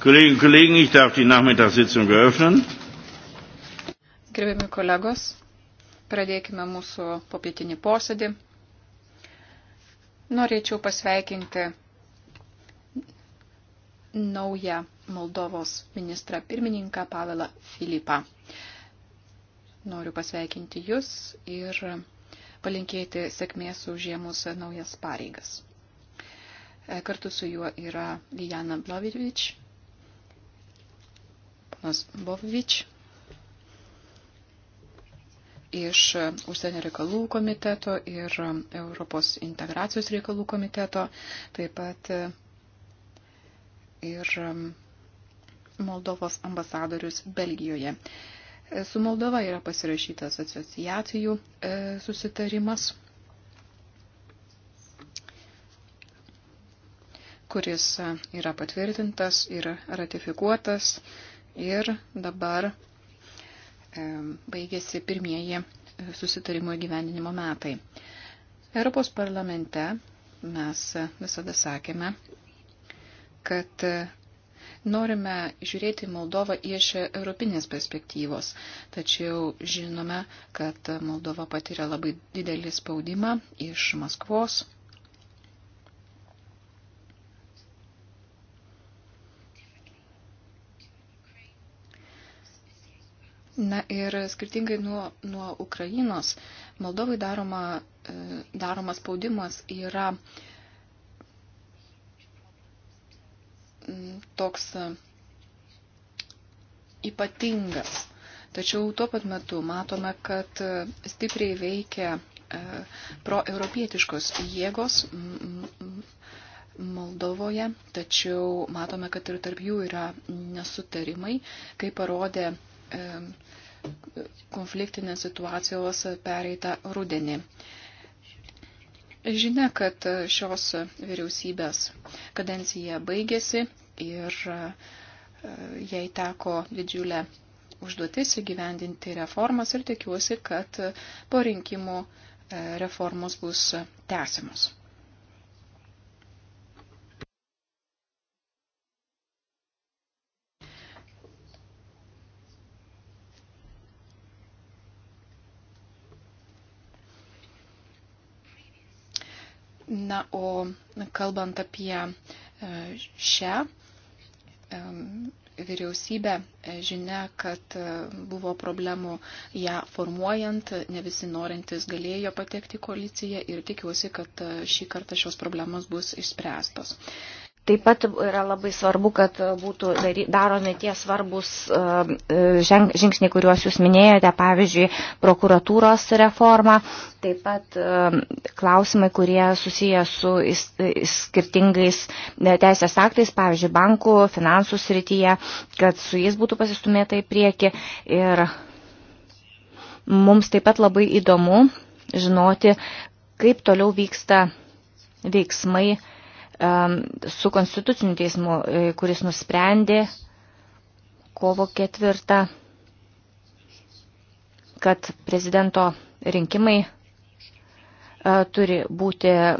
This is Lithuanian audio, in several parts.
Kolleginnen und Kollegen, ich darf die Nachmittagssitzung eröffnen. Gerbiami kolegos, pradėkime mūsų popietinį posėdį. Norėčiau pasveikinti naują Moldovos ministrą pirmininką Pavelą Filipą. Noriu pasveikinti Jūs ir palinkėti sėkmės užėmus naujas pareigas. Kartu su juo yra Lijana Blavivič, Ponas Bovič iš užsienio reikalų komiteto ir Europos integracijos reikalų komiteto, taip pat ir Moldovos ambasadorius Belgijoje. Su Moldova yra pasirašytas asociacijų e, susitarimas, kuris yra patvirtintas ir ratifikuotas Ir dabar baigėsi pirmieji e, susitarimo įgyvendinimo metai. Europos parlamente mes visada sakėme, kad e, norime žiūrėti Moldovą iš europinės perspektyvos, tačiau žinome, kad Moldova patiria labai didelį spaudimą iš Maskvos Na ir skirtingai nuo, nuo Ukrainos, Moldovai daroma, e, daromas spaudimas yra mm, toks e, ypatingas. Tačiau tuo pat metu matome, kad e, stipriai veikia proeuropietiškos jėgos Moldovoje, tačiau matome, kad ir tarp jų yra nesutarimai, kaip parodė konfliktinės situacijos pereitą rudenį. Žinia, kad šios vyriausybės kadencija baigėsi ir e, jai teko didžiulę užduotis įgyvendinti reformas ir tikiuosi, kad po rinkimų e, reformos bus tęsimos. Na, o kalbant apie e, šią e, vyriausybę, e, žinia, kad buvo problemų ją formuojant, ne visi norintys galėjo patekti koaliciją ir tikiuosi, kad šį kartą šios problemos bus išspręstos. Taip pat yra labai svarbu, kad būtų daromi tie svarbus e, e, žingsniai, kuriuos jūs minėjote, pavyzdžiui, prokuratūros reforma, taip pat e, klausimai, kurie susiję su skirtingais teisės aktais, pavyzdžiui, bankų, finansų srityje, kad su jais būtų pasistumėta į priekį. Ir mums taip pat labai įdomu žinoti, kaip toliau vyksta veiksmai su konstituciniu teismu, e, kuris nusprendė kovo ketvirtą, kad prezidento rinkimai e, turi būti e,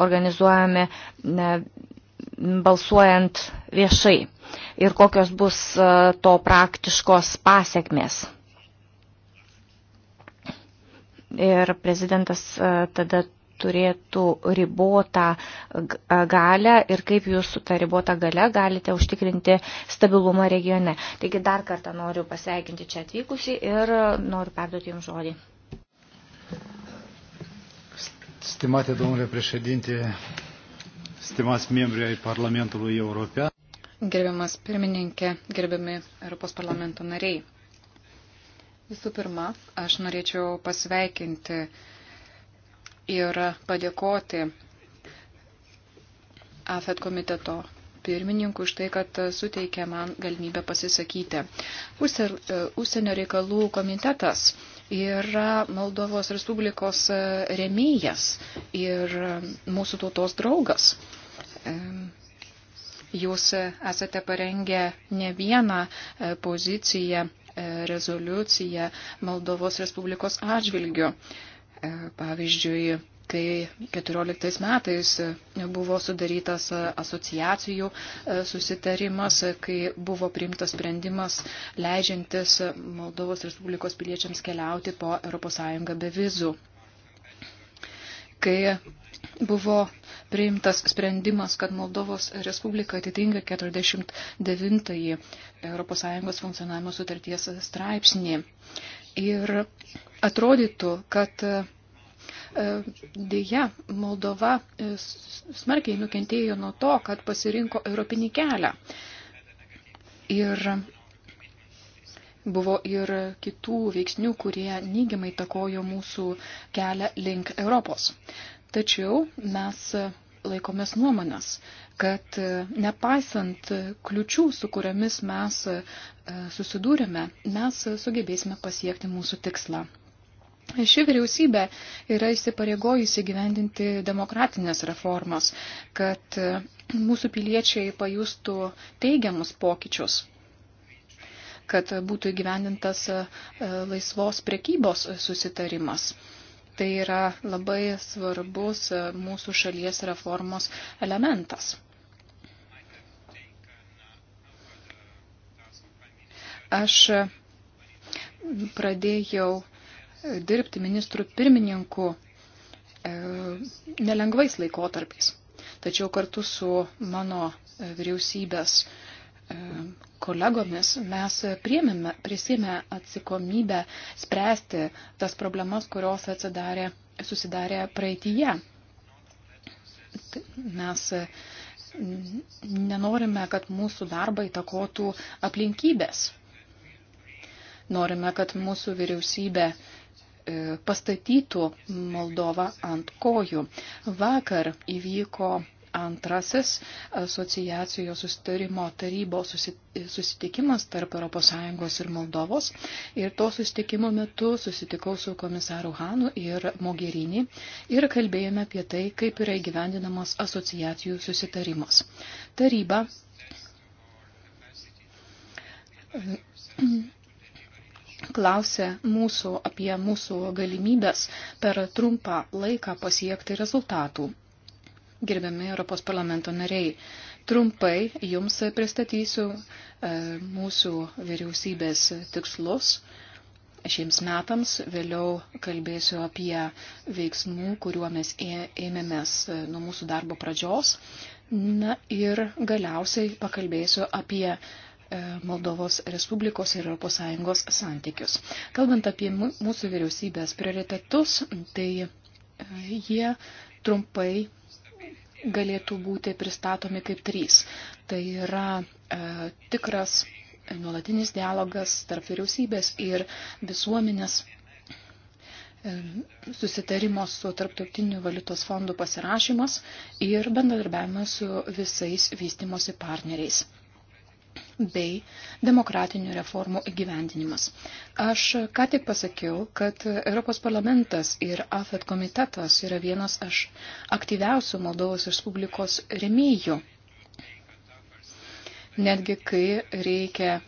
organizuojami balsuojant viešai ir kokios bus to praktiškos pasiekmės. Ir prezidentas tada turėtų ribotą galę ir kaip jūs su tą ribotą galę galite užtikrinti stabilumą regione. Taigi dar kartą noriu pasveikinti čia atvykusi ir noriu perduoti jums žodį. Stimate domnule președinte, stimați membri ai Parlamentului European. Gerbiamas pirmininkė, gerbiami Europos parlamento nariai. Visų pirma, aš norėčiau pasveikinti uh, ir padėkoti AFET komiteto pirmininku už tai, kad suteikė man galimybę pasisakyti. Užsienio reikalų komitetas yra Moldovos Respublikos remėjas ir mūsų tautos draugas. Jūs esate parengę ne vieną e, poziciją, e, rezoliuciją Moldovos Respublikos atžvilgiu. E, pavyzdžiui, kai 14 metais buvo sudarytas asociacijų e, susitarimas, kai buvo priimtas sprendimas leidžiantis Moldovos Respublikos piliečiams keliauti po ES be vizų. Kai buvo priimtas sprendimas, kad Moldovos Respublika atitinka 49 ES funkcionavimo sutarties straipsnį. Ir atrodytų, kad e, dėja Moldova e, smarkiai nukentėjo nuo to, kad pasirinko europinį kelią. Ir buvo ir kitų veiksnių, kurie neigiamai takojo mūsų kelią link Europos. Tačiau mes laikomės nuomonės, kad e, nepaisant kliučių, su kuriamis mes susidūrėme, mes sugebėsime pasiekti mūsų tikslą. Ši vyriausybė yra įsipareigojusi gyvendinti demokratinės reformas, kad e, mūsų piliečiai pajustų teigiamus pokyčius, kad būtų įgyvendintas e, e, laisvos prekybos susitarimas. Tai yra labai svarbus mūsų šalies reformos elementas. Aš pradėjau dirbti ministrų pirmininku e, nelengvais laikotarpiais. Tačiau kartu su mano e, vyriausybės e, kolegomis mes priėmėme, prisėmė atsikomybę spręsti tas problemas, kurios atsidarė, susidarė praeitįje. Mes nenorime, kad mūsų darbą įtakotų aplinkybės. Norime, kad mūsų vyriausybė uh, E, pastatytų Moldovą ant kojų. Vakar įvyko antrasis asociacijos sustarimo tarybos susitikimas tarp ES ir Moldovos. Ir to susitikimo metu susitikau su komisaru Hanu ir Mogerinį ir kalbėjome apie tai, kaip yra įgyvendinamas asociacijų susitarimas. Taryba klausė mūsų apie mūsų galimybės per trumpą laiką pasiekti rezultatų. Gerbiami Europos parlamento nariai, trumpai jums pristatysiu e, mūsų vyriausybės tikslus šiems metams, vėliau kalbėsiu apie veiksmų, kuriuo mes ėmėmės e, nuo mūsų darbo pradžios. Na ir galiausiai pakalbėsiu apie E, Moldovos Respublikos ir ES santykius. Kalbant apie mūsų vyriausybės prioritetus, tai e, jie trumpai galėtų būti pristatomi kaip trys. Tai yra e, tikras nuolatinis dialogas tarp vyriausybės ir visuomenės e, susitarimo su Tarptautiniu valiutos fondu pasirašymas ir bendradarbiavimas su visais vystimosi partneriais bei demokratinių reformų gyvendinimas. Aš ką tik pasakiau, kad Europos parlamentas ir AFET komitetas yra vienas aš aktyviausių Moldovos Respublikos remėjų. Netgi kai reikia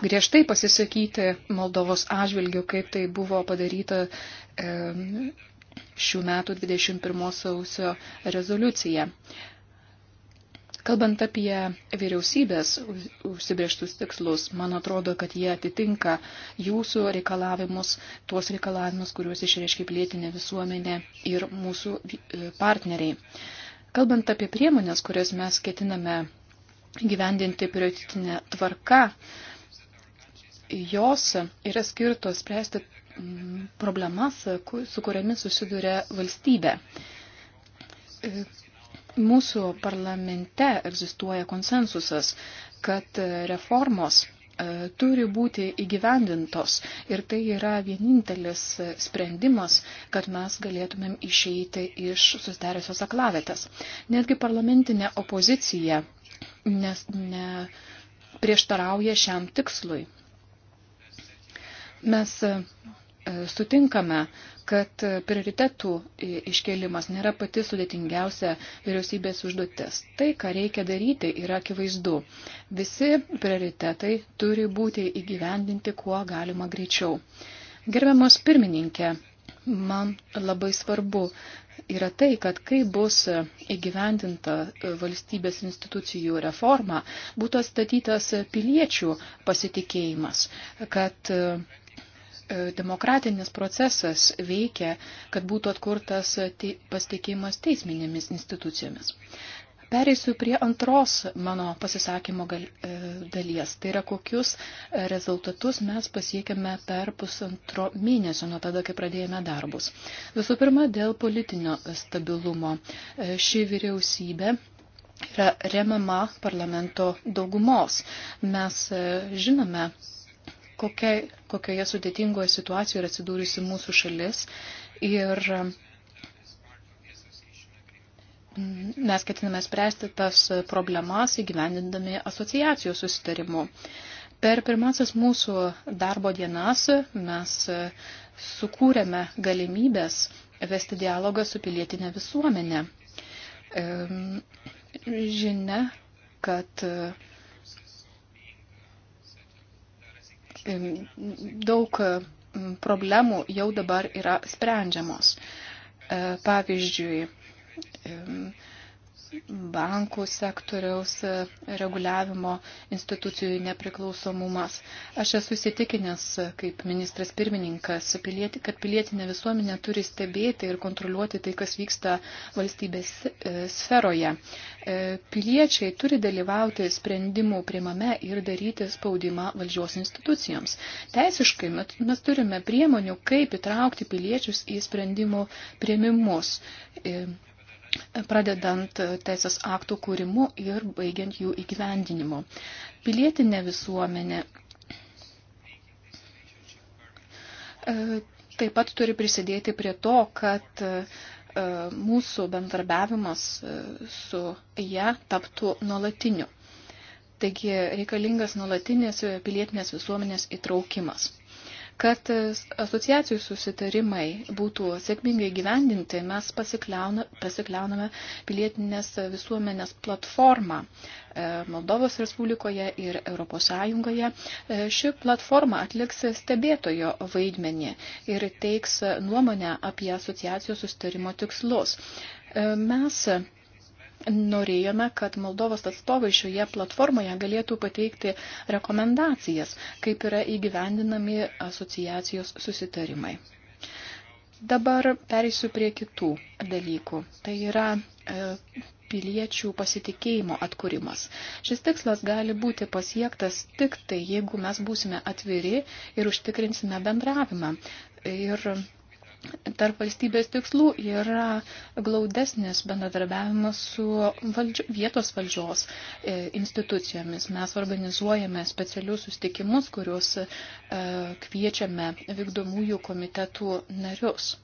griežtai pasisakyti Moldovos atžvilgių, kaip tai buvo padaryta e, šių metų 21 sausio rezoliucija. Kalbant apie vyriausybės užsibrieštus tikslus, man atrodo, kad jie atitinka jūsų reikalavimus, tuos reikalavimus, kuriuos išreiškia plėtinė visuomenė ir mūsų e, partneriai. Kalbant apie priemonės, kurias mes ketiname gyvendinti prioritetinę tvarką, jos yra skirtos spręsti problemas, su kuriamis susiduria valstybė e, Mūsų parlamente egzistuoja konsensusas, kad reformos e, turi būti įgyvendintos. Ir tai yra vienintelis sprendimas, kad mes galėtumėm išeiti iš susidariusios aklavėtės. Netgi parlamentinė opozicija nes, ne prieštarauja šiam tikslui. Mes E, sutinkame, kad prioritetų iškelimas nėra pati sudėtingiausia vyriausybės užduotis. Tai, ką reikia daryti, yra akivaizdu. Visi prioritetai turi būti įgyvendinti kuo galima greičiau. Gerbiamas pirmininkė, man labai svarbu yra tai, kad kai bus įgyvendinta valstybės institucijų reforma, būtų atstatytas piliečių pasitikėjimas, kad E, demokratinis procesas veikia, kad būtų atkurtas pasitikėjimas teisminėmis institucijomis. Pereisiu prie antros mano pasisakymo gal, e, dalies. Tai yra, kokius rezultatus mes pasiekėme per pusantro mėnesio nuo tada, kai pradėjome darbus. Visų pirma, dėl politinio stabilumo. E, ši vyriausybė yra remiama parlamento daugumos. Mes e, žinome, kokia, kokioje sudėtingoje situacijoje yra atsidūrusi mūsų šalis. Ir mm, mes ketiname spręsti tas problemas įgyvendindami asociacijos susitarimu. Per pirmasis mūsų darbo dienas mes sukūrėme galimybės vesti dialogą su pilietinė visuomenė. Žinia, kad daug problemų jau dabar yra sprendžiamos. E, pavyzdžiui, bankų sektoriaus e, reguliavimo institucijų nepriklausomumas. Aš esu įsitikinęs, kaip ministras pirmininkas, pilieti, kad pilietinė visuomenė turi stebėti ir kontroliuoti tai, kas vyksta valstybės e, sferoje. E, piliečiai turi dalyvauti sprendimų primame ir daryti spaudimą valdžios institucijoms. Teisiškai mes turime priemonių, kaip įtraukti piliečius į sprendimų primimus pradedant teisės aktų kūrimu ir baigiant jų įgyvendinimu. Pilietinė visuomenė e, taip pat turi prisidėti prie to, kad e, mūsų bendradarbiavimas e, su ją taptų nuolatiniu. Taigi reikalingas nuolatinis pilietinės visuomenės įtraukimas. Kad asociacijų susitarimai būtų sėkmingai gyvendinti, mes pasikliauname pilietinės visuomenės platformą e, Moldovos Respublikoje ir Europos Sąjungoje. E, ši platforma atliks stebėtojo vaidmenį ir teiks nuomonę apie asociacijos susitarimo tikslus. E, mes norėjome, kad Moldovos atstovai šioje platformoje galėtų pateikti rekomendacijas, kaip yra įgyvendinami asociacijos susitarimai. Dabar pereisiu prie kitų dalykų. Tai yra e, piliečių pasitikėjimo atkūrimas. Šis tikslas gali būti pasiektas tik tai, jeigu mes būsime atviri ir užtikrinsime bendravimą. Ir tarp valstybės tikslų yra glaudesnis bendradarbiavimas su valdžio, vietos valdžios e, institucijomis. Mes organizuojame specialius sustikimus, kuriuos e, kviečiame vykdomųjų komitetų narius.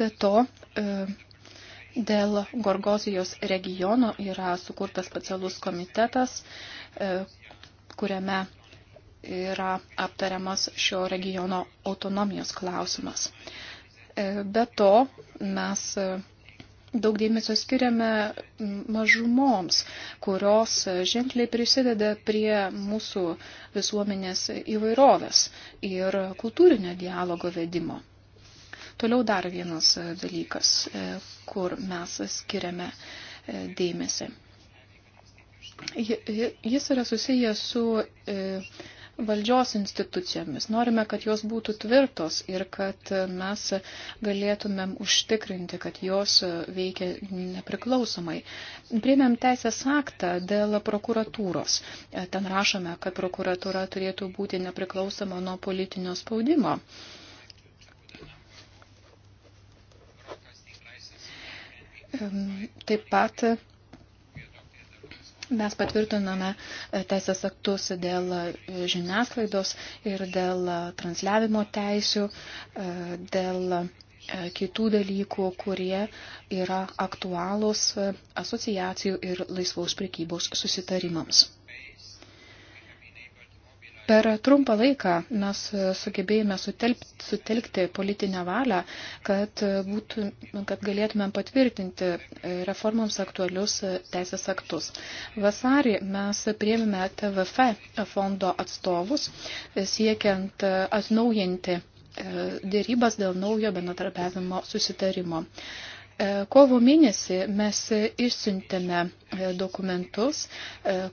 Be to, e, Dėl Gorgozijos regiono yra sukurtas specialus komitetas, e, kuriame yra aptariamas šio regiono autonomijos klausimas. E, be to, mes e, daug dėmesio skiriame mažumoms, kurios ženkliai prisideda prie mūsų visuomenės įvairovės ir kultūrinio dialogo vedimo. Toliau dar vienas e, dalykas, e, kur mes skiriame e, dėmesį. Jis yra susijęs su valdžios institucijomis. Norime, kad jos būtų tvirtos ir kad mes galėtumėm užtikrinti, kad jos veikia nepriklausomai. Priemėm teisės aktą dėl prokuratūros. Ten rašome, kad prokuratūra turėtų būti nepriklausoma nuo politinio spaudimo. Taip pat mes patvirtinome e, teisės aktus dėl e, žiniasklaidos ir dėl e, transliavimo teisių, dėl kitų dalykų, kurie yra aktualūs asociacijų ir laisvaus prekybos susitarimams. Per trumpą laiką mes sugebėjome sutelpti, sutelkti politinę valią, kad, būtų, kad galėtumėm patvirtinti reformoms aktualius teisės aktus. Vasarį mes priėmėme TVF fondo atstovus, siekiant atnaujinti e, dėrybas dėl naujo bendradarbiavimo susitarimo. E, kovo mėnesį mes išsiuntėme e, dokumentus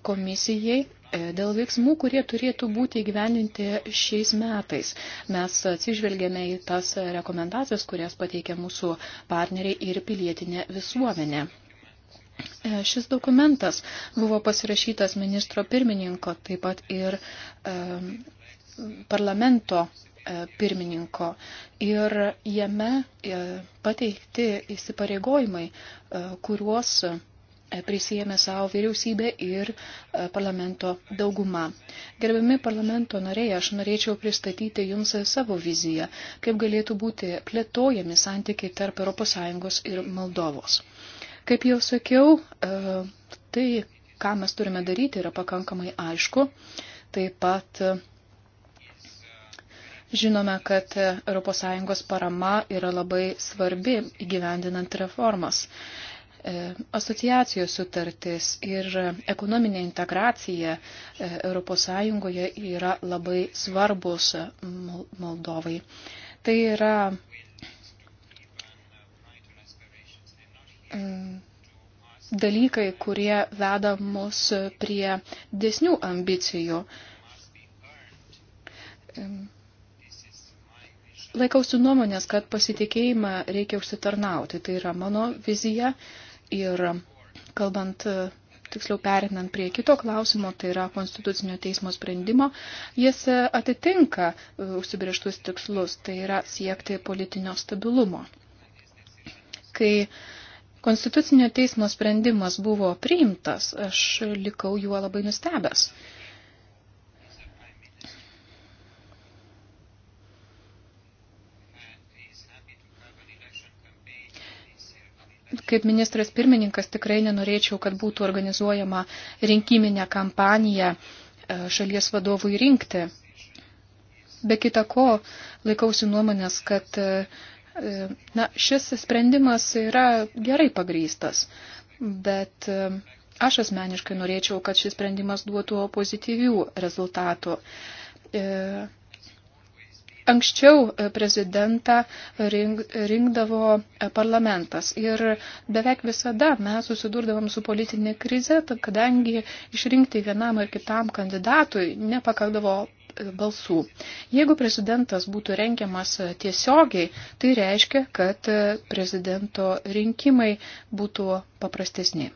komisijai E, dėl veiksmų, kurie turėtų būti įgyveninti šiais metais, mes atsižvelgėme į tas rekomendacijas, kurias pateikė mūsų partneriai ir pilietinė visuomenė. E, šis dokumentas buvo pasirašytas ministro pirmininko, taip pat ir e, parlamento e, pirmininko ir jame pateikti įsipareigojimai, kuriuos E, prisijėmė savo vyriausybę ir e, parlamento daugumą. Gerbiami parlamento nariai, aš norėčiau pristatyti Jums savo viziją, kaip galėtų būti plėtojami santykiai tarp ES ir Moldovos. Kaip jau sakiau, e, tai, ką mes turime daryti, yra pakankamai aišku. Taip pat žinome, kad ES parama yra labai svarbi įgyvendinant reformas. E, asociacijos sutartis ir ekonominė integracija ES yra labai svarbus e, Moldovai. Tai yra mm, dalykai, kurie veda mus prie desnių ambicijų. Laikausi nuomonės, kad pasitikėjimą reikia užsitarnauti. Tai yra mano vizija. Ir kalbant, tiksliau perinant prie kito klausimo, tai yra Konstitucinio teismo sprendimo, jis atitinka e, užsibrieštus tikslus, tai yra siekti politinio stabilumo. Kai Konstitucinio teismo sprendimas buvo priimtas, aš likau juo labai nustebęs. kaip ministras pirmininkas tikrai nenorėčiau, kad būtų organizuojama rinkiminė kampanija e, šalies vadovui rinkti. Be kita ko, laikausi nuomonės, kad e, e, na, šis sprendimas yra gerai pagrystas, bet aš asmeniškai norėčiau, kad šis sprendimas duotų pozityvių rezultatų. Anksčiau e, prezidentą rinkdavo e, parlamentas ir beveik visada mes susidurdavom su politinė krize, kadangi išrinkti vienam ar kitam kandidatui nepakakdavo e, balsų. Jeigu prezidentas būtų renkiamas tiesiogiai, tai reiškia, kad prezidento rinkimai būtų paprastesni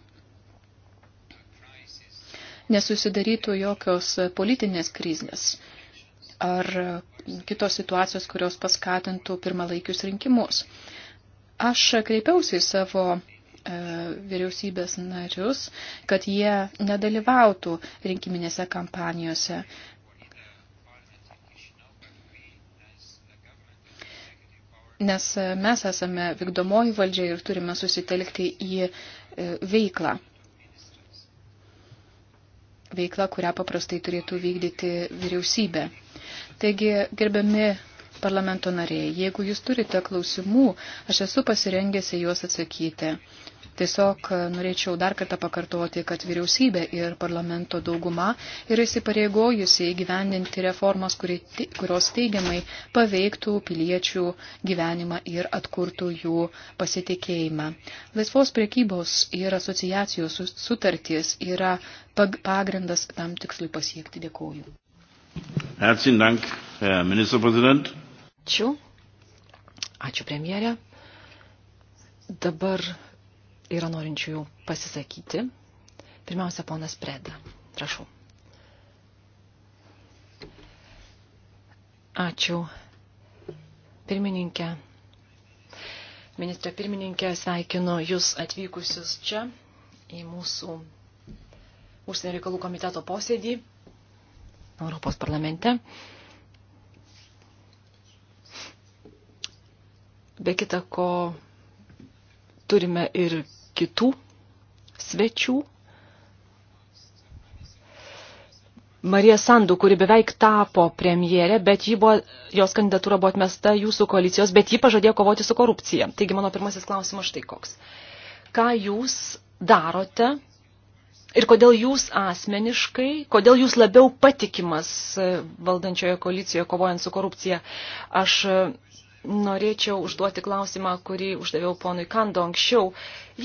nesusidarytų jokios politinės krizės ar kitos situacijos, kurios paskatintų pirmalaikius rinkimus. Aš kreipiausi į savo e, vyriausybės narius, kad jie nedalyvautų rinkiminėse kampanijose. Nes mes esame vykdomoji valdžia ir turime susitelkti į e, veiklą. Veikla, kurią paprastai turėtų vykdyti vyriausybė. Taigi, gerbiami parlamento nariai, jeigu jūs turite klausimų, aš esu pasirengęs į juos atsakyti. Tiesiog e, norėčiau dar kartą pakartoti, kad vyriausybė ir parlamento dauguma yra įsipareigojusi įgyvendinti reformas, kurios teigiamai paveiktų piliečių gyvenimą ir atkurtų jų pasitikėjimą. Laisvos priekybos ir asociacijos sutartys yra pagrindas tam tikslui pasiekti. Dėkuoju. Herzlichen Dank, Herr Ministerpräsident. Ačiū. Ačiū premjerė. Dabar yra norinčių pasisakyti. Pirmiausia, ponas Preda. Prašau. Ačiū. Pirmininkė. Ministrė pirmininkė, sveikinu Jūs atvykusius čia į mūsų užsienio reikalų komiteto posėdį. Europos parlamente. Be kita ko, turime ir kitų svečių. Marija Sandu, kuri beveik tapo premjerė, bet ji buvo, jos kandidatūra buvo atmesta jūsų koalicijos, bet ji pažadėjo kovoti su korupcija. Taigi mano pirmasis klausimas štai koks. Ką jūs darote ir kodėl jūs asmeniškai, kodėl jūs labiau patikimas e, valdančioje koalicijoje kovojant su korupcija. Aš e, norėčiau užduoti klausimą, kurį uždaviau ponui Kando anksčiau.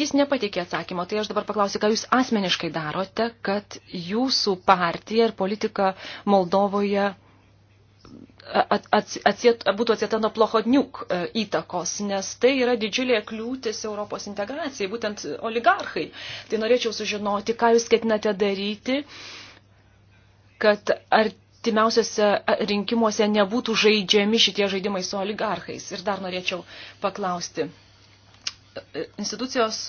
Jis nepatikė atsakymo, tai aš dabar paklausiu, ką jūs asmeniškai darote, kad jūsų partija ir politika Moldovoje atsiet, būtų atsieta nuo plohodniuk e, įtakos, nes tai yra didžiulė kliūtis Europos integracijai, būtent oligarchai. Tai norėčiau sužinoti, ką jūs ketinate daryti, kad artimiausiose e, rinkimuose nebūtų žaidžiami šitie žaidimai su oligarchais. Ir dar norėčiau paklausti. E, institucijos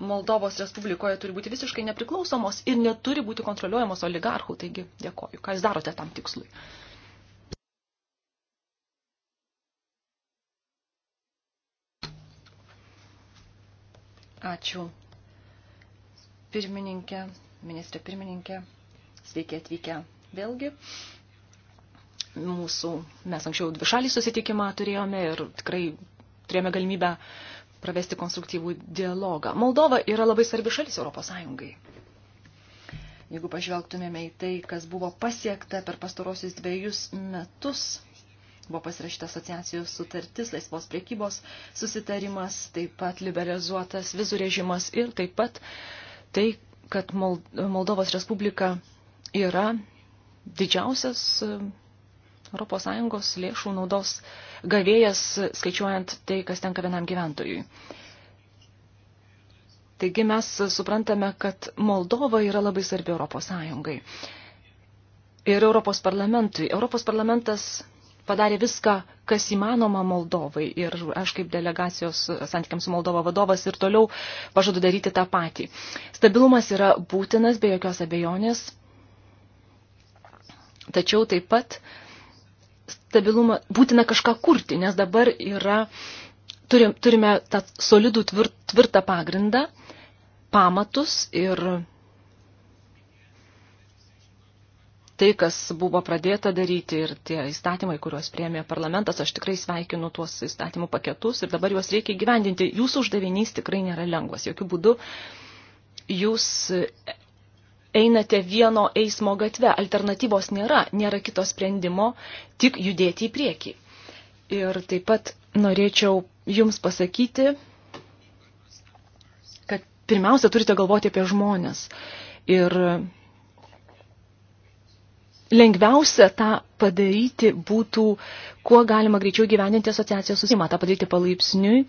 Moldovos Respublikoje turi būti visiškai nepriklausomos ir neturi būti kontroliuojamos oligarchų. Taigi dėkoju. Ką jūs darote tam tikslui? Uh, Ačiū. Pirmininkė, ministrė pirmininkė, sveiki atvykę vėlgi. Mūsų, mes anksčiau dvišalį susitikimą turėjome ir tikrai turėjome galimybę pravesti konstruktyvų dialogą. Moldova yra labai svarbi šalis Europos Sąjungai. Jeigu pažvelgtumėme į tai, kas buvo pasiekta per pastarosius dviejus metus, Buvo pasirašyta asociacijos sutartis, laisvos priekybos susitarimas, taip pat liberalizuotas vizų režimas ir taip pat tai, kad Moldovos Respublika yra didžiausias ES lėšų naudos gavėjas, skaičiuojant tai, kas tenka vienam gyventojui. Taigi mes suprantame, kad Moldova yra labai svarbi ES. Ir Europos parlamentui. Europos parlamentas padarė viską, kas įmanoma Moldovai. Ir aš kaip delegacijos santykiams su Moldova vadovas ir toliau pažadu daryti tą patį. Stabilumas yra būtinas, be jokios abejonės. Tačiau taip pat stabilumą būtina kažką kurti, nes dabar yra, turim, turime tą solidų tvir, tvirtą pagrindą, pamatus ir tai, kas buvo pradėta daryti ir tie įstatymai, kuriuos priemė parlamentas, aš tikrai sveikinu tuos įstatymų paketus ir dabar juos reikia gyvendinti. Jūsų uždavinys tikrai nėra lengvas. Jokių būdų jūs einate vieno eismo gatve. Alternatyvos nėra, nėra kito sprendimo, tik judėti į priekį. Ir taip pat norėčiau Jums pasakyti, kad pirmiausia turite galvoti apie žmonės. Ir lengviausia tą padaryti būtų, kuo galima greičiau gyveninti asociacijos susimą, tą padaryti palaipsniui,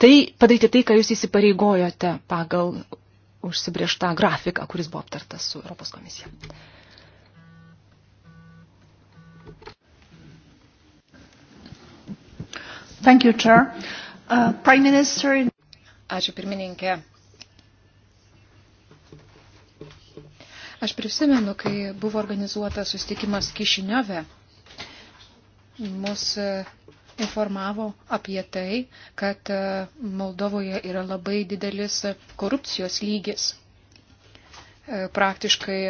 tai padaryti tai, ką jūs įsipareigojote pagal užsibrieštą grafiką, kuris buvo aptartas su Europos komisija. Thank you, Chair. Uh, Prime Minister. Ačiū pirmininkė. Aš prisimenu, kai buvo organizuotas sustikimas Kišiniove, mus e, informavo apie tai, kad e, Moldovoje yra labai didelis korupcijos lygis. E, praktiškai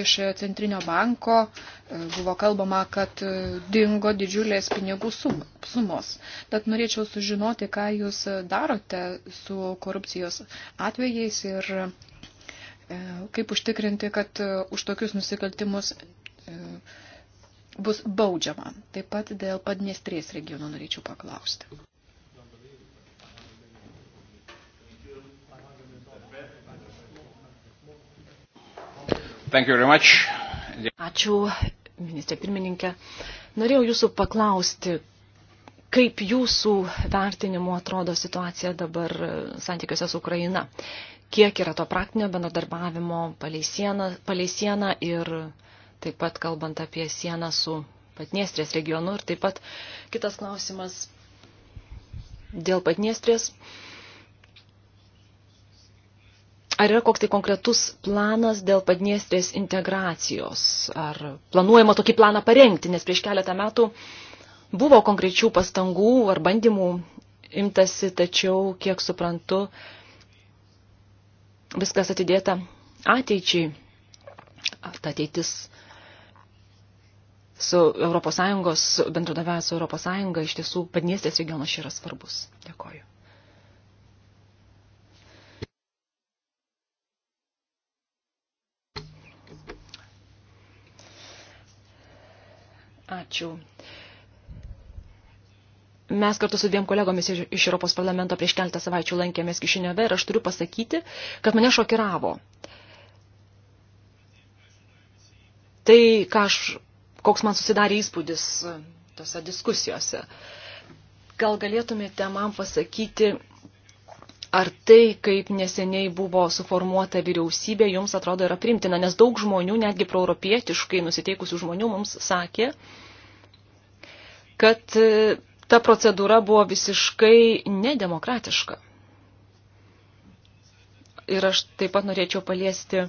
iš Centrinio banko buvo kalbama, kad dingo didžiulės pinigų sumos. Tad norėčiau sužinoti, ką jūs darote su korupcijos atvejais ir E, kaip užtikrinti, kad e, už tokius nusikaltimus e, bus baudžiama. Taip pat dėl Padniestrės regiono norėčiau paklausti. Ačiū, ministrė pirmininkė. Norėjau jūsų paklausti, kaip jūsų vertinimu atrodo situacija dabar santykiuose su Ukraina kiek yra to praktinio bendradarbiavimo palei sieną, palei sieną ir taip pat kalbant apie sieną su Patniestrės regionu. Ir taip pat kitas klausimas dėl Patniestrės. Ar yra koks tai konkretus planas dėl Padniestrės integracijos? Ar planuojama tokį planą parengti? Nes prieš keletą metų buvo konkrečių pastangų ar bandymų imtasi, tačiau, kiek suprantu, uh, viskas atidėta ateičiai. Ta ateitis su ES, bendradavę su ES, iš tiesų padniestės regionas yra svarbus. Dėkoju. Ačiū Mes kartu su dviem kolegomis iš, iš Europos parlamento prieš keltą savaičių lankėmės Kišiniove ir aš turiu pasakyti, kad mane šokiravo. Tai, ką aš, koks man susidarė įspūdis e, tose diskusijose. Gal galėtumėte man pasakyti, ar tai, kaip neseniai buvo suformuota vyriausybė, jums atrodo yra primtina, nes daug žmonių, netgi proeuropietiškai nusiteikusių žmonių, mums sakė, kad e, ta procedūra buvo visiškai nedemokratiška. Ir aš taip pat norėčiau paliesti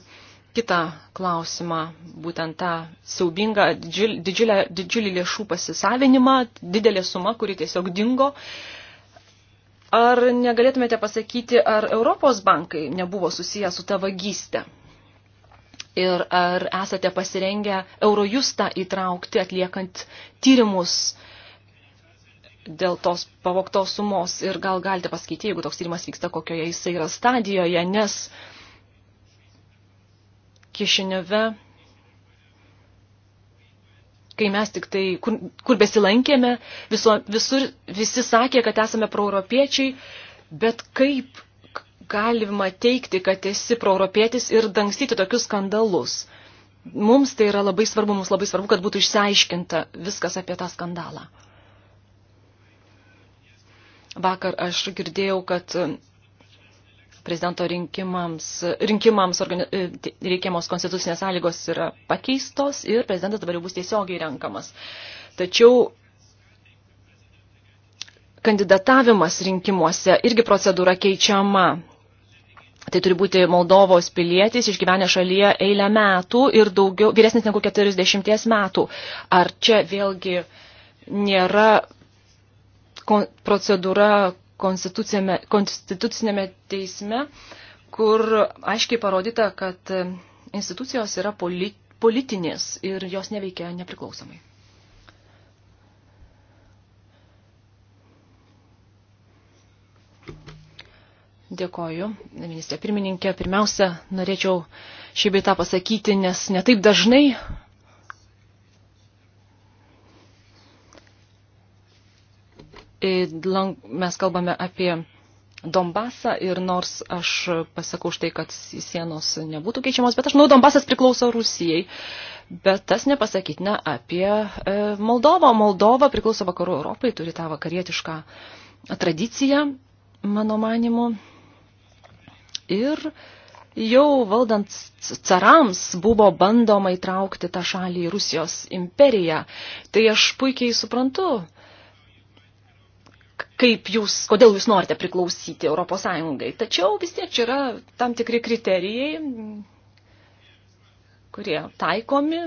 kitą klausimą, būtent tą siaubingą didžiulę, didžiulį lėšų pasisavinimą, didelė suma, kuri tiesiog dingo. Ar negalėtumėte pasakyti, ar Europos bankai nebuvo susiję su ta vagyste? Ir ar esate pasirengę Eurojustą įtraukti, atliekant tyrimus dėl tos pavoktos sumos ir gal galite pasakyti, jeigu toks tyrimas vyksta, kokioje jisai yra stadijoje, nes Kišineve, kai mes tik tai, kur, kur besilankėme, viso, visur visi sakė, kad esame proeuropiečiai, bet kaip galima teikti, kad esi proeuropietis ir dangstyti tokius skandalus. Mums tai yra labai svarbu, mums labai svarbu, kad būtų išsiaiškinta viskas apie tą skandalą. Vakar aš girdėjau, kad e, prezidento rinkimams, rinkimams organi, e, reikiamos konstitucinės sąlygos yra pakeistos ir prezidentas dabar jau bus tiesiogiai renkamas. Tačiau kandidatavimas rinkimuose irgi procedūra keičiama. Tai turi būti Moldovos pilietis, išgyvenę šalyje eilę metų ir daugiau, vyresnis negu 40 metų. Ar čia vėlgi nėra procedūra konstitucinėme teisme, kur aiškiai parodyta, kad institucijos yra politinės ir jos neveikia nepriklausomai. Dėkoju, ministrė pirmininkė. Pirmiausia, norėčiau šį beitą pasakyti, nes netaip dažnai Mes kalbame apie Donbasą ir nors aš pasakau štai, kad sienos nebūtų keičiamos, bet aš manau, Donbasas priklauso Rusijai. Bet tas nepasakytina apie e, Moldovą. Moldova priklauso vakarų Europai, turi tą vakarietišką tradiciją, mano manimu. Ir jau valdant carams buvo bandoma įtraukti tą šalį į Rusijos imperiją. Tai aš puikiai suprantu, uh, kaip jūs, kodėl jūs norite priklausyti Europos Sąjungai. Tačiau vis tiek čia yra tam tikri kriterijai, kurie taikomi,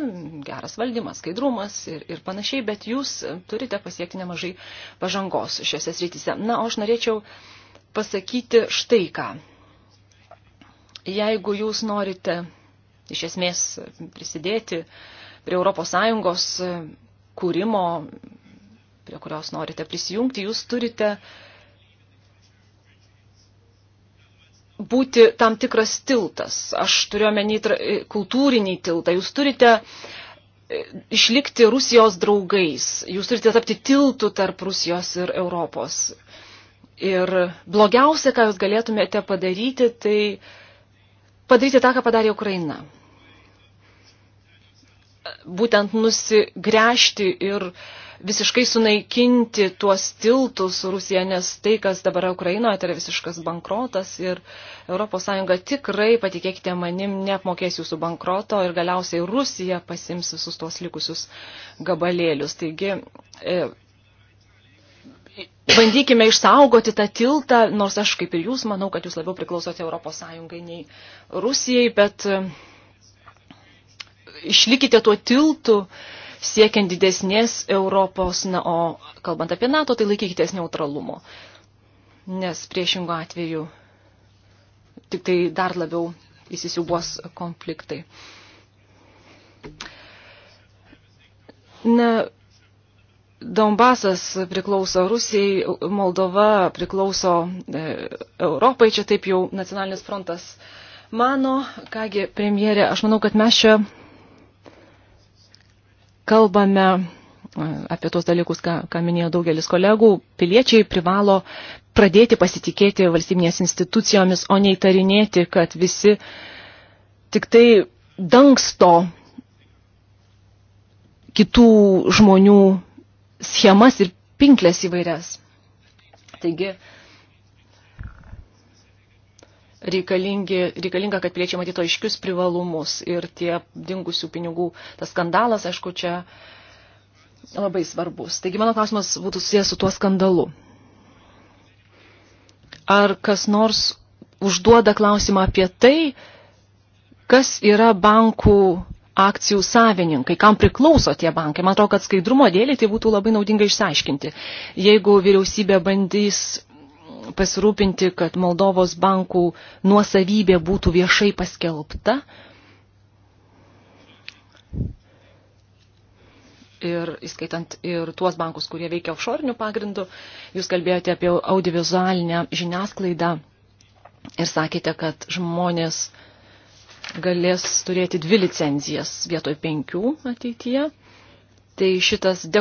geras valdymas, skaidrumas ir, ir panašiai, bet jūs turite pasiekti nemažai pažangos šiuose srityse. Na, o aš norėčiau pasakyti štai ką. Jeigu jūs norite iš esmės prisidėti prie Europos Sąjungos kūrimo prie kurios norite prisijungti, jūs turite būti tam tikras tiltas. Aš turiu omeny kultūrinį tiltą. Jūs turite e, išlikti Rusijos draugais. Jūs turite tapti tiltų tarp Rusijos ir Europos. Ir blogiausia, ką jūs galėtumėte padaryti, tai padaryti tą, ką padarė Ukraina. Būtent nusigręžti ir uh, visiškai sunaikinti tuos tiltus su Rusija, nes tai, kas dabar Ukrainoje, tai yra visiškas bankrotas ir ES tikrai, patikėkite manim, neapmokės jūsų bankroto ir galiausiai Rusija pasims visus tuos likusius gabalėlius. Taigi, e, bandykime išsaugoti tą tiltą, nors aš kaip ir jūs manau, kad jūs labiau priklausote Europos Sąjungai nei Rusijai, bet e, išlikite tuo tiltu siekiant didesnės Europos, na, o kalbant apie NATO, tai laikykitės neutralumo, nes priešingų atveju tik tai dar labiau įsisiubos konfliktai. Na, Donbasas priklauso Rusijai, Moldova priklauso e, Europai, čia taip jau nacionalinis frontas mano. Kągi, premjerė, aš manau, kad mes čia kalbame apie tos dalykus, ką, ką minėjo daugelis kolegų, piliečiai privalo pradėti pasitikėti valstybinės institucijomis, o neįtarinėti, kad visi tik tai dangsto kitų žmonių schemas ir pinklės įvairias. Taigi, reikalinga, kad piliečiai matytų aiškius privalumus ir tie dingusių pinigų, tas skandalas, aišku, čia labai svarbus. Taigi mano klausimas būtų susijęs su tuo skandalu. Ar kas nors užduoda klausimą apie tai, kas yra bankų akcijų savininkai, kam priklauso tie bankai. Man atrodo, kad skaidrumo dėlį tai būtų labai naudinga išsiaiškinti. Jeigu vyriausybė bandys pasirūpinti, kad Moldovos bankų nuosavybė būtų viešai paskelbta. Ir įskaitant ir tuos bankus, kurie veikia offshore'inių pagrindų, jūs kalbėjote apie audiovizualinę žiniasklaidą ir sakėte, kad žmonės galės turėti dvi licenzijas vietoj penkių ateityje. Tai šitas de,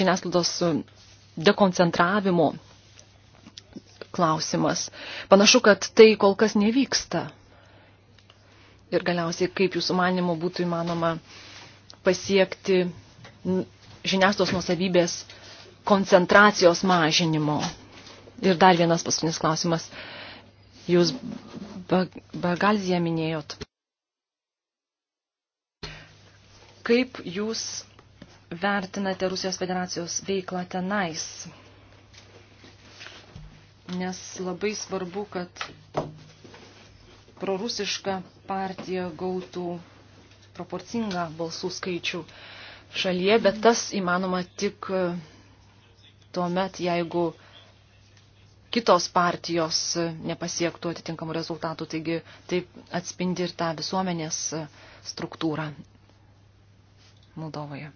žiniasklaidos dekoncentravimo klausimas. Panašu, kad tai kol kas nevyksta. Ir galiausiai, kaip jūsų manimo būtų įmanoma pasiekti žiniastos nusavybės koncentracijos mažinimo. Ir dar vienas paskutinis klausimas. Jūs Bagalziją minėjot. Kaip jūs vertinate Rusijos federacijos veiklą tenais? nes labai svarbu, kad prorusiška partija gautų proporcingą balsų skaičių šalyje, bet tas įmanoma tik e, tuo met, jeigu kitos partijos e, nepasiektų atitinkamų rezultatų, taigi taip atspindi ir tą visuomenės e, struktūrą Moldovoje.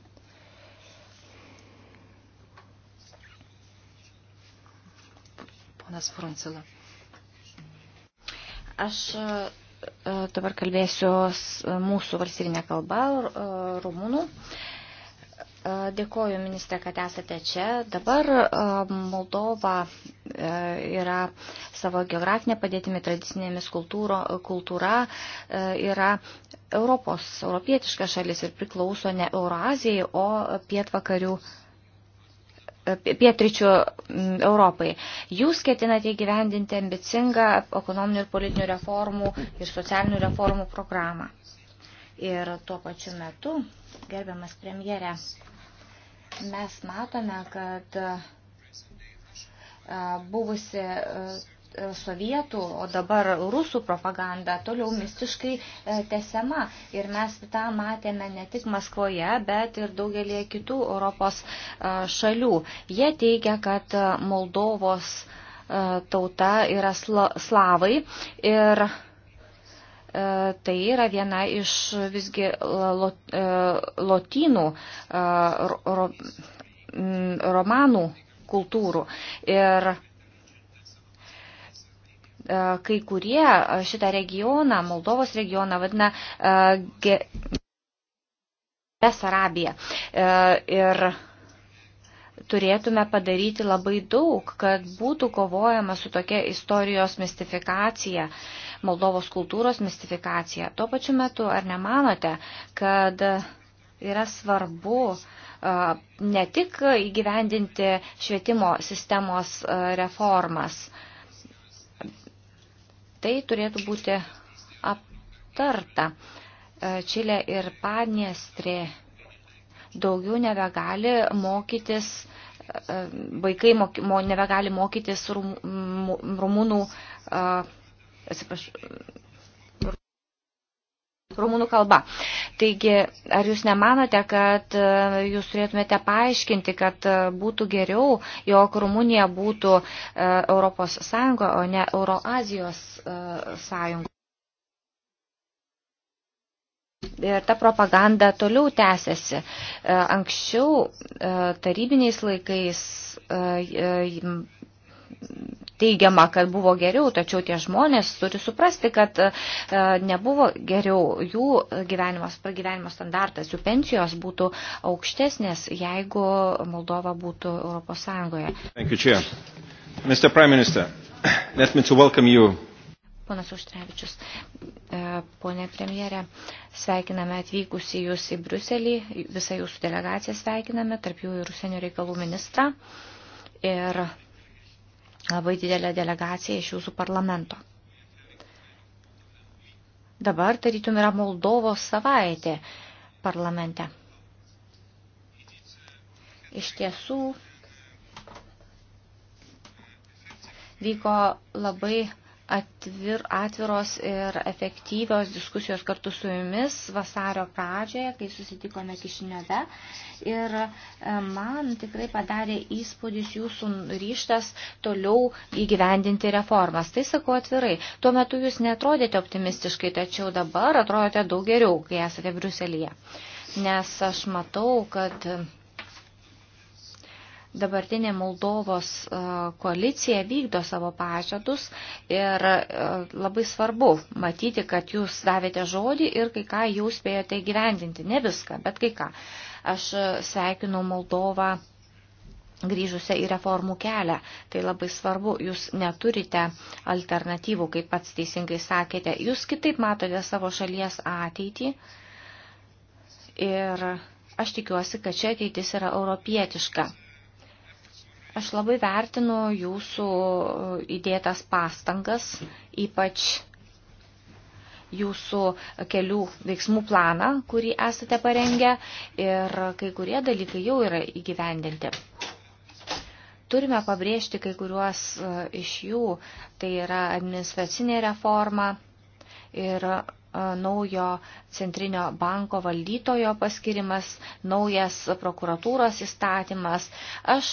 Ponas Fruncila. Aš e, dabar kalbėsiu mūsų valstybinę kalbą, e, rumūnų. E, dėkoju, ministrė, kad esate čia. Dabar Moldova yra savo geografinė padėtimi, tradicinėmis kultūro, kultūra yra Europos, europietiška šalis ir priklauso ne Eurazijai, o pietvakarių pietričių mm, Europai. Jūs ketinate įgyvendinti ambicingą ekonominių ir politinių reformų ir socialinių reformų programą. Ir tuo pačiu metu, gerbiamas premjerė, mes matome, kad buvusi E, sovietų, o dabar rusų propaganda toliau mistiškai e, tesiama. Ir mes tą matėme ne tik Maskvoje, bet ir daugelie kitų Europos e, šalių. Jie teigia, kad Moldovos tauta yra slavai ir tai yra viena iš visgi lotynų romanų kultūrų. Ir E, kai kurie e, šitą regioną, Moldovos regioną vadina Besarabija. E, ir turėtume padaryti labai daug, kad būtų kovojama su tokia istorijos mistifikacija, Moldovos kultūros mistifikacija. Tuo pačiu metu, ar nemanote, kad yra svarbu ne tik įgyvendinti švietimo sistemos reformas, tai turėtų būti aptarta. E, Čilė ir Paniestrė daugiau nebegali mokytis, e, vaikai nebegali mokytis rumūnų, e, atsiprašau, rumunų kalba. Taigi, ar jūs nemanote, kad e, jūs turėtumėte paaiškinti, kad e, būtų geriau, jog Rumunija būtų e, Europos Sąjunga, o ne Euroazijos Sąjunga? Ir ta propaganda toliau tęsiasi. Anksčiau tarybiniais laikais teigiama, kad buvo geriau, tačiau tie žmonės turi suprasti, kad e, nebuvo geriau jų gyvenimas, pragyvenimo standartas, jų pensijos būtų aukštesnės, jeigu Moldova būtų Europos Sąjungoje. You, Mr. Prime Minister, let me to welcome you Ponas Užtrevičius, e, ponė premjerė, sveikiname atvykusi jūs į Bruselį, visą jūsų delegaciją sveikiname, tarp jų ir užsienio reikalų ministrą. Ir labai didelę delegaciją iš jūsų parlamento. Dabar tarytum yra Moldovos savaitė parlamente. Iš tiesų vyko labai atvir, atviros ir efektyvios diskusijos kartu su jumis vasario pradžioje, kai susitikome Kišiniove. Ir e, man tikrai padarė įspūdis jūsų ryštas toliau įgyvendinti reformas. Tai sakau atvirai. Tuo metu jūs netrodėte optimistiškai, tačiau dabar atrodote daug geriau, kai esate Briuselėje. Nes aš matau, kad dabartinė Moldovos e, koalicija vykdo savo pažadus ir e, labai svarbu matyti, kad jūs davėte žodį ir kai ką jau spėjote gyvendinti. Ne viską, bet kai ką. Aš sveikinu Moldovą grįžusią į reformų kelią. Tai labai svarbu, jūs neturite alternatyvų, kaip pats teisingai sakėte. Jūs kitaip matote savo šalies ateitį ir aš tikiuosi, kad čia ateitis yra europietiška. Aš labai vertinu jūsų įdėtas pastangas, ypač jūsų kelių veiksmų planą, kurį esate parengę ir kai kurie dalykai jau yra įgyvendinti. Turime pabrėžti kai kuriuos e, iš jų, tai yra administracinė reforma ir e, naujo centrinio banko valdytojo paskirimas, naujas prokuratūros įstatymas. Aš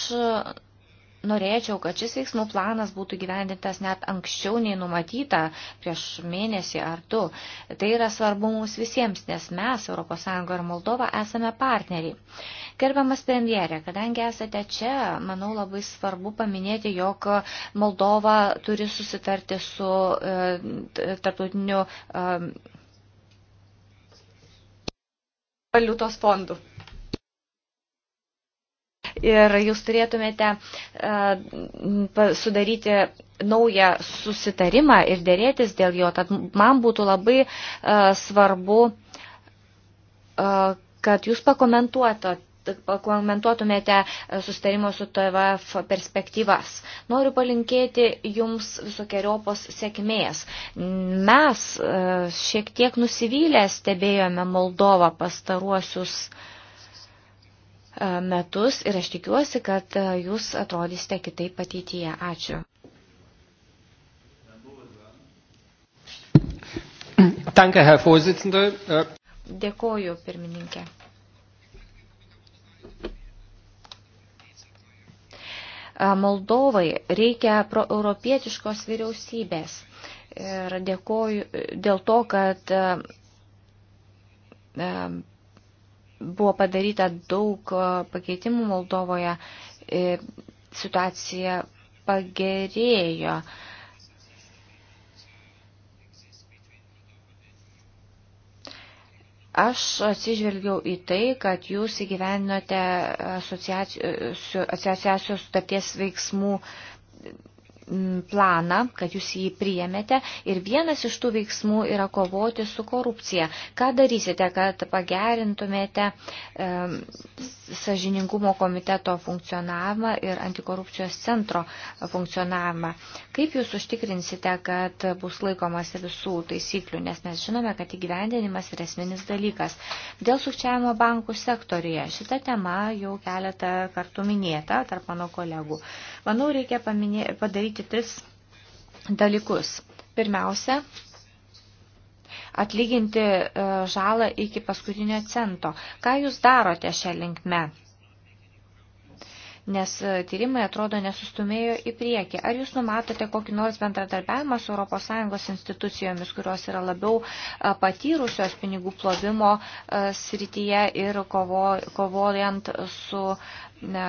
norėčiau, kad šis veiksmų planas būtų gyvendintas net anksčiau nei numatyta prieš mėnesį ar du. Tai yra svarbu mums visiems, nes mes, ES ir Moldova, esame partneriai. Gerbiamas premjerė, kadangi esate čia, manau labai svarbu paminėti, jog Moldova turi susitarti su e, tarptautiniu e, valiutos fondu ir jūs turėtumėte e, sudaryti naują susitarimą ir dėrėtis dėl jo. Tad man būtų labai e, svarbu, e, kad jūs pakomentuotumėte pakomentuotumėte sustarimo su TVF perspektyvas. Noriu palinkėti jums visokiojopos sėkmės. Mes šiek tiek nusivylę stebėjome Moldovą pastaruosius uh, E, metus ir aš tikiuosi, kad e, jūs atrodysite kitaip ateityje. Ačiū. Danke, Herr Vorsitzende. Äh, dėkoju, pirmininkė. E, Moldovai reikia proeuropietiškos vyriausybės. Ir dėkoju dėl to, kad Buvo padaryta daug e, pakeitimų Moldovoje, situacija pagerėjo. Aš atsižvelgiau į tai, kad jūs įgyvendinote asociacijos sutarties veiksmų planą, kad jūs jį priėmėte ir vienas iš tų veiksmų yra kovoti su korupcija. Ką darysite, kad pagerintumėte e, sažiningumo komiteto funkcionavimą ir antikorupcijos centro funkcionavimą? Kaip jūs užtikrinsite, kad bus laikomas visų taisyklių, nes mes žinome, kad įgyvendinimas yra esminis dalykas. Dėl sukčiavimo bankų sektorija šita tema jau keletą kartų minėta tarp mano kolegų. Manau, reikia paminė, padaryti kitis dalykus. Pirmiausia, atlyginti e, žalą iki paskutinio cento. Ką jūs darote šią linkme? Nes e, tyrimai atrodo nesustumėjo į priekį. Ar jūs numatote kokį nors bendradarbiavimą su ES institucijomis, kurios yra labiau e, patyrusios pinigų plovimo srityje ir kovo, kovojant su ne,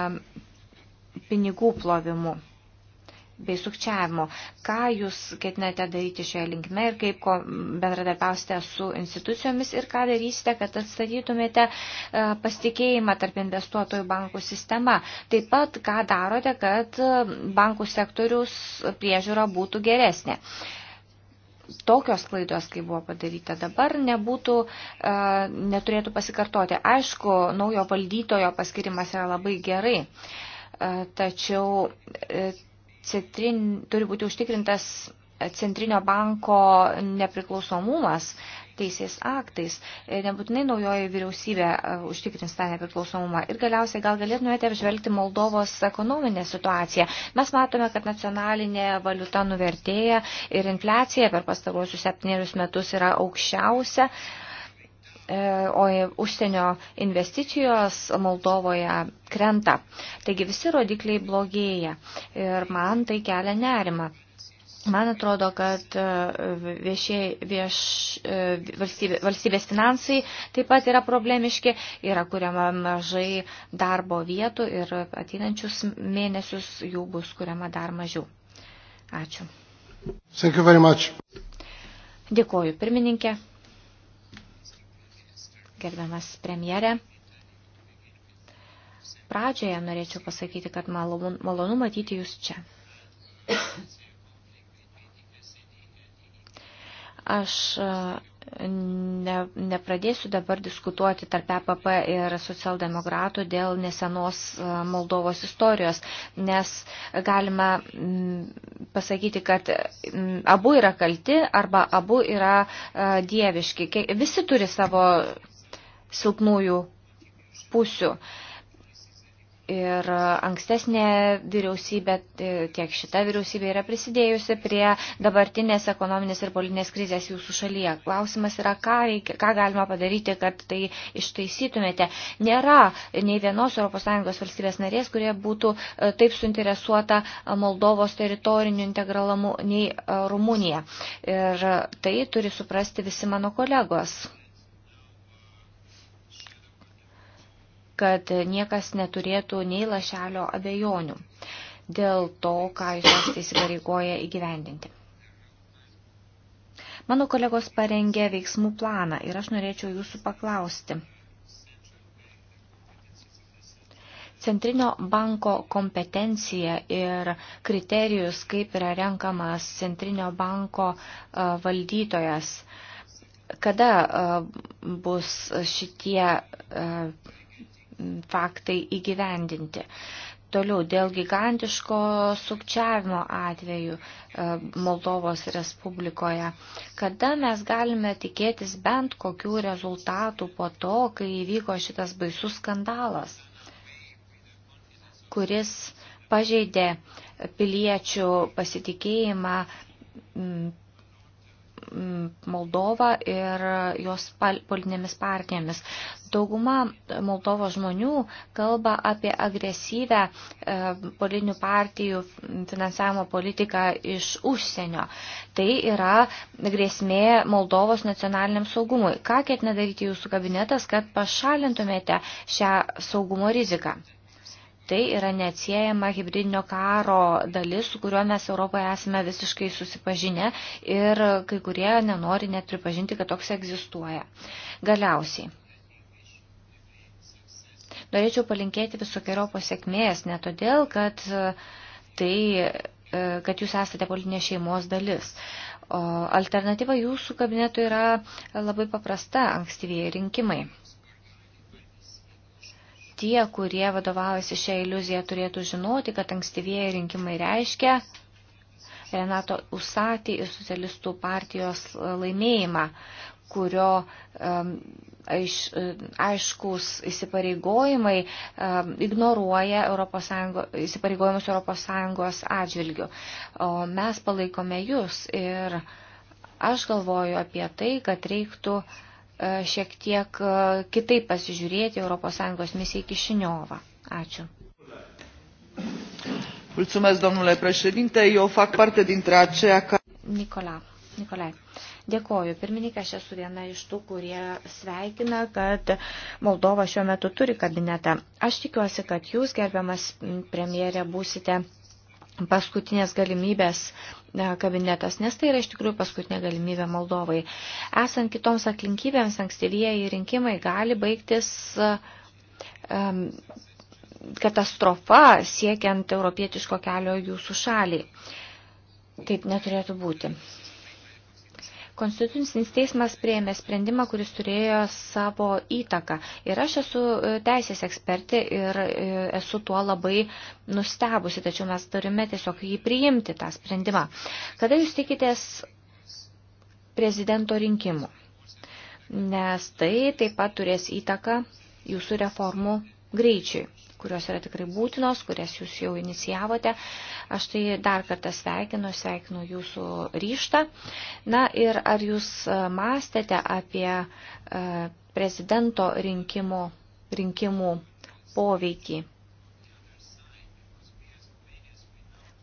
pinigų plovimu? bei sukčiavimo. Ką jūs ketinate daryti šioje linkme ir kaip bendradarbiausite su institucijomis ir ką darysite, kad atstatytumėte e, pasitikėjimą tarp investuotojų bankų sistema. Taip pat, ką darote, kad e, bankų sektorius priežiūra būtų geresnė. Tokios klaidos, kaip buvo padaryta dabar, nebūtų, e, neturėtų pasikartoti. Aišku, naujo valdytojo paskirimas yra labai gerai, tačiau centrin, turi būti užtikrintas centrinio banko nepriklausomumas teisės aktais. E, nebūtinai naujoji vyriausybė e, užtikrins tą nepriklausomumą. Ir galiausiai gal galėtumėte apžvelgti Moldovos ekonominę situaciją. Mes matome, kad nacionalinė valiuta nuvertėja ir infliacija per pastaruosius septynerius metus yra aukščiausia. Uh, E, o užsienio investicijos Moldovoje krenta. Taigi visi rodikliai blogėja ir man tai kelia nerima. Man atrodo, kad e, viešie, vieš, e, valstybė, valstybės finansai taip pat yra problemiški, yra kuriama mažai darbo vietų ir ateinančius mėnesius jų bus kuriama dar mažiau. Ačiū. Dėkuoju, pirmininkė gerbiamas premjerė. Pradžioje norėčiau pasakyti, kad malonu matyti jūs čia. Aš e, ne, nepradėsiu dabar diskutuoti tarp EPP ir socialdemokratų dėl nesenos e, Moldovos istorijos, nes galima pasakyti, kad abu yra kalti arba abu yra e, dieviški. Visi turi savo silpnųjų pusių. Ir ankstesnė vyriausybė, e, tiek šita vyriausybė yra prisidėjusi prie dabartinės ekonominės ir politinės krizės jūsų šalyje. Klausimas yra, ką, reikia, ką galima padaryti, kad tai ištaisytumėte. Nėra nei vienos ES valstybės narės, kurie būtų e, taip suinteresuota Moldovos teritoriniu integralamu nei e, Rumunija. Ir tai turi suprasti visi mano kolegos. kad niekas neturėtų nei lašelio abejonių dėl to, ką jos įsipareigoja įgyvendinti. Mano kolegos parengė veiksmų planą ir aš norėčiau jūsų paklausti. Centrinio banko kompetencija ir kriterijus, kaip yra renkamas Centrinio banko valdytojas, kada bus šitie faktai įgyvendinti. Toliau, dėl gigantiško sukčiavimo atveju e, Moldovos Respublikoje, kada mes galime tikėtis bent kokių rezultatų po to, kai įvyko šitas baisus skandalas, kuris pažeidė piliečių pasitikėjimą Mm, Moldova ir jos politinėmis partijomis. Dauguma Moldovos žmonių kalba apie agresyvę e, politinių partijų finansavimo politiką iš užsienio. Tai yra grėsmė Moldovos nacionaliniam saugumui. Ką ketina daryti jūsų kabinetas, kad pašalintumėte šią saugumo riziką? Tai yra neatsiejama hybridinio karo dalis, su kuriuo mes Europoje esame visiškai susipažinę ir kai kurie nenori net pripažinti, kad toks egzistuoja. Galiausiai. Norėčiau palinkėti visokiojo pasiekmės, ne todėl, kad, tai, kad jūs esate politinės šeimos dalis. O alternatyva jūsų kabinetų yra labai paprasta - ankstyvieji rinkimai tie, kurie vadovaujasi šią iliuziją, turėtų žinoti, kad ankstyvieji rinkimai reiškia Renato Usatį ir socialistų partijos e, laimėjimą, kurio aiš, e, aiškus įsipareigojimai ignoruoja ES, įsipareigojimus ES atžvilgių. O mes palaikome jūs ir aš galvoju apie tai, kad reiktų uh, E, šiek tiek e, kitaip pasižiūrėti ES misiją Kišiniovą. Ačiū. Mulțumesc, domnule președinte. Eu fac parte dintre aceia care... Nicola, Nicolai. Dėkoju. Pirmininkė, aš esu viena iš tų, kurie sveikina, kad Moldova šiuo metu turi kabinetą. Aš tikiuosi, kad jūs, gerbiamas premjerė, būsite paskutinės galimybės E, kabinetas, nes tai yra iš tikrųjų paskutinė galimybė Moldovai. Esant kitoms aplinkybėms, ankstyvieji rinkimai gali baigtis um, katastrofa siekiant europietiško kelio jūsų šaliai. Taip neturėtų būti. Konstitucinis teismas prieėmė sprendimą, kuris turėjo savo įtaką. Ir aš esu e, teisės ekspertė ir e, esu tuo labai nustebusi, tačiau mes turime tiesiog jį priimti, tą sprendimą. Kada jūs tikitės prezidento rinkimų? Nes tai taip pat turės įtaką jūsų reformų greičiui kurios yra tikrai būtinos, kurias jūs jau inicijavote. Aš tai dar kartą sveikinu, sveikinu jūsų ryštą. Na ir ar jūs e, mąstėte apie e, prezidento rinkimų, rinkimų poveikį?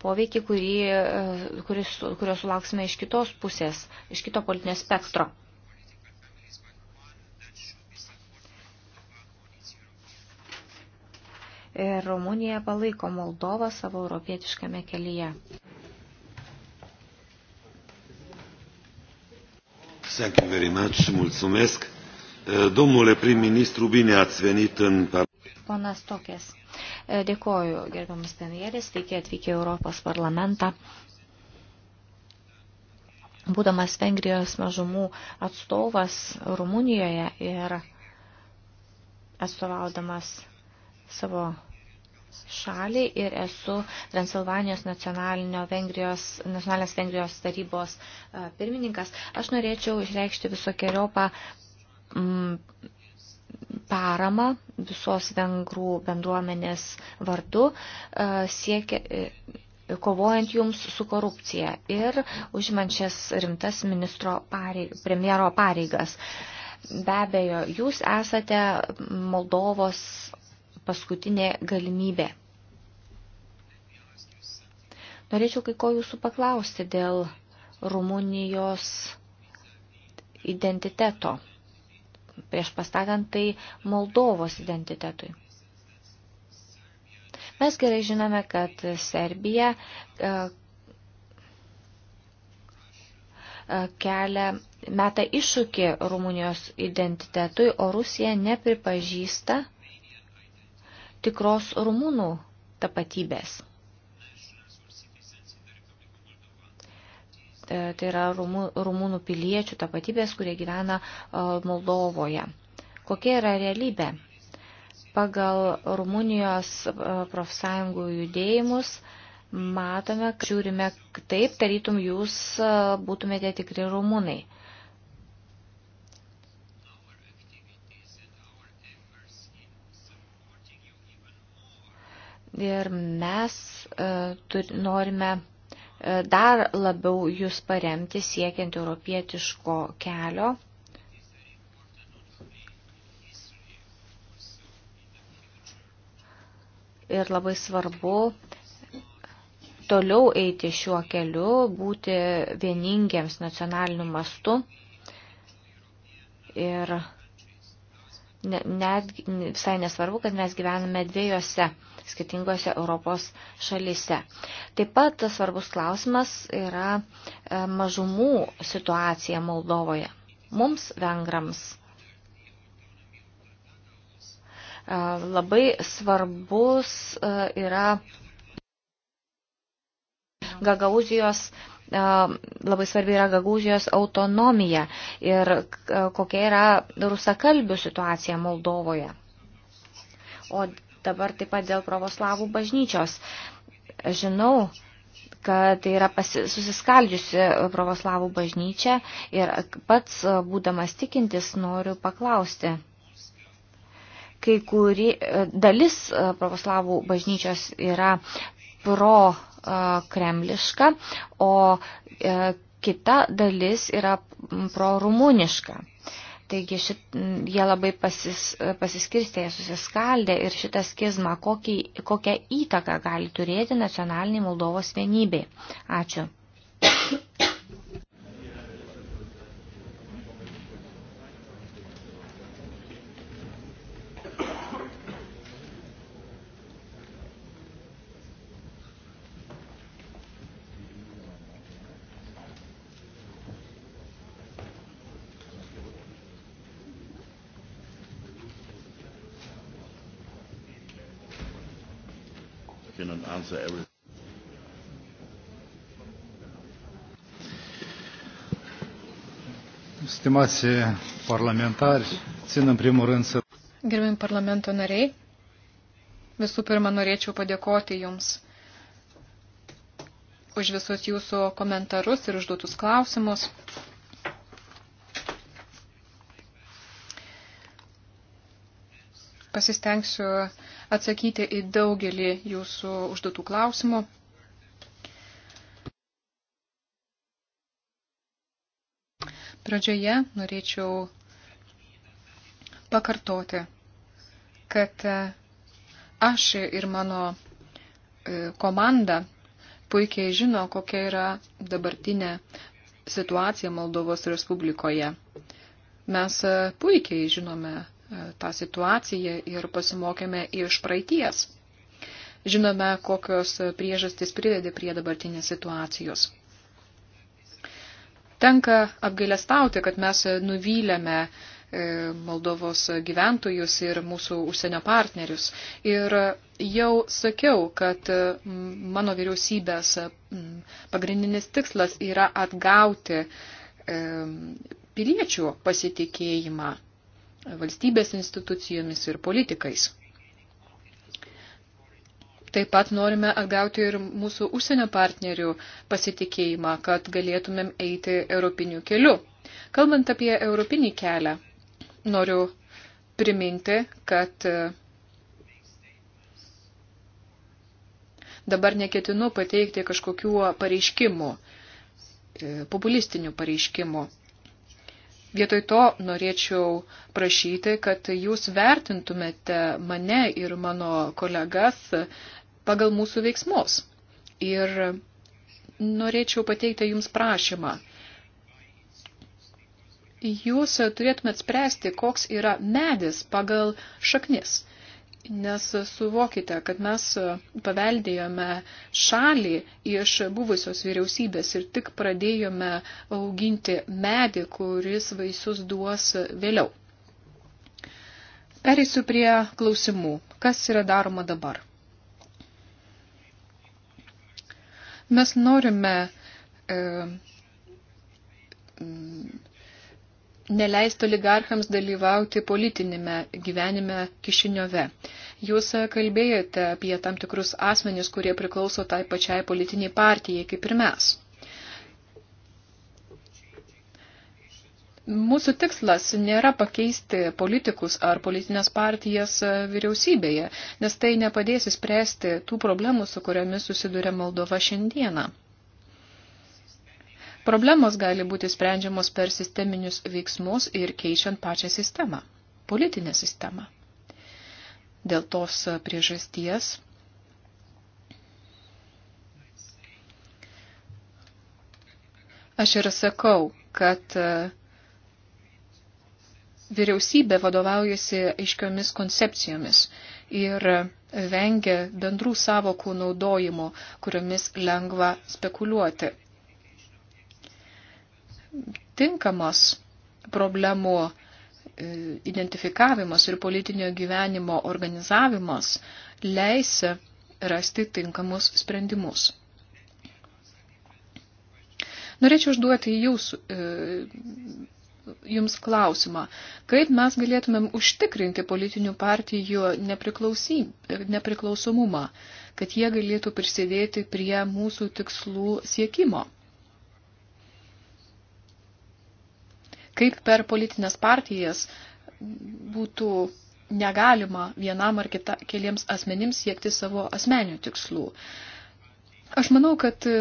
Poveikį, kurį, e, kuris, kurio sulauksime iš kitos pusės, iš kito politinio spektro. ir Rumunija palaiko Moldovą savo europietiškame kelyje. Thank you very much. Mulțumesc. E, domnule prim-ministru, bine ați venit în Ponas Tokės. E, dėkoju, gerbiamas premjeris, sveiki atvykę Europos parlamentą. Būdamas Vengrijos mažumų atstovas Rumunijoje ir atstovaudamas savo šalį ir esu Transilvanijos nacionalinio Vengrijos, nacionalinės Vengrijos tarybos e, pirmininkas. Aš norėčiau išreikšti visokiojopą mm, paramą visos vengrų bendruomenės vardu e, siekia e, kovojant jums su korupcija ir užimant šias rimtas ministro pareig, premjero pareigas. Be abejo, jūs esate Moldovos paskutinė galimybė. Norėčiau kai ko jūsų paklausti dėl Rumunijos identiteto, prieš pastatant tai Moldovos identitetui. Mes gerai žinome, kad Serbija e, e, kelia, meta iššūkį Rumunijos identitetui, o Rusija nepripažįsta tikros rumūnų tapatybės. Tai, tai yra rumūnų piliečių tapatybės, kurie gyvena e, Moldovoje. Kokia yra realybė? Pagal Rumunijos e, profsąjungų judėjimus matome, kad žiūrime taip, tarytum jūs e, būtumėte tikri rumūnai. Ir mes e, norime e, dar labiau jūs paremti siekiant europietiško kelio. Ir labai svarbu toliau eiti šiuo keliu, būti vieningiems nacionaliniu mastu ir net, visai nesvarbu, kad mes gyvename dviejose skirtingose Europos šalyse. Taip pat svarbus klausimas yra e, mažumų situacija Moldovoje. Mums vengrams e, labai svarbus e, yra Gagauzijos labai svarbi yra Gagūzijos autonomija ir kokia yra rusakalbių situacija Moldovoje. O dabar taip pat dėl pravoslavų bažnyčios. Žinau, kad yra pasi, susiskaldžiusi pravoslavų bažnyčia ir pats, e, būdamas tikintis, noriu paklausti. Kai kuri e, dalis e, pravoslavų bažnyčios yra pro kremliška, o kita dalis yra pro rumuniška. Taigi šit, jie labai pasis, pasiskirstė, susiskaldė ir šitą skizmą kokį, kokią įtaką gali turėti nacionaliniai Moldovos vienybei. Ačiū. answer everything. Stimați parlamentari, țin în primul rând să... Gerbim parlamento nariai, visų pirma norėčiau padėkoti Jums už visus Jūsų komentarus ir užduotus klausimus. Pasistengsiu atsakyti į daugelį jūsų užduotų klausimų. Pradžioje norėčiau pakartoti, kad aš ir mano e, komanda puikiai žino, kokia yra dabartinė situacija Moldovos Respublikoje. Mes e, puikiai žinome tą situaciją ir pasimokėme iš praeities. Žinome, kokios priežastys privedė prie dabartinės situacijos. Tenka apgailestauti, kad mes nuvylėme e, Moldovos gyventojus ir mūsų užsienio partnerius. Ir jau sakiau, kad mano vyriausybės pagrindinis tikslas yra atgauti e, piliečių pasitikėjimą valstybės institucijomis ir politikais. Taip pat norime atgauti ir mūsų užsienio partnerių pasitikėjimą, kad galėtumėm eiti europiniu keliu. Kalbant apie europinį kelią, noriu priminti, kad e, dabar neketinu pateikti kažkokių pareiškimų, e, populistinių pareiškimų. Vietoj to norėčiau prašyti, kad jūs vertintumėte mane ir mano kolegas pagal mūsų veiksmus. Ir norėčiau pateikti jums prašymą. Jūs turėtumėt spręsti, koks yra medis pagal šaknis. Nes suvokite, kad mes paveldėjome šalį iš buvusios vyriausybės ir tik pradėjome auginti medį, kuris vaisius duos vėliau. Pereisiu prie klausimų. Kas yra daroma dabar? Mes norime e, neleisti oligarchams dalyvauti politinėme gyvenime Kišiniove. Jūs e, kalbėjote apie tam tikrus asmenys, kurie priklauso tai pačiai politiniai partijai, kaip ir mes. Mūsų tikslas nėra pakeisti politikus ar politinės partijas e, vyriausybėje, nes tai nepadės įspręsti tų problemų, su kuriomis susiduria Moldova šiandieną. Problemos gali būti sprendžiamos per sisteminius veiksmus ir keičiant pačią sistemą, politinę sistemą. Dėl tos priežasties aš ir sakau, kad e, vyriausybė vadovaujasi aiškiomis koncepcijomis ir vengia bendrų savokų naudojimo, kuriomis lengva spekuliuoti tinkamas problemų e, identifikavimas ir politinio gyvenimo organizavimas leis rasti tinkamus sprendimus. Norėčiau užduoti jūsų, e, jums klausimą, kaip mes galėtumėm užtikrinti politinių partijų nepriklausomumą, kad jie galėtų prisidėti prie mūsų tikslų siekimo. kaip per politinės partijas būtų negalima vienam ar kita, keliems asmenims siekti savo asmeninių tikslų. Aš manau, kad e,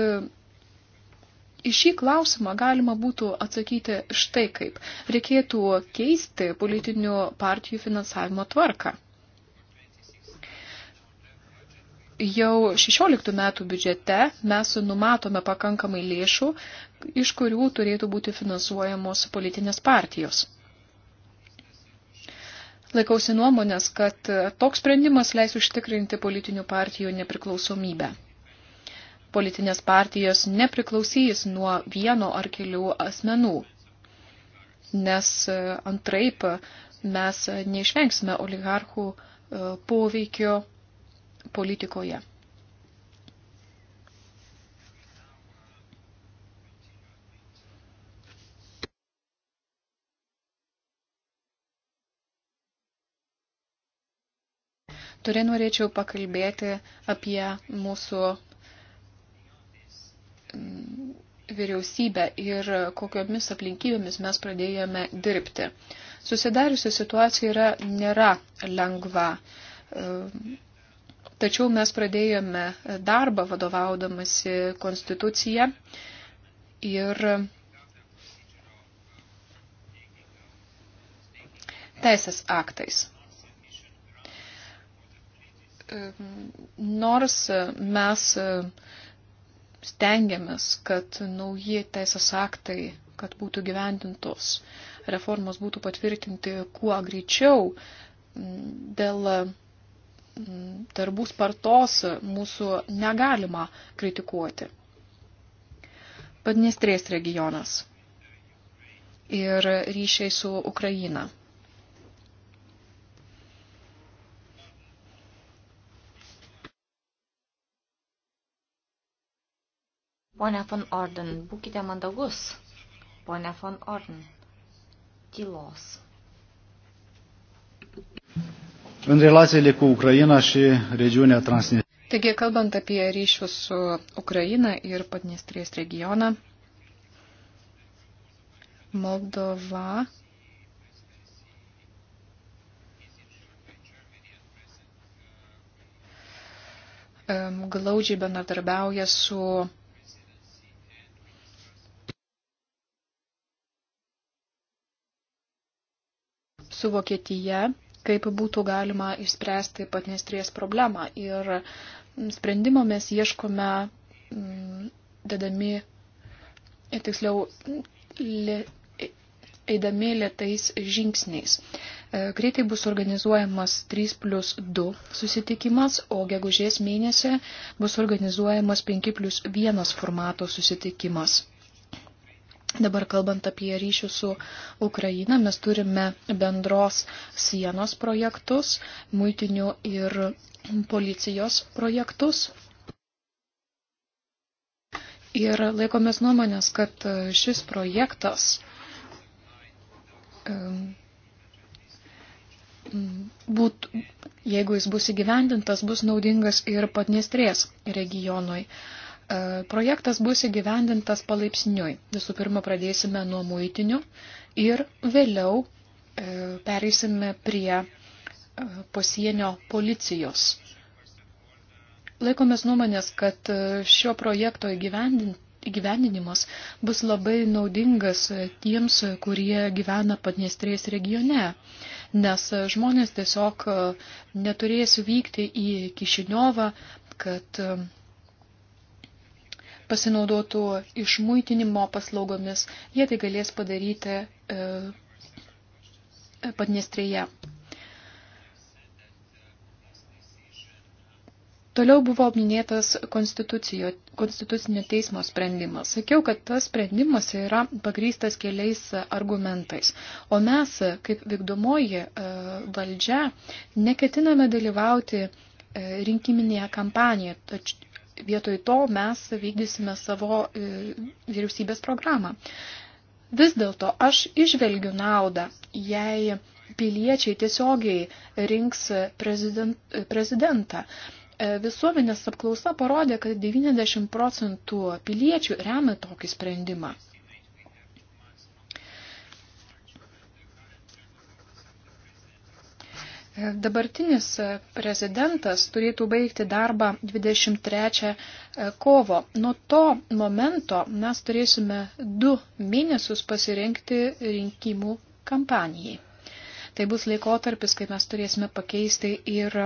į šį klausimą galima būtų atsakyti štai kaip. Reikėtų keisti politinių partijų finansavimo tvarką. jau 16 metų biudžete mes numatome pakankamai lėšų, iš kurių turėtų būti finansuojamos politinės partijos. Laikausi nuomonės, kad toks sprendimas leis užtikrinti politinių partijų nepriklausomybę. Politinės partijos nepriklausys nuo vieno ar kelių asmenų, nes antraip mes neišvengsime oligarchų e, poveikio politikoje. Turi norėčiau pakalbėti apie mūsų mm, vyriausybę ir kokiomis aplinkybėmis mes pradėjome dirbti. Susidariusi situacija yra, nėra lengva. Ehm, Tačiau mes pradėjome darbą vadovaudamasi konstituciją ir teisės aktais. Nors mes stengiamės, kad nauji teisės aktai, kad būtų gyvendintos, reformos būtų patvirtinti kuo greičiau dėl darbų spartos mūsų negalima kritikuoti. Padniestrės regionas ir ryšiai su Ukraina. Pone von Orden, būkite mandagus. Pone von Orden, tylos în relațiile cu Ucraina și regiunea Transnistria. Taigi, kalbant apie ryšius su Ukraina ir Padniestrės regioną, Moldova glaudžiai bendradarbiauja su su Vokietija kaip būtų galima išspręsti Padnestrės problemą. Ir mm, sprendimo mes ieškome mm, dedami, tiksliau, li, eidami lėtais žingsniais. E, greitai bus organizuojamas 3 plus 2 susitikimas, o gegužės mėnesį bus organizuojamas 5 plus 1 formato susitikimas. Dabar kalbant apie ryšių su Ukraina, mes turime bendros sienos projektus, muitinių ir policijos projektus. Ir laikomės nuomonės, kad šis projektas būt, jeigu jis bus įgyvendintas, bus naudingas ir Padniestrės regionui. E, projektas bus įgyvendintas palaipsniui. Visų pirma, pradėsime nuo muitinių ir vėliau e, pereisime prie e, pasienio policijos. Laikomės nuomonės, kad šio projekto įgyvendinimas bus labai naudingas tiems, kurie gyvena Padniestrės regione, nes žmonės tiesiog neturės vykti į Kišiniovą, kad pasinaudotų išmūtinimo paslaugomis, jie tai galės padaryti e, Padnestrėje. Toliau buvo apminėtas konstitucinio teismo sprendimas. Sakiau, kad tas sprendimas yra pagrystas keliais argumentais. O mes, kaip vykdomoji e, valdžia, neketiname dalyvauti e, rinkiminėje kampanijoje, vietoj to mes vykdysime savo e, vyriausybės programą. Vis dėlto aš išvelgiu naudą, jei piliečiai tiesiogiai rinks prezident, prezidentą. E, visuomenės apklausa parodė, kad 90 procentų piliečių remia tokį sprendimą. Dabartinis prezidentas turėtų baigti darbą 23 e, kovo. Nuo to momento mes turėsime du mėnesius pasirinkti rinkimų kampanijai. Tai bus laikotarpis, kai mes turėsime pakeisti ir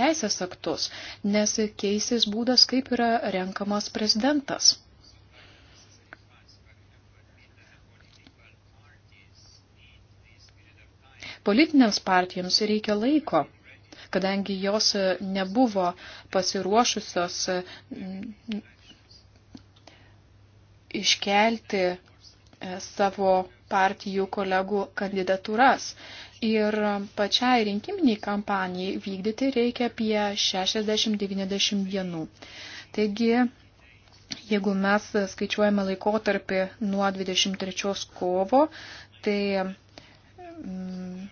teisės aktus, nes keisis būdas, kaip yra renkamas prezidentas. Politinėms partijoms reikia laiko, kadangi jos e, nebuvo pasiruošusios e, iškelti e, savo partijų kolegų kandidatūras. Ir pačiai rinkiminiai kampanijai vykdyti reikia apie 60-90 dienų. Taigi, jeigu mes skaičiuojame laikotarpį nuo 23 kovo, tai Mm.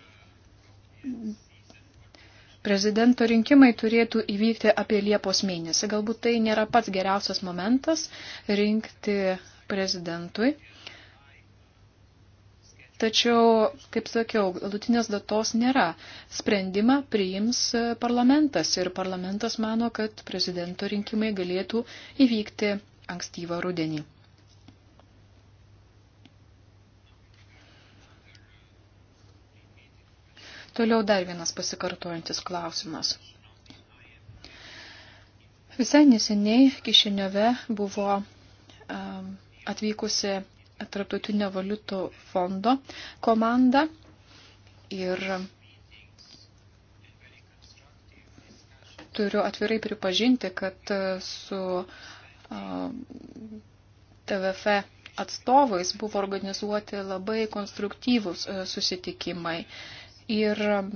Prezidento rinkimai turėtų įvykti apie Liepos mėnesį. Galbūt tai nėra pats geriausias momentas rinkti prezidentui. Tačiau, kaip sakiau, galutinės datos nėra. Sprendimą priims parlamentas ir parlamentas mano, kad prezidento rinkimai galėtų įvykti ankstyvą rudenį. Toliau dar vienas pasikartojantis klausimas. Visai neseniai Kišiniove buvo um, atvykusi Tarptautinio valiutų fondo komanda ir turiu atvirai pripažinti, kad su um, TVF atstovais buvo organizuoti labai konstruktyvūs e, susitikimai. Uh, Ir um,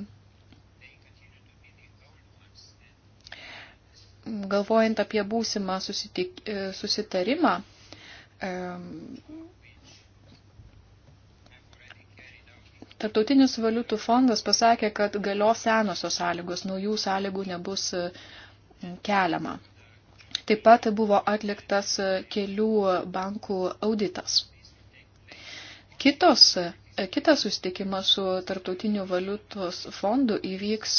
galvojant apie būsimą susitik, susitarimą, um, Tartautinis valiutų fondas pasakė, kad galios senosios sąlygos, naujų sąlygų nebus um, keliama. Taip pat buvo atliktas uh, kelių bankų auditas. Kitos Kitas susitikimas su Tartautiniu valiutos fondu įvyks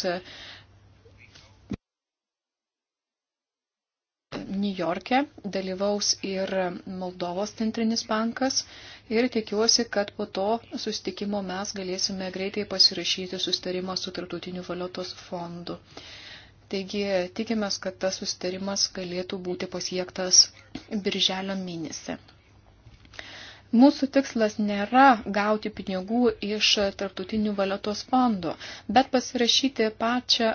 Niujorke, dalyvaus ir Moldovos centrinis bankas ir tikiuosi, kad po to sustikimo mes galėsime greitai pasirašyti sustarimą su Tartautiniu valiutos fondu. Taigi tikimės, kad tas sustarimas galėtų būti pasiektas birželio mėnesį. Mūsų tikslas nėra gauti pinigų iš tartutinių valiutos fondų, bet pasirašyti pačią,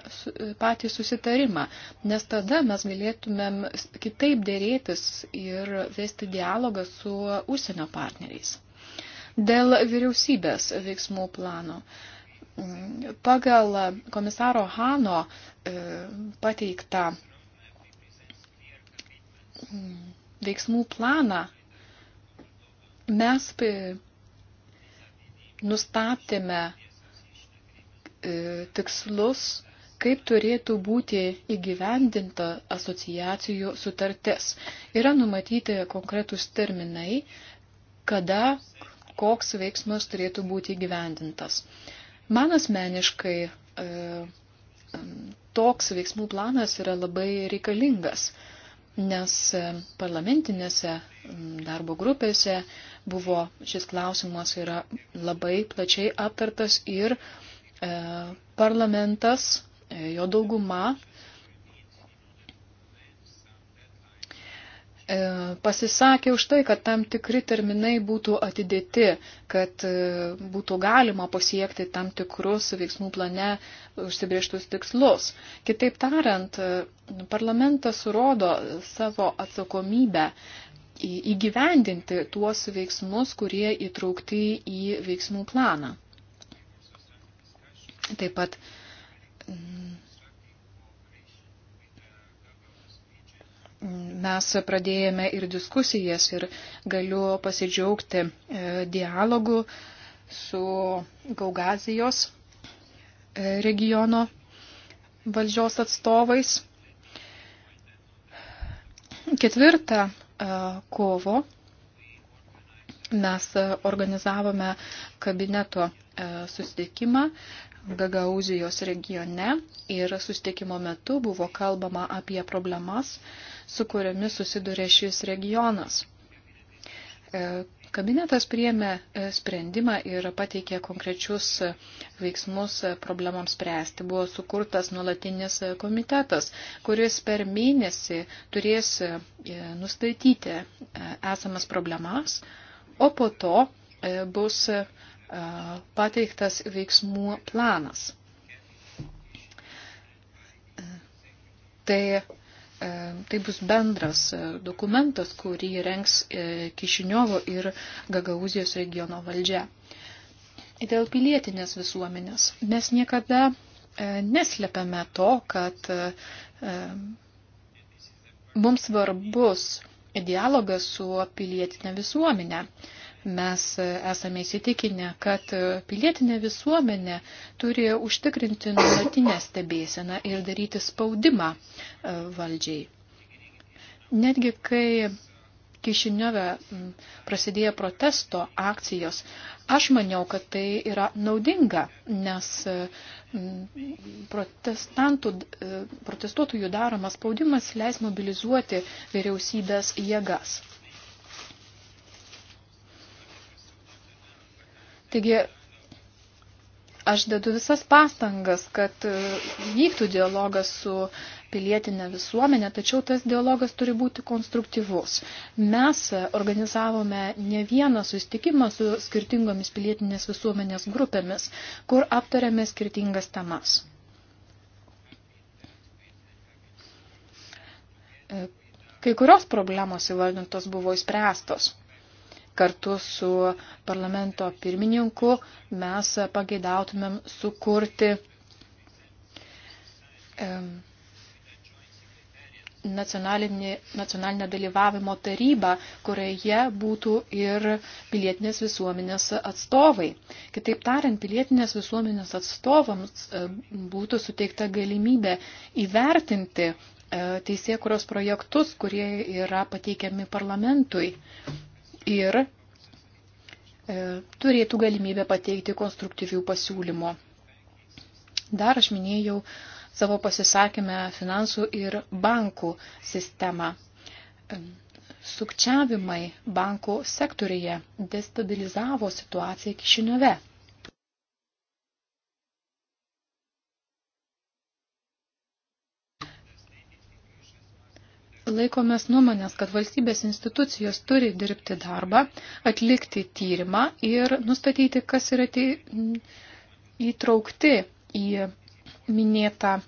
patį susitarimą, nes tada mes galėtumėm kitaip dėrėtis ir vesti dialogą su užsienio partneriais. Dėl vyriausybės veiksmų plano. Pagal komisaro Hano e, pateiktą veiksmų planą Mes nustatėme e, tikslus, kaip turėtų būti įgyvendinta asociacijų sutartis. Yra numatyti konkretus terminai, kada koks veiksmas turėtų būti įgyvendintas. Man asmeniškai e, toks veiksmų planas yra labai reikalingas, nes e, parlamentinėse darbo grupėse buvo šis klausimas yra labai plačiai aptartas ir e, parlamentas, e, jo dauguma e, pasisakė už tai, kad tam tikri terminai būtų atidėti, kad e, būtų galima pasiekti tam tikrus veiksmų plane užsibrieštus tikslus. Kitaip tariant, e, parlamentas rodo savo atsakomybę įgyvendinti tuos veiksmus, kurie įtraukti į veiksmų planą. Taip pat mm, mes pradėjome ir diskusijas ir galiu pasidžiaugti e, dialogu su Gaugazijos e, regiono valdžios atstovais. Ketvirtą E, kovo mes organizavome kabineto e, susitikimą Gagauzijos regione ir susitikimo metu buvo kalbama apie problemas, su kuriamis susiduria šis regionas e, Kabinetas priėmė e, sprendimą ir pateikė konkrečius e, veiksmus e, problemams spręsti. Buvo sukurtas nuolatinis komitetas, kuris per mėnesį turės nustatyti esamas problemas, o po to bus pateiktas veiksmų planas. Tai E, tai bus bendras e, dokumentas, kurį renks e, Kišiniovo ir Gagauzijos regiono valdžia. Dėl pilietinės visuomenės. Mes niekada neslepiame to, kad mums svarbus dialogas su pilietinė visuomenė. Mes esame įsitikinę, kad pilietinė visuomenė turi užtikrinti nuolatinę stebėseną ir daryti spaudimą e, valdžiai. Netgi kai Kišiniove prasidėjo protesto akcijos, aš maniau, kad tai yra naudinga, nes e, e, protestuotojų daromas spaudimas leis mobilizuoti vyriausybės jėgas. Taigi, aš dedu visas pastangas, kad e, vyktų dialogas su pilietinė visuomenė, tačiau tas dialogas turi būti konstruktyvus. Mes organizavome ne vieną sustikimą su skirtingomis pilietinės visuomenės grupėmis, kur aptarėme skirtingas temas. E, kai kurios problemos įvardintos buvo įspręstos kartu su parlamento pirmininku mes pageidautumėm sukurti nacionalinė, nacionalinė dalyvavimo taryba, kurioje būtų ir pilietinės visuomenės atstovai. Kitaip tariant, pilietinės visuomenės atstovams būtų suteikta galimybė įvertinti e, teisėkuros projektus, kurie yra pateikiami parlamentui ir e, turėtų galimybę pateikti konstruktyvių pasiūlymų. Dar aš minėjau savo pasisakymę finansų ir bankų sistemą. E, sukčiavimai bankų sektorija destabilizavo situaciją Kišiniove. laikomės nuomonės, kad valstybės institucijos turi dirbti darbą, atlikti tyrimą ir nustatyti, kas yra tai įtraukti į minėtą e,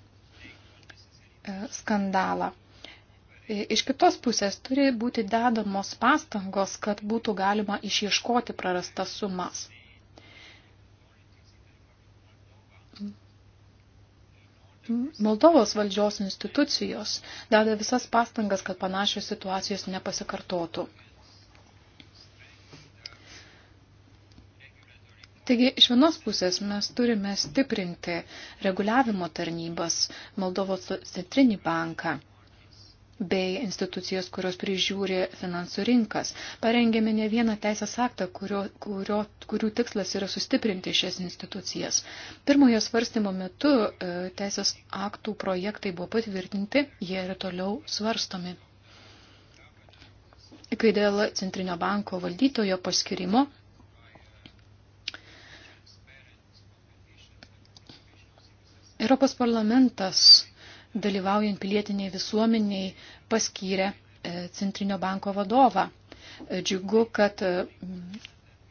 skandalą. E, iš kitos pusės turi būti dedamos pastangos, kad būtų galima išieškoti prarastas sumas. Moldovos valdžios institucijos deda visas pastangas, kad panašios situacijos nepasikartotų. Taigi, iš vienos pusės mes turime stiprinti reguliavimo tarnybas Moldovos centrinį banką bei institucijas, kurios prižiūri finansų rinkas. Parengėme ne vieną teisės aktą, kurio, kurio, kurių tikslas yra sustiprinti šias institucijas. Pirmojo svarstymo metu e, teisės aktų projektai buvo patvirtinti, jie yra toliau svarstomi. Kai dėl Centrinio banko valdytojo paskirimo Europos parlamentas dalyvaujant pilietiniai visuomeniai paskyrė e, Centrinio banko vadovą. E, džiugu, kad e,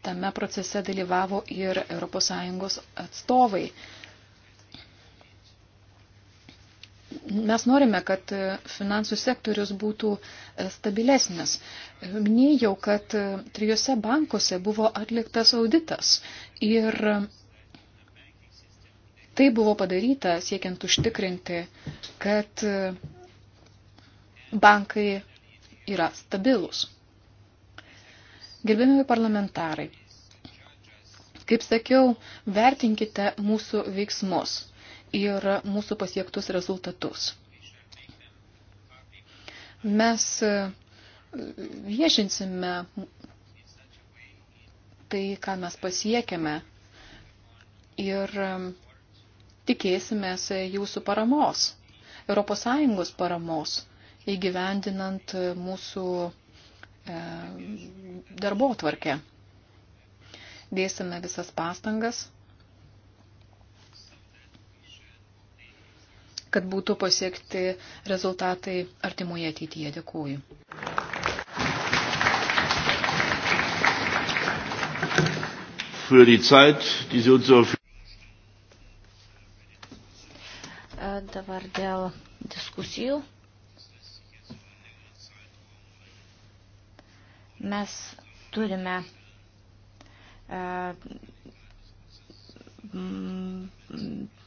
tame procese dalyvavo ir ES atstovai. Mes norime, kad finansų sektorius būtų stabilesnis. Minėjau, kad trijose bankuose buvo atliktas auditas ir Tai buvo padaryta siekiant užtikrinti, kad bankai yra stabilus. Gerbiami parlamentarai, kaip sakiau, vertinkite mūsų veiksmus ir mūsų pasiektus rezultatus. Mes viešinsime tai, ką mes pasiekėme ir tikėsimės jūsų paramos, ES paramos, įgyvendinant mūsų e, darbo tvarkę. Dėsime visas pastangas, kad būtų pasiekti rezultatai artimoje ateityje. Dėkuoju. Für die Zeit, die Sie uns zur dabar dėl diskusijų. Mes turime e, mm,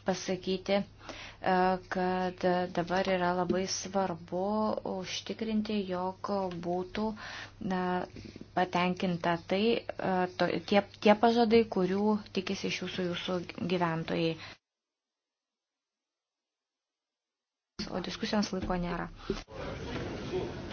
pasakyti, e, kad dabar yra labai svarbu užtikrinti, jog būtų patenkinta tai, e, tie, tie pažadai, kurių tikisi iš jūsų, jūsų gyventojai. diskusijoms, o diskusijoms laiko nėra.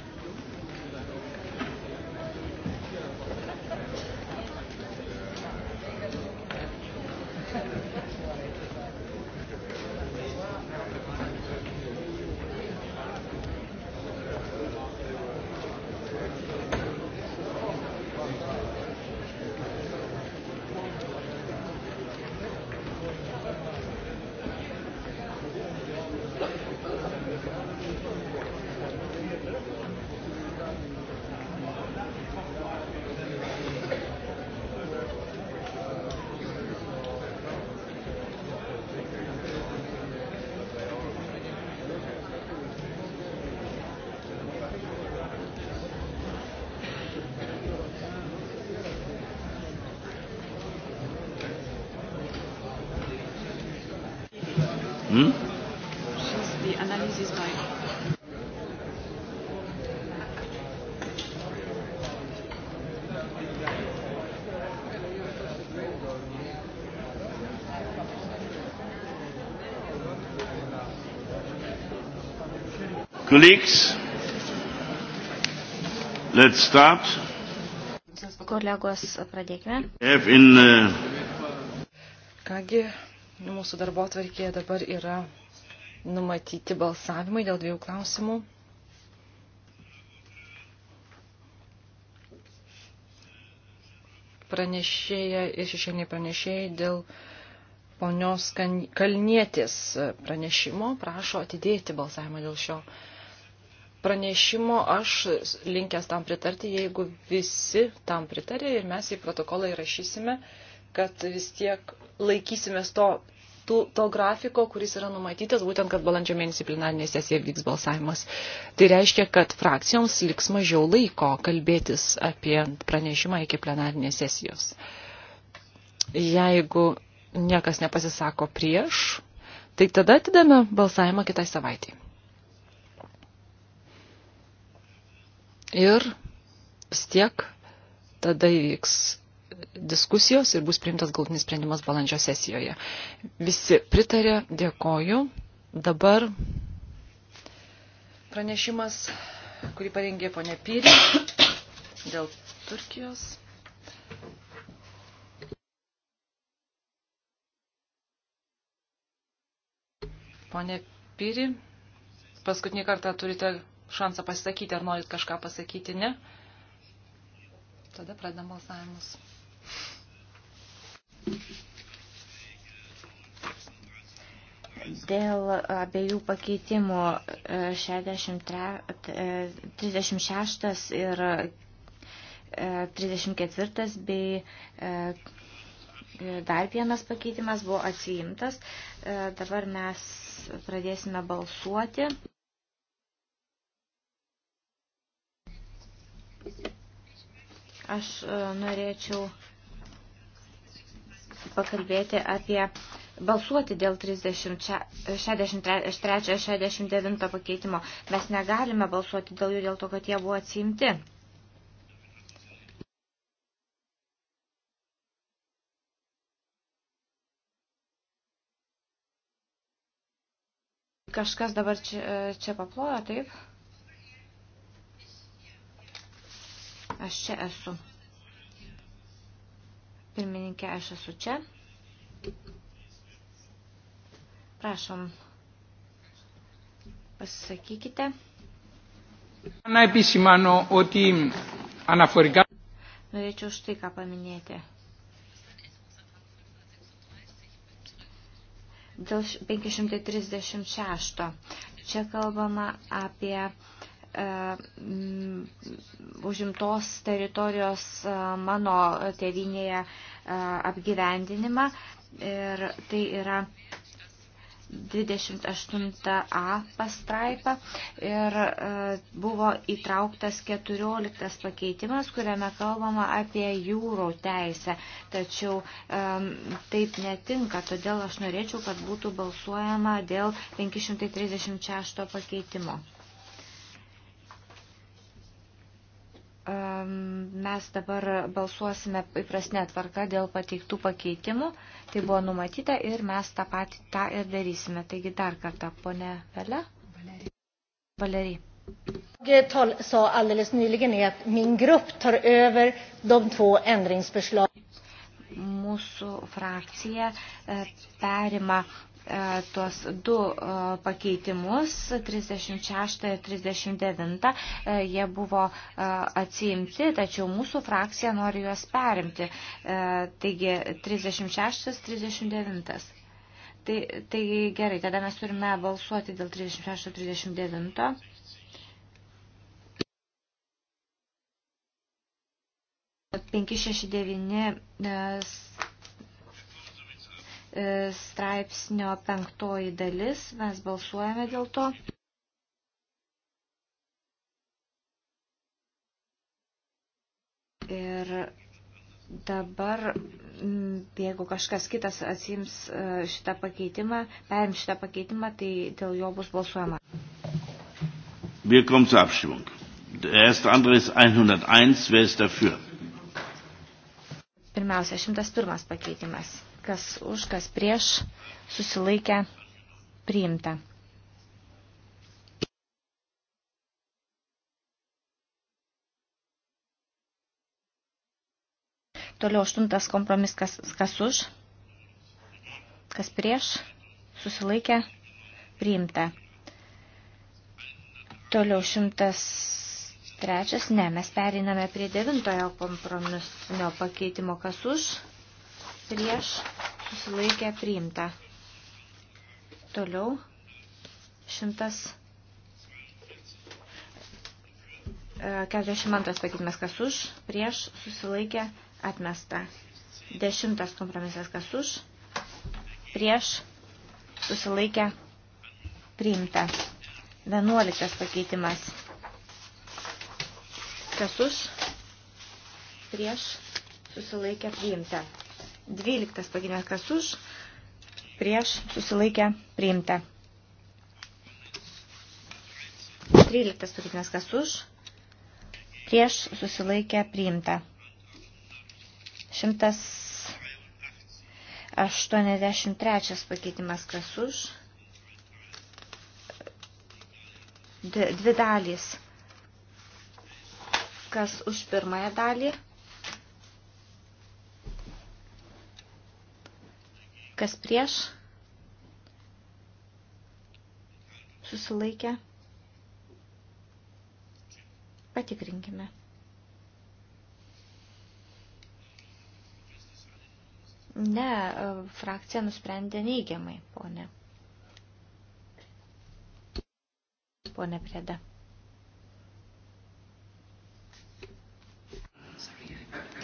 Colleagues, let's start. Kolegos, pradėkime. In, uh... Kągi, mūsų darbo atvarkėje dabar yra numatyti balsavimai dėl dviejų klausimų. Pranešėja ir šešėliniai pranešėjai dėl ponios Kalnietės pranešimo prašo atidėti balsavimą dėl šio pranešimo aš linkęs tam pritarti, jeigu visi tam pritarė ir mes į protokolą įrašysime, kad vis tiek laikysimės to, to, to grafiko, kuris yra numatytas, būtent, kad balandžio mėnesį plenarinė sesija vyks balsavimas. Tai reiškia, kad frakcijoms liks mažiau laiko kalbėtis apie pranešimą iki plenarinės sesijos. Jeigu niekas nepasisako prieš, tai tada atidame balsavimą kitai savaitai. Ir vis tiek tada įvyks diskusijos ir bus priimtas galutinis sprendimas balandžio sesijoje. Visi pritarė, dėkoju. Dabar pranešimas, kurį parengė ponė Pyrė dėl Turkijos. Pone Pyri, paskutinį kartą turite šansą pasisakyti, ar norit kažką pasakyti, ne? Tada pradam balsavimus. Dėl abiejų pakeitimų 63, e, 36 e, ir 34 e, bei dar vienas pakeitimas buvo atsiimtas. Dabar mes pradėsime balsuoti. Aš e, norėčiau pakalbėti apie balsuoti dėl 63-69 pakeitimo. Mes negalime balsuoti dėl jų dėl to, kad jie buvo atsiimti. Kažkas dabar čia, e, čia paplojo, taip? Aš čia esu. Pirmininkė, aš esu čia. Prašom, pasisakykite. Να επισημάνω ότι αναφορικά... Norėčiau štai ką paminėti. Dėl 536. Čia kalbama apie E, užimtos teritorijos e, mano tėvinėje e, apgyvendinimą. Ir tai yra 28a pastraipa ir buvo įtrauktas 14 pakeitimas, kuriame kalbama apie jūrų teisę. Tačiau taip netinka, todėl aš norėčiau, kad būtų balsuojama dėl 536 pakeitimo. Mes dabar balsuosime įprasne tvarka dėl pateiktų pakeitimų. Tai buvo numatyta ir mes tą patį tą ir darysime. Taigi dar kartą, ponė Vele. Valerij. Tal sa alldeles nyligen är att min grupp tar över de två ändringsförslag. Mūsų frakcija eh, perima E, tuos du e, pakeitimus, 36 ir 39, e, jie buvo atsiimti, tačiau mūsų frakcija nori juos perimti. Taigi 36, 39. Tai, tai gerai, tada mes turime balsuoti dėl 36, 39. Penki šeši devyni E, straipsnio penktoji dalis. Mes balsuojame dėl to. Ir dabar, jeigu kažkas kitas atsims e, šitą pakeitimą, perim šitą pakeitimą, tai dėl jo bus balsuojama. Wir kommen zur Abstimmung. Der erste andere ist 101. Wer ist dafür? Pirmiausia, 101 pakeitimas kas už, kas prieš, susilaikę, priimta. Toliau aštuntas kompromis, kas, kas už, kas prieš, susilaikę, priimta. Toliau šimtas Trečias, ne, mes periname prie devintojo kompromisinio pakeitimo, kas už, prieš susilaikė priimta. Toliau 142 e, pakeitimas kas už, prieš susilaikė atmesta. 10 kompromisas kas už, prieš susilaikė priimta. 11 pakeitimas kas už, prieš susilaikė priimta. 12 pagrindinės kas už, prieš susilaikę priimta. 13 pagrindinės kas už, prieš susilaikę priimta. 183 pakeitimas kas už. Dvi dalys. Kas už pirmąją dalį, Kas prieš? Susilaikę. Patikrinkime. Ne, e, frakcija nusprendė neigiamai, ponė. Pone Prėda.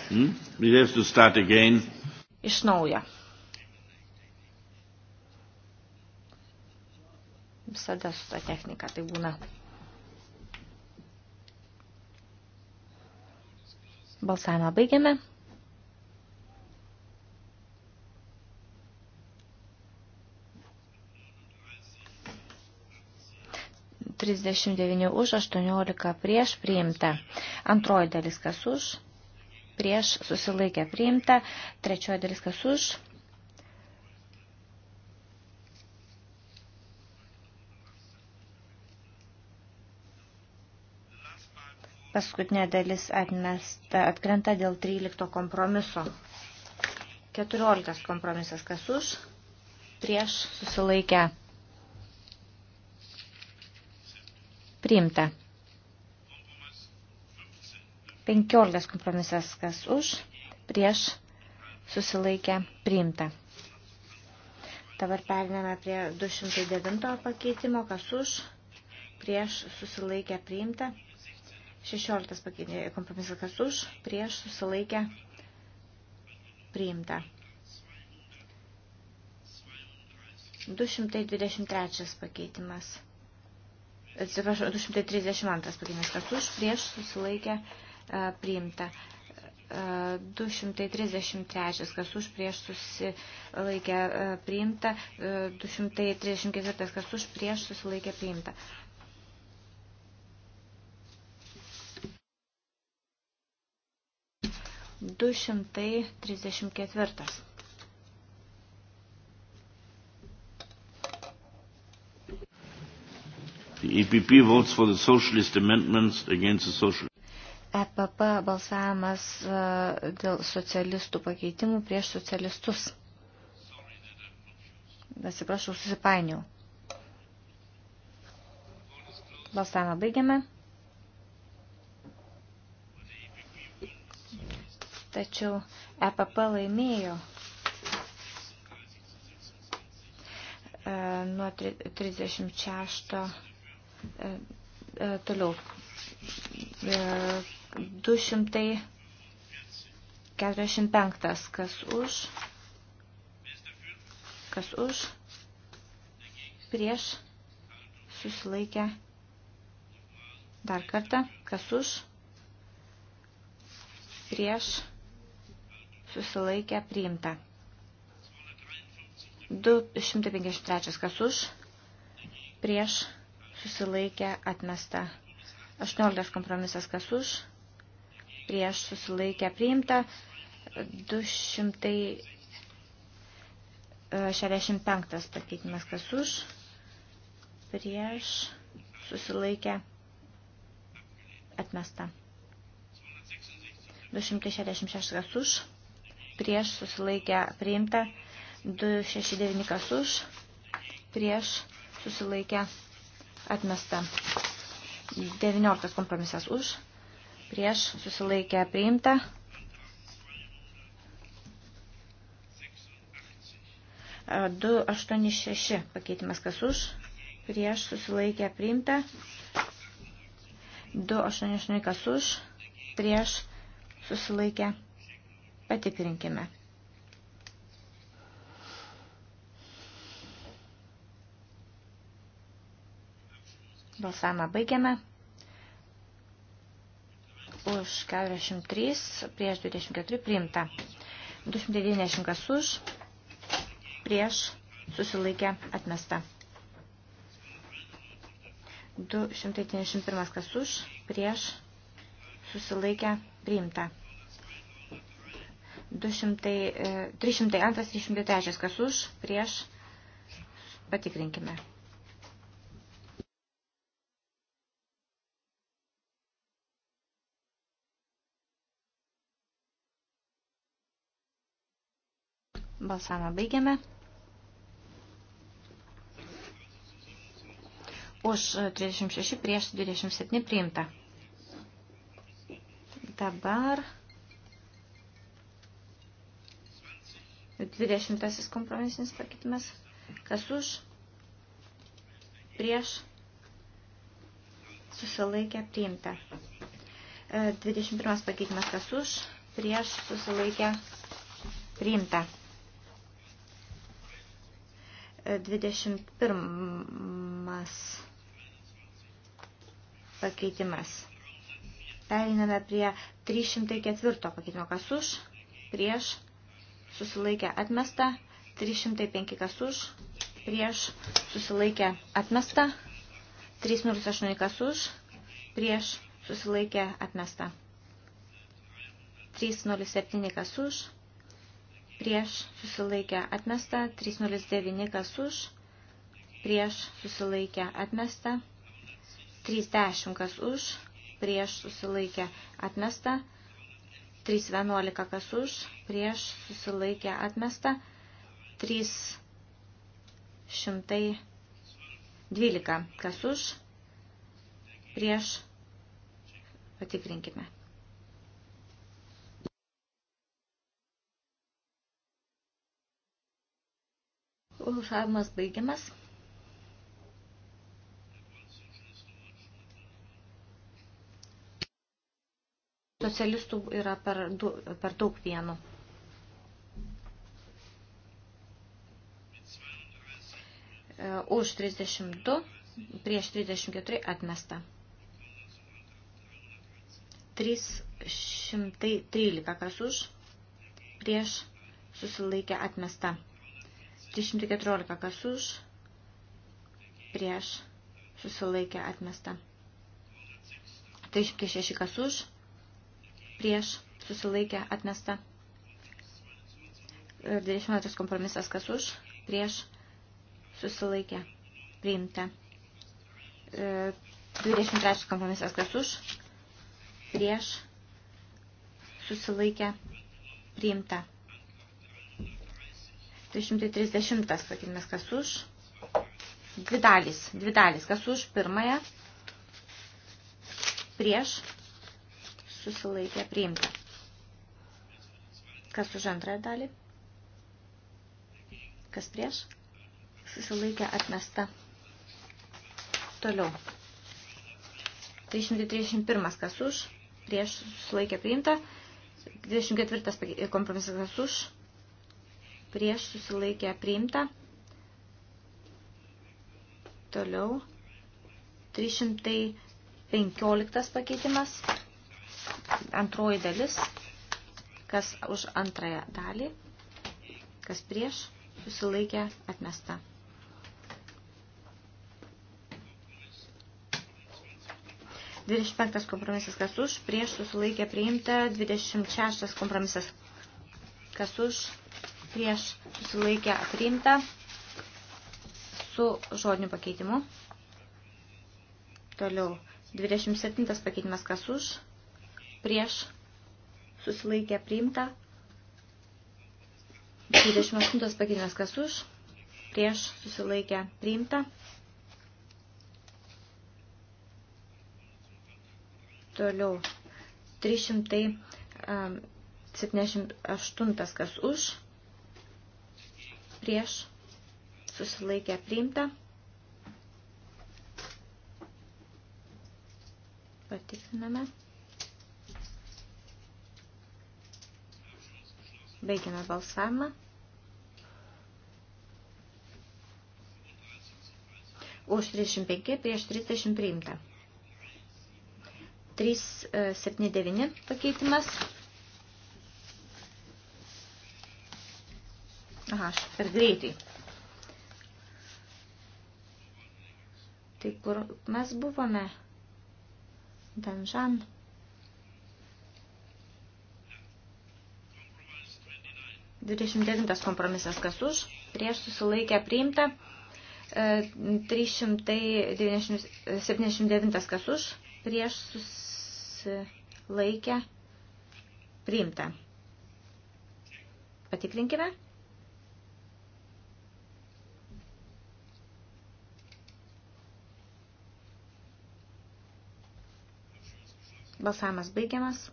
Hmm? We have to start again. Iš naujo. Visada su ta technika tai būna. Balsavimą baigiame. Trisdešimt devyni už, aštuoniolika prieš priimta. Antroji dalis kas už, prieš susilaikę priimta. Trečioji dalis kas už Paskutinė dalis atmesta, atkrenta dėl 13 kompromiso. 14 kompromisas kas už, prieš susilaikę. Priimta. 15 kompromisas kas už, prieš susilaikę. Priimta. Dabar periname prie 209 pakeitimo, kas už, prieš susilaikę priimta. 16 kompromisas kas už, prieš susilaikę priimta. 223 pakeitimas. Atsiprašau, 232 pakeitimas kas už, prieš susilaikę e, priimta. 233, e, kas už prieš susilaikę e, priimta, 234, kas už prieš susilaikę priimta, 234. The EPP votes for the socialist amendments against the socialist. EPP balsavimas e, dėl socialistų pakeitimų prieš socialistus. Atsiprašau, susipainiau. Balsavimą baigiame. tačiau EPP laimėjo e, nuo 36 e, e, toliau 245 kas už kas už prieš susilaikę dar kartą kas už prieš susilaikę priimta. 253 kas už, prieš susilaikę atmesta. 18 kompromisas kas už, prieš susilaikę priimta. 265 e, pakeitimas kas už, prieš susilaikę atmesta. 266 kas už prieš susilaikę priimta, 269 kas už, prieš susilaikę atmesta, 19 kompromisas už, prieš susilaikę priimta, 286 pakeitimas kas už, prieš susilaikę priimta, 288 kas už, prieš susilaikę priimta. Patikrinkime. Balsavimą baigiame. Už 43, prieš 24 priimta. 290 kas už, prieš susilaikė atmesta. 291 kas už, prieš susilaikė priimta. 302-303, e, kas už, prieš, patikrinkime. Balsamą baigiame. Už 36 e, prieš 27 priimta. Dabar 20 kompromisinis pakeitimas. Kas už, prieš, susilaikė priimta. 21 e, pakeitimas. Kas už, prieš, susilaikė priimta. 21 e, pakeitimas. Pereiname prie 304 pakeitimo. Kas už, prieš, susilaikė atmesta, 305 kas už, prieš susilaikė atmesta, 308 kas už, prieš susilaikė atmesta, 307 kas už, prieš susilaikė atmesta, 309 kas už, prieš susilaikę atmesta, 30 kas už, prieš susilaikę atmesta, 310 3.11 kas už, prieš susilaikę atmestą, 312 kas už, prieš patikrinkime. Balsavimas baigiamas. Socialistų yra per, du, per daug vienu. E, už 32, prieš 34 atmesta. 313 kas už, prieš susilaikė atmesta. 314 kas už, prieš susilaikė atmesta. 306 kas už, prieš susilaikę atmesta. 22 kompromisas kas už, prieš susilaikę priimta. 23 kompromisas kas už, prieš susilaikę priimta. 330 pakeitimas kas už, dvi dalys, dvi dalys kas už, pirmąją, prieš susilaikė priimta. Kas už antrąją dalį? Kas prieš? Susilaikė atmesta. Toliau. 331 kas už, prieš susilaikė priimta. 24 kompromisas kas už, prieš susilaikė priimta. Toliau. 315 pakeitimas. Antroji dalis, kas už antrąją dalį, kas prieš, susilaikė atmesta. Dvidešimt penktas kompromisas, kas už, prieš susilaikė priimta, dvidešimt šeštas kompromisas, kas už, prieš susilaikė priimta su žodiniu pakeitimu. Toliau, 27 pakeitimas, kas už, prieš susilaikė priimta. 28 pagrindinės kas už, prieš susilaikė priimta. Toliau 378 um, kas už, prieš susilaikė priimta. Patikriname. Baigiame balsavimą. Už 35 prieš 30 priimta. 379 e, pakeitimas. Aha, aš per greitai. Tai kur mes buvome? Danžan. Danžan. 29 kompromisas kas už, prieš susilaikę priimta, 379 e, kas už, prieš susilaikę priimta. Patikrinkime. Balsavimas baigiamas.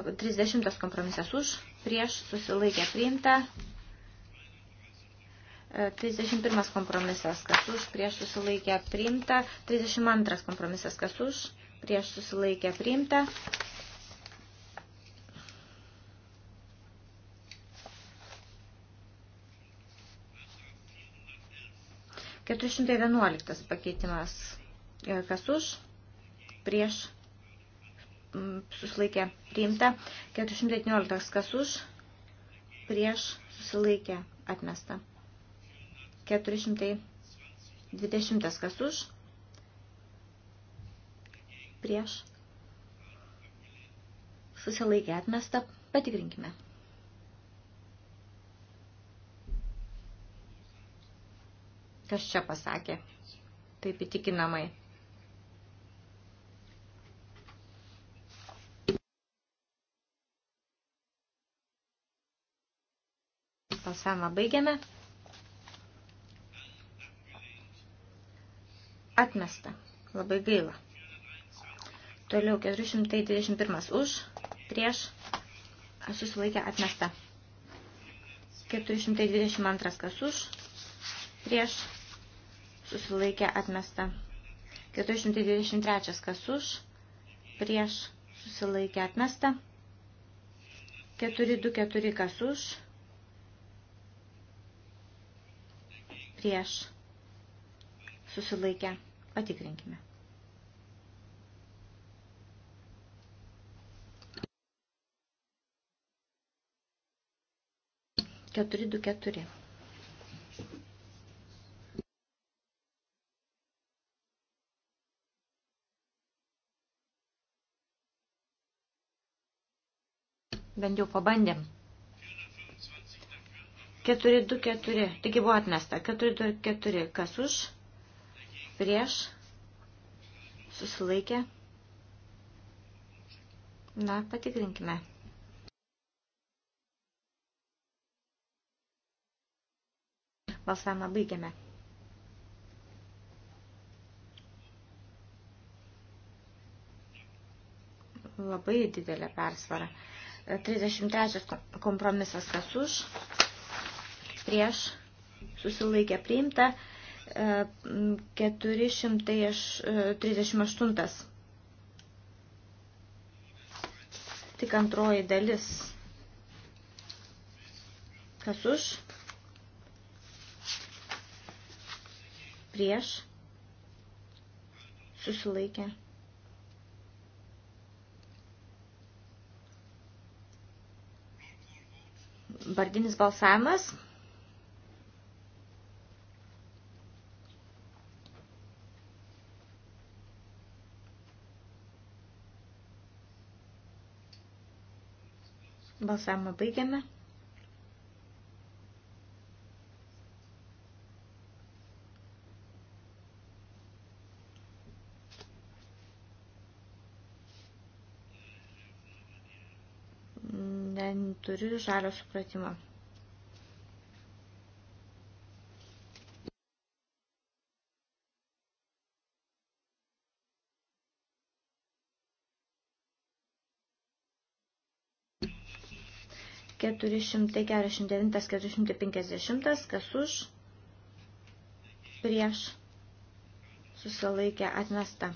30 kompromisas už, prieš susilaikė priimta. 31 kompromisas kas už, prieš susilaikė priimta. 32 kompromisas kas už, prieš susilaikė priimta. Keturišimtai vienuoliktas pakeitimas. E, kas už? Prieš susilaikė priimta, 419 kas už, prieš susilaikė atmesta, 420 kas už, prieš susilaikė atmesta, patikrinkime. Kas čia pasakė? Taip įtikinamai. Balsavimą baigiame. Atmesta. Labai gaila. Toliau 421 už, prieš, aš susilaikę atmesta. 422 kas už, prieš, susilaikę atmesta. 423 kas už, prieš, susilaikę atmesta. 424 kas už, prieš susilaikę. Patikrinkime. Keturi, du, keturi. Bent jau pabandėm. 424. Taigi buvo atmesta. 424. Kas už? Prieš? Susilaikė? Na, patikrinkime. Balsavimą baigiame. Labai didelė persvara. 33 kompromisas kas už? prieš susilaikė priimta 438. E, e, Tik antroji dalis. Kas už? Prieš susilaikė. Vardinis balsavimas. Balsavimą baigiame. Neturiu žalio supratimo. 449-450, kas už, prieš, susilaikė atmesta.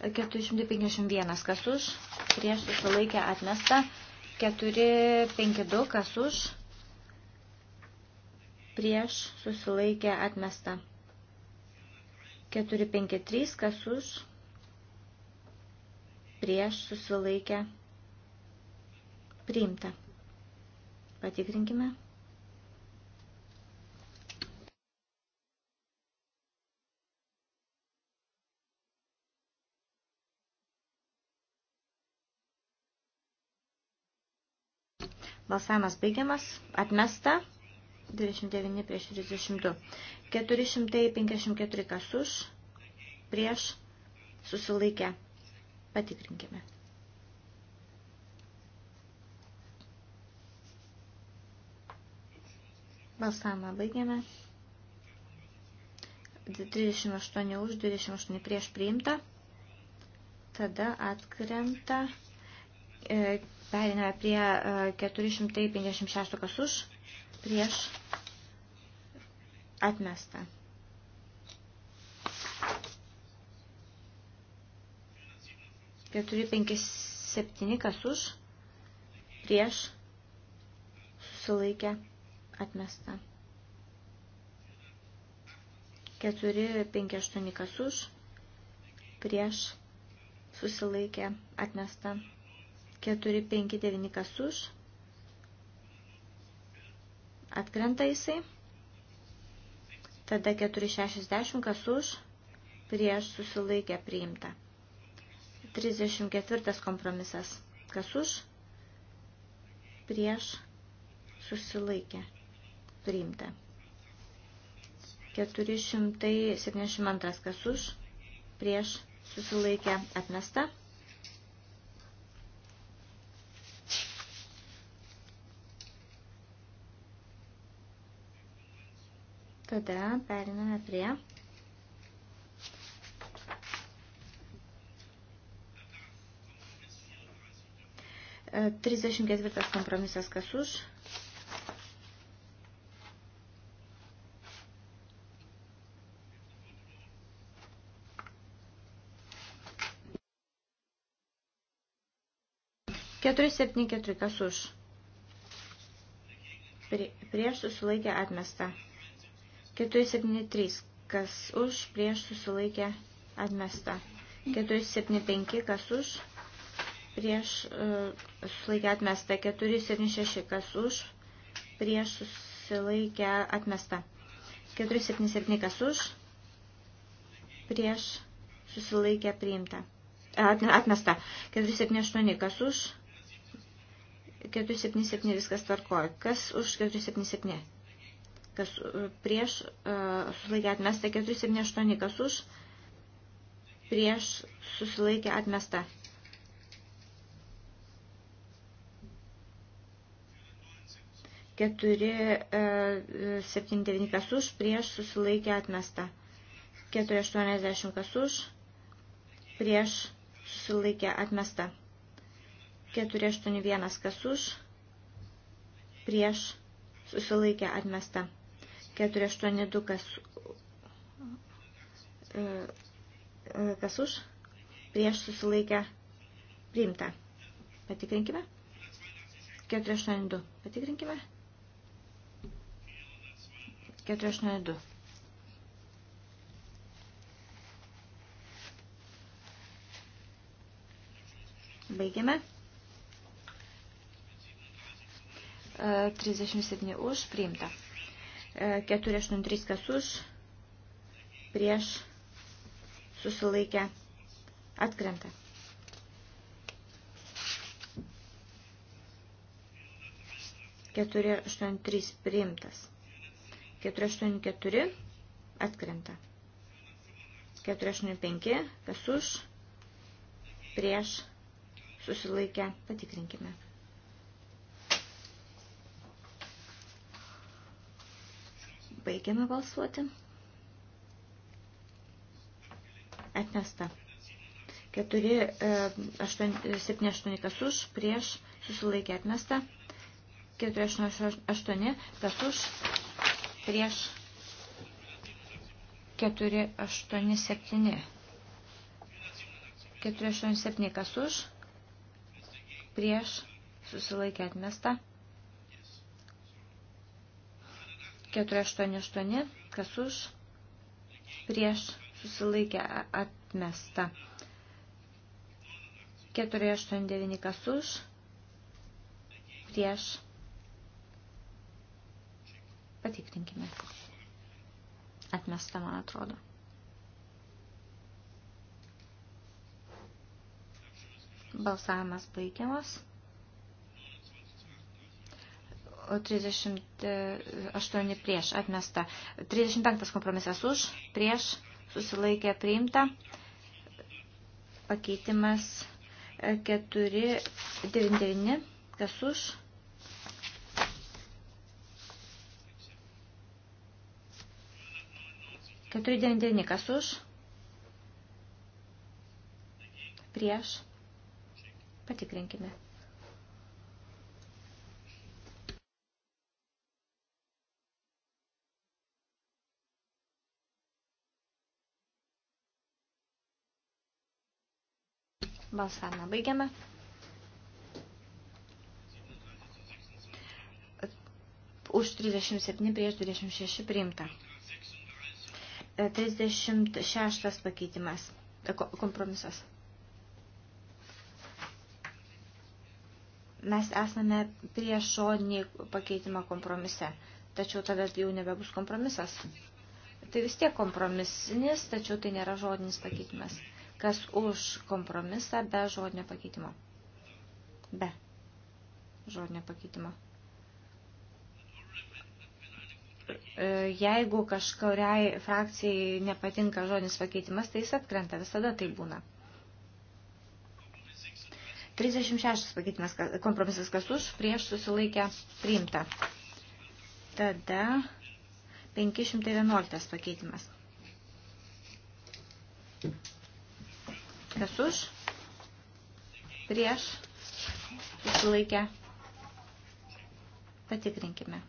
451, kas už, prieš, susilaikė atmesta. 452, kas už, prieš, susilaikė atmesta. 453, kas už, prieš, susilaikė atmesta prieš susilaikę priimta. Patikrinkime. Balsavimas baigiamas, atmesta 29 prieš 32. 454 kas už, prieš susilaikę Patikrinkime. Balsavimą baigiame. 38 už, 28 prieš priimta. Tada atkrenta. E, Periname prie e, 456 kas už, prieš atmestą. 4, 5, 7, kas už, prieš, susilaikę, atmesta. 4, 5, 8, kas už, prieš, susilaikę, atmesta. 4, 5, 9, kas už, atkrenta jisai. Tada 460, kas už, prieš susilaikę priimta. 34 kompromisas. Kas už? Prieš susilaikė. Priimta. 472 kas už? Prieš susilaikė. Atmesta. 471 tada periname prie 34 kompromisas kas už. Keturi, septyni, keturi, kas už? Prieš susilaikę atmestą. Keturi, septyni, trys, kas už? Prieš susilaikę atmestą. Keturi, septyni, penki, kas už? Prieš susilaikę atmestą prieš e, susilaikę atmestą, 476 kas už, prieš susilaikę atmestą, 477 kas už, prieš susilaikę priimtą, atmestą, 478 kas už, 477 viskas tvarkoja, kas už 477, kas e, prieš susilaikę atmestą, 478 kas už, prieš susilaikę atmestą. 4, 7, 9 kas už, prieš susilaikė atmesta. 4, 80 kas už, prieš susilaikė atmesta. 4, 8, 1 kas už, prieš susilaikė atmesta. 4, 8, 2 kas, e, e, kas už, prieš susilaikė priimta. Patikrinkime. 482. Patikrinkime. 482. Baigiame. 37 e, už, priimta. 483 e, kas už, prieš, susilaikę, atkrenta. 483 priimtas. 484 atkrenta. 485, kas už, prieš, susilaikę, patikrinkime. Baigiame balsuoti. Atmesta. 4, 8, 7, 8, kas už, prieš, susilaikė atmesta. 4, 8, 8, kas už, prieš 487. 487 kas už, prieš susilaikė atmesta. 488 kas už, prieš susilaikė atmesta. 489 kas už, prieš Patikrinkime. Atmesta, man atrodo. Balsavimas baigiamas. 38 prieš atmesta. 35 kompromisas už, prieš, susilaikė priimta. Pakeitimas 499, e, kas už, 499 kas už, prieš, patikrinkime. Balsavimą baigiame. Už 37 prieš 26 priimta. 36 pakeitimas, kompromisas. Mes esame prie šonį pakeitimą kompromise, tačiau tada jau nebebus kompromisas. Tai vis tiek kompromisinis, tačiau tai nėra žodinis pakeitimas. Kas už kompromisą be žodinio pakeitimo? Be žodinio pakeitimo. E, jeigu kažkuriai frakcijai nepatinka žodis pakeitimas, tai jis atkrenta, visada tai būna. 36 pakeitimas kompromisas kas už, prieš susilaikę priimta. Tada 511 pakeitimas. Kas už, prieš susilaikę patikrinkime.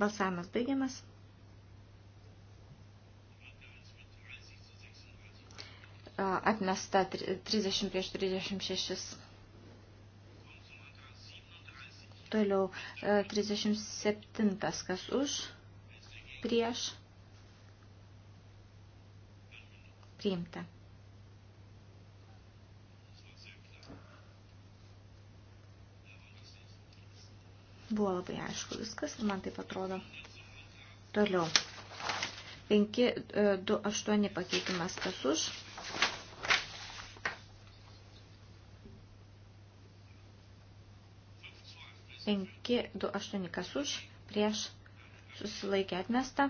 Balsavimas baigiamas. Atmesta 30 prieš 36. Toliau 37. Kas už? Prieš. Priimta. Buvo labai aišku viskas ir man taip atrodo. Toliau. 5, 2, 8 pakeitimas kas už. Penki, du, aštuoni, kas už, prieš, susilaikė atmesta.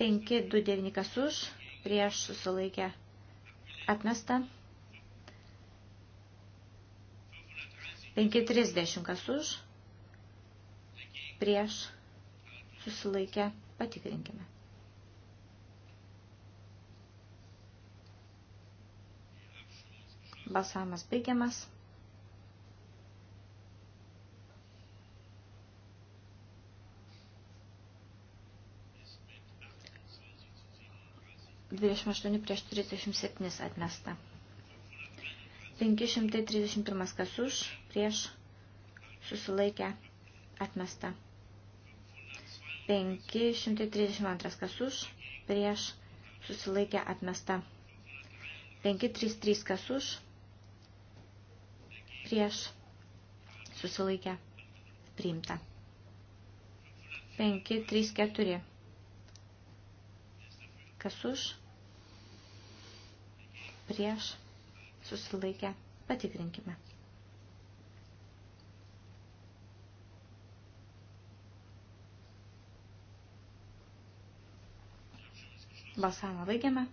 Penki, du, devyni, kas už, prieš, susilaikė atmesta. 5.30 kas už, prieš, susilaikę, patikrinkime. Balsavimas baigiamas. Dvidešimt aštuoni prieš trisdešimt septynis atmesta. 531 kas už, prieš, susilaikę, atmesta. 532 kas už, prieš, susilaikę, atmesta. 533 kas už, prieš, susilaikę, priimta. 534 kas už, prieš, susilaikę, patikrinkime. Balsavimą baigiame.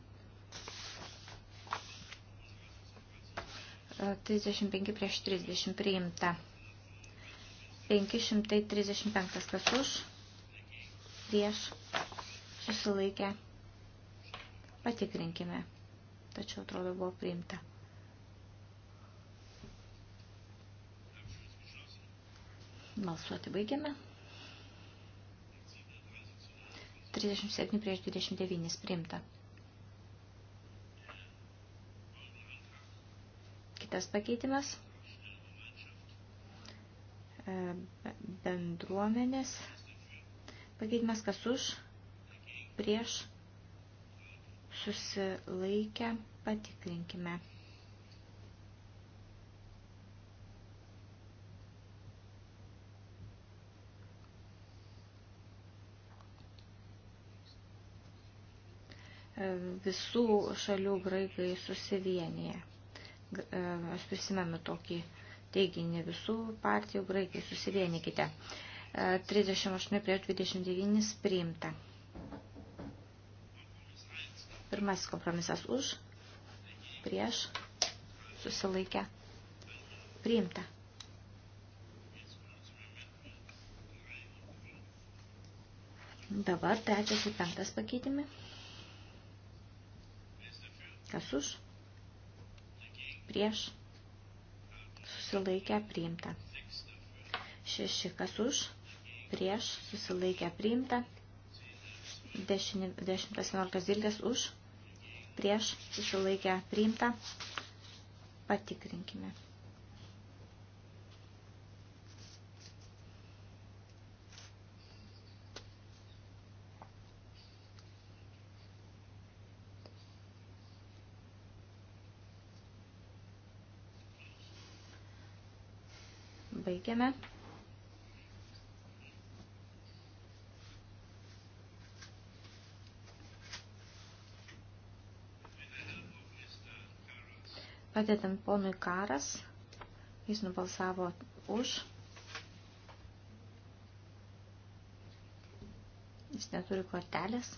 35 e, prieš 30 priimta. 535 kas už, prieš, susilaikę. Patikrinkime. Tačiau atrodo buvo priimta. Balsuoti baigiame. 37 prieš 29 priimta. Kitas pakeitimas. E, bendruomenės. Pakeitimas kas už, prieš, susilaikę, patikrinkime. visų šalių graikai susivienyje. E, aš prisimenu tokį teiginį visų partijų graikai susivienykite. 38 e, prie 29 priimta. Pirmasis kompromisas už, prieš, susilaikę, priimta. Dabar trečias ir penktas pakeitimai. Kas už? Prieš. Susilaikę priimta. Šeši. Kas už? Prieš. Susilaikę priimta. Dešimtas vienuolkas dilgės už. Prieš. Susilaikę priimta. Patikrinkime. Baigiame. Padedam ponui Karas. Jis nubalsavo už. Jis neturi kortelės.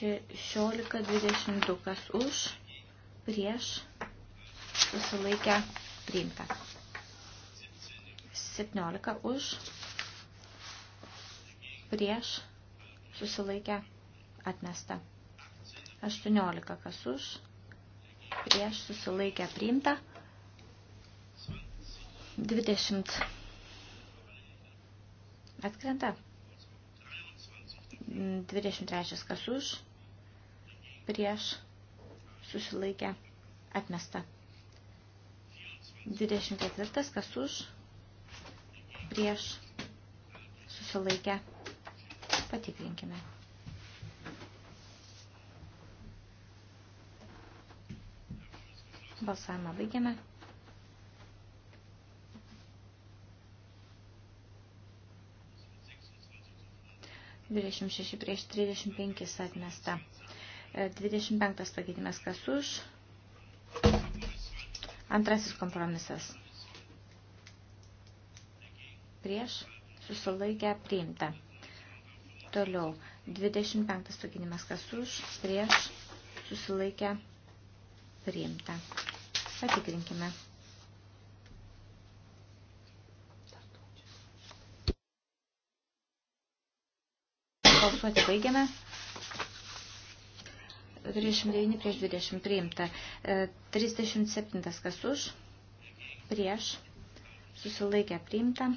16.22. Kas už, prieš, susilaikę, priimta. 17 už, prieš, susilaikę, atmesta. 18 kas už, prieš, susilaikę, priimta. 20 atkrenta. 23 kas už, prieš susilaikę atmesta. 24. Kas už prieš susilaikę patikrinkime. Balsavimą baigiame. Dvidešimt šeši prieš trisdešimt penkis atmesta. 25 pakeitimas kas už. Antrasis kompromisas. Prieš susilaikę priimta. Toliau. 25 pakeitimas kas už. Prieš susilaikę priimta. Patikrinkime. Balsuoti baigiame. 29 prieš 20 priimta. 37 e, kas už, prieš, susilaikę priimta.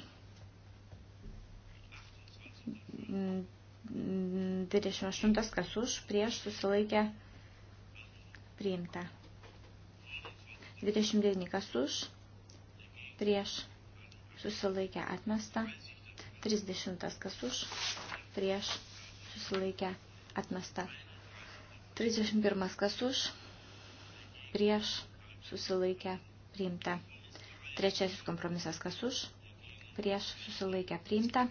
28 kas už, prieš, susilaikę priimta. 29 kas už, prieš, susilaikę atmesta. 30 kas už, prieš, susilaikę atmesta. 31 kas už, prieš, susilaikę, priimta. Trečiasis kompromisas kas už, prieš, susilaikę, priimta.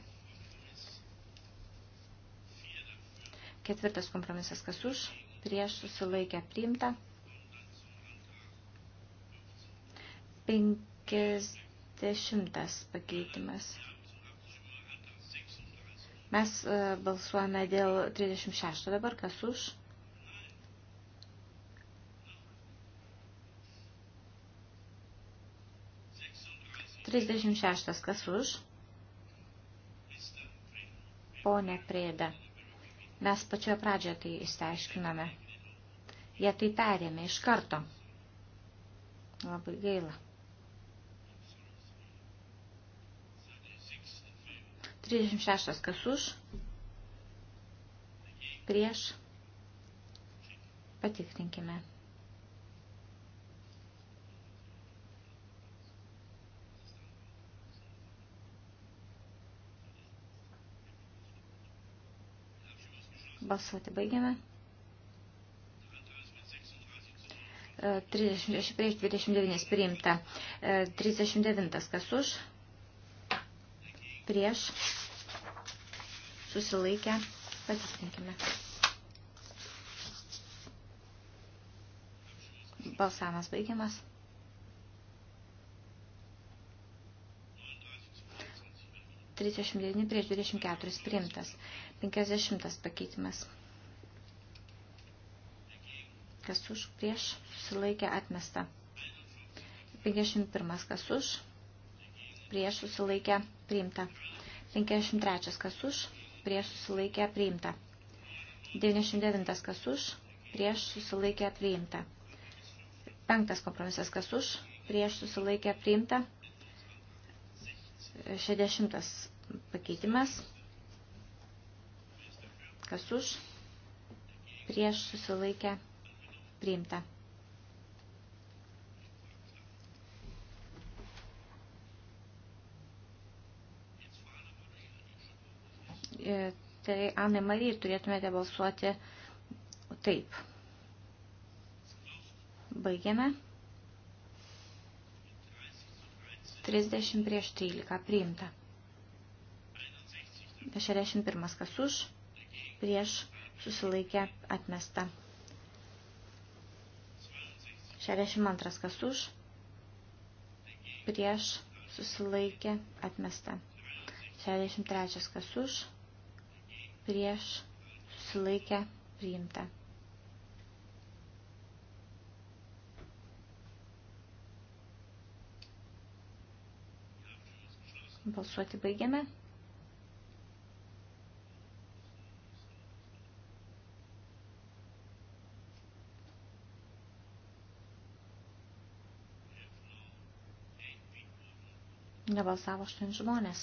Ketvirtas kompromisas kas už, prieš, susilaikę, priimta. 50 pakeitimas. Mes e, balsuojame dėl 36 dabar, kas už, 36. Kas už? Pone Prėda. Mes pačioje pradžioje tai įsteiškiname. Jie tai perėmė iš karto. Labai gaila. 36 kas už, prieš, patikrinkime. Balsuoti baigiame. 36 e, prieš 29 priimta. 39 e, kas už. Prieš. Susilaikę. Patistinkime. Balsavimas baigiamas. 39 prieš 24 priimtas. 50 pakeitimas. Kas už prieš susilaikė atmesta. 51 kas už prieš susilaikė priimta. 53 kas už prieš susilaikė priimta. 99 kas už prieš susilaikė priimta. 5 kompromisas kas už prieš susilaikę priimta. 60 pakeitimas. Kas už? Prieš susilaikę priimta. E, tai Anai Marijai turėtumėte balsuoti taip. Baigiame. 30 prieš 13 priimta. 61 kas už, prieš susilaikę atmesta. 62 kas už, prieš susilaikę atmesta. 63 kas už, prieš susilaikę priimta. Balsuoti baigiame. Nebalsavo aštuoni žmonės.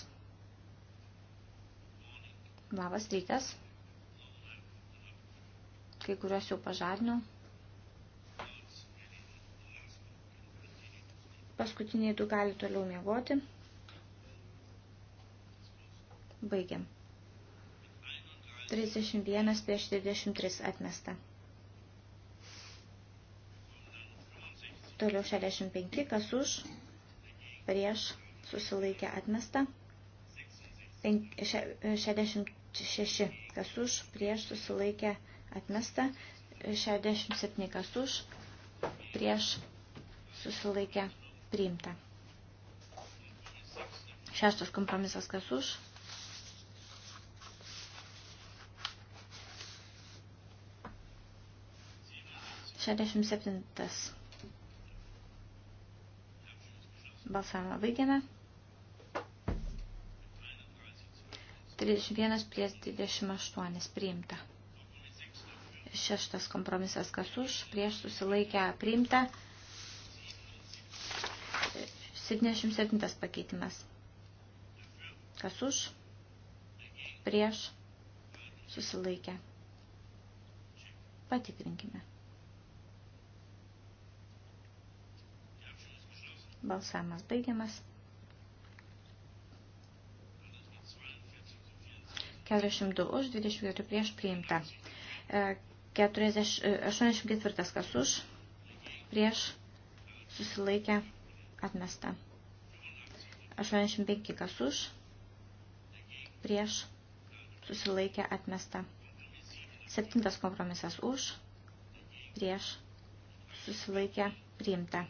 Labas rytas. Kai kuriuos jau pažadinau. Paskutiniai du gali toliau miegoti. Baigiam. 31 prieš 23 atmesta. Toliau 65, kas už, prieš, susilaikė atmesta. 66 kas už, prieš susilaikė atmesta. 67 kas už, prieš susilaikė priimta. Šeštas kompromisas kas už. Šešiasdešimt septintas. Balsavimą baigiame. 31 prieš 28 priimta. Šeštas kompromisas kas už, prieš susilaikę priimta. 77 pakeitimas. Kas už, prieš susilaikę. Patikrinkime. Balsavimas baigiamas. 42 už, 24 prieš priimta. 40, e, 84 e, kas už, prieš susilaikę atmesta. 85 kas už, prieš susilaikę atmesta. 7 kompromisas už, prieš susilaikę priimta.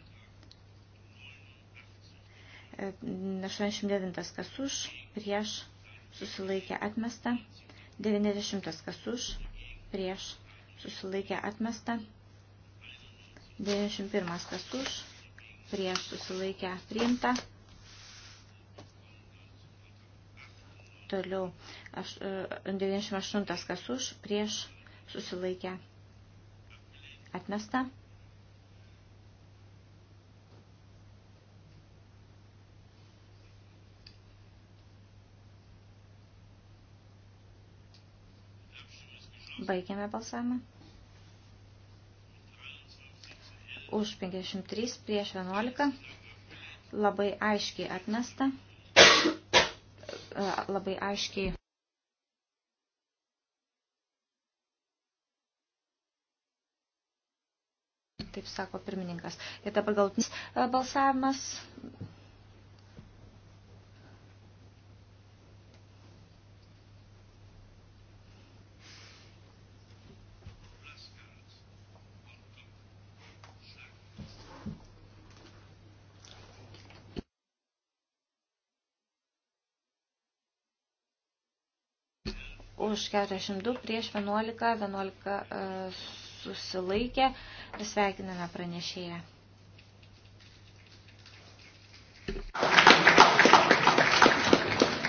89 e, kas už, prieš susilaikė atmesta, 90 kas už, prieš, susilaikė atmesta, 91 kas už, prieš, susilaikė priimta. Toliau, 98 e, kas už, prieš, susilaikė atmesta. Baigiame balsavimą. Už 53 prieš 11. Labai aiškiai atmesta. Labai aiškiai. Taip sako pirmininkas. Ir dabar galutinis e, balsavimas už 42 prieš 11, 11 e, susilaikė ir sveikiname pranešėją.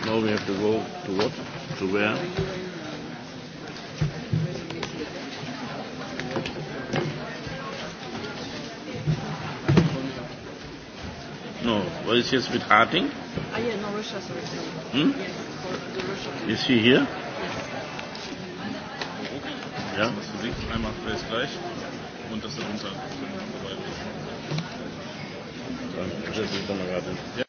Now we have to go to what? To where? No, what is jetzt mit Harting? Ah, yeah, no, Russia, sorry. Hmm? Yes, Russia. Is she here? Ja? Das musst du links einmal gleich gleich und das dann unter vorbei. Dann, das ist dann gerade. Ja.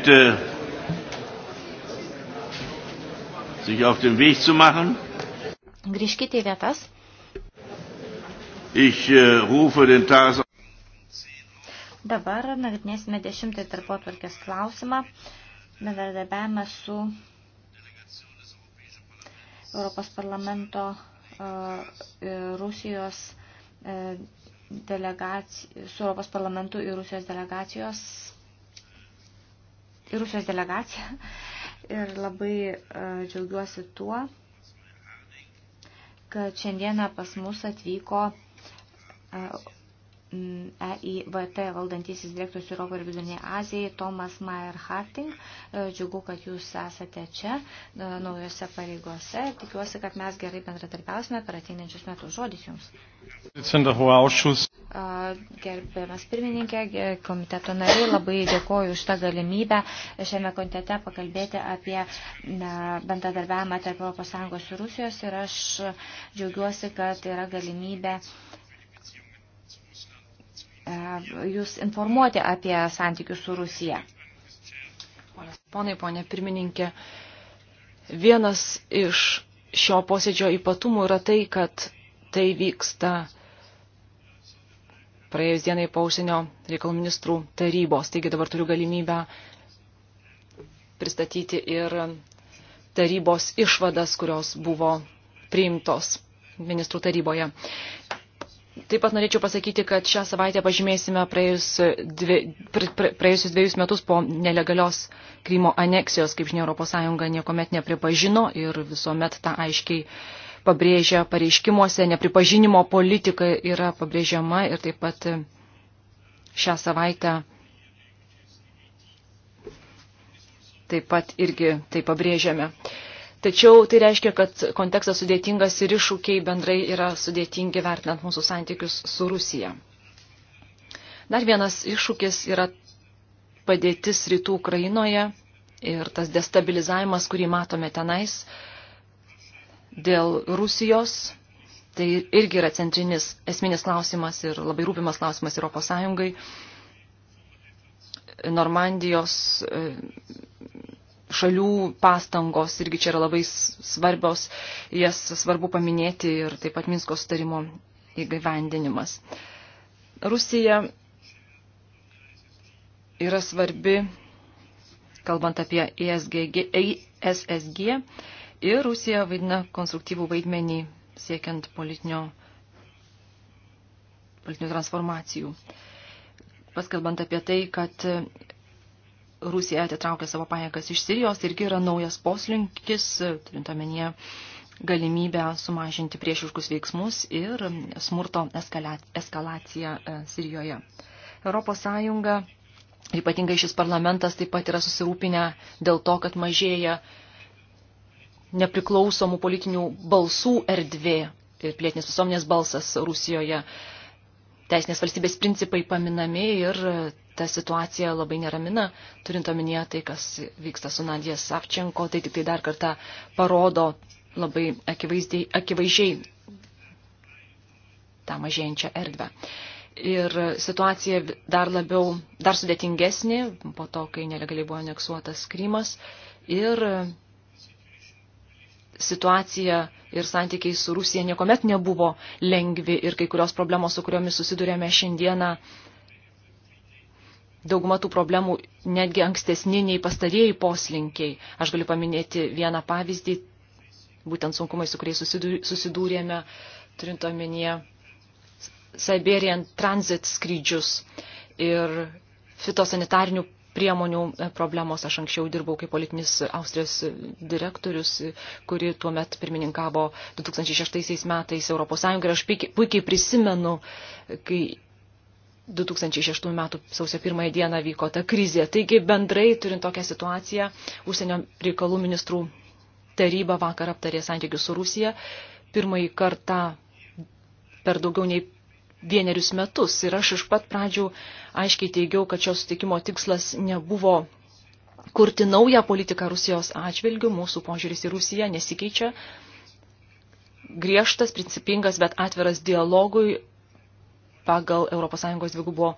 bitte, sich auf den Weg zu machen. Grįžkite į vietas. Ich uh, rufe den Tages... Dabar nagrinėsime dešimtąjį tarpotvarkės klausimą. Bendradarbiavimą su Europos parlamento uh, Rusijos uh, e, delegacijos, su Europos parlamentu ir Rusijos delegacijos ir Rusijos delegacija. Ir labai e, džiaugiuosi tuo, kad šiandieną pas mus atvyko e, EIVT valdantysis direktorius Europoje ir Vidurinė Azijai, Tomas Mayer Harting. E, džiugu, kad jūs esate čia e, naujose pareigose. Tikiuosi, kad mes gerai bendradarbiausime per ateinančius metus. Žodis jums. E, gerbiamas pirmininkė, komiteto nariai, labai dėkoju už tą galimybę šiame kontete pakalbėti apie bendradarbiavimą tarp ES ir Rusijos ir aš džiaugiuosi, kad yra galimybė uh, E, jūs informuoti apie santykius su Rusija. Ponai, ponė pirmininkė, vienas iš šio posėdžio ypatumų yra tai, kad tai vyksta praėjus dienai po užsienio reikalų ministrų tarybos. Taigi dabar turiu galimybę pristatyti ir tarybos išvadas, kurios buvo priimtos ministrų taryboje. Taip pat norėčiau pasakyti, kad šią savaitę pažymėsime praėjus dvi, pra, pra, praėjusius dviejus metus po nelegalios Krymo aneksijos, kaip žinia, ES niekuomet nepripažino ir visuomet tą aiškiai pabrėžia pareiškimuose, nepripažinimo politika yra pabrėžiama ir taip pat šią savaitę taip pat irgi tai pabrėžiame. Uh, Tačiau tai reiškia, kad kontekstas sudėtingas ir iššūkiai bendrai yra sudėtingi vertinant mūsų santykius su Rusija. Dar vienas iššūkis yra padėtis rytų Ukrainoje ir tas destabilizavimas, kurį matome tenais dėl Rusijos. Tai irgi yra centrinis esminis klausimas ir labai rūpimas klausimas Europos Sąjungai. Normandijos šalių pastangos irgi čia yra labai svarbios, jas svarbu paminėti ir taip pat Minsko sutarimo įgyvendinimas. Rusija yra svarbi, kalbant apie ESG, ESSG, ir Rusija vaidina konstruktyvų vaidmenį siekiant politinio, politinių transformacijų. Paskalbant apie tai, kad Rusija atitraukė savo pajėgas iš Sirijos, tai irgi yra naujas poslinkis, turint omenyje galimybę sumažinti priešiškus veiksmus ir smurto eskalaciją e, Sirijoje. Europos Sąjunga, ypatingai šis parlamentas, taip pat yra susirūpinę dėl to, kad mažėja nepriklausomų politinių balsų erdvė ir plėtinės visuomenės balsas Rusijoje. Teisinės valstybės principai paminami ir ta situacija labai neramina, turint omenyje tai, kas vyksta su Nadija Savčenko, tai tik tai dar kartą parodo labai akivaizdžiai tą mažėjančią erdvę. Ir situacija dar labiau, dar sudėtingesnė po to, kai nelegaliai buvo aneksuotas Krymas. Ir situacija ir santykiai su Rusija niekuomet nebuvo lengvi ir kai kurios problemos, su kuriomis susidurėme šiandieną, dauguma tų problemų netgi ankstesni nei pastarėjai poslinkiai. Aš galiu paminėti vieną pavyzdį, būtent sunkumai, su kuriais susidūrėme, turint omenyje Siberian Transit skrydžius ir fitosanitarinių priemonių e, problemos. Aš anksčiau dirbau kaip politinis Austrijos direktorius, kuri tuo met pirmininkavo 2006 metais Europos Sąjungai. Ir aš puikiai prisimenu, kai 2006 metų sausio 1 dieną vyko ta krizė. Taigi bendrai turint tokią situaciją, užsienio reikalų ministrų taryba vakar aptarė santykius su Rusija pirmąjį kartą per daugiau nei vienerius metus. Ir aš iš pat pradžių aiškiai teigiau, kad šios sutikimo tikslas nebuvo kurti naują politiką Rusijos atžvilgių, mūsų požiūris į Rusiją nesikeičia. Griežtas, principingas, bet atviras dialogui pagal ES dvigubo,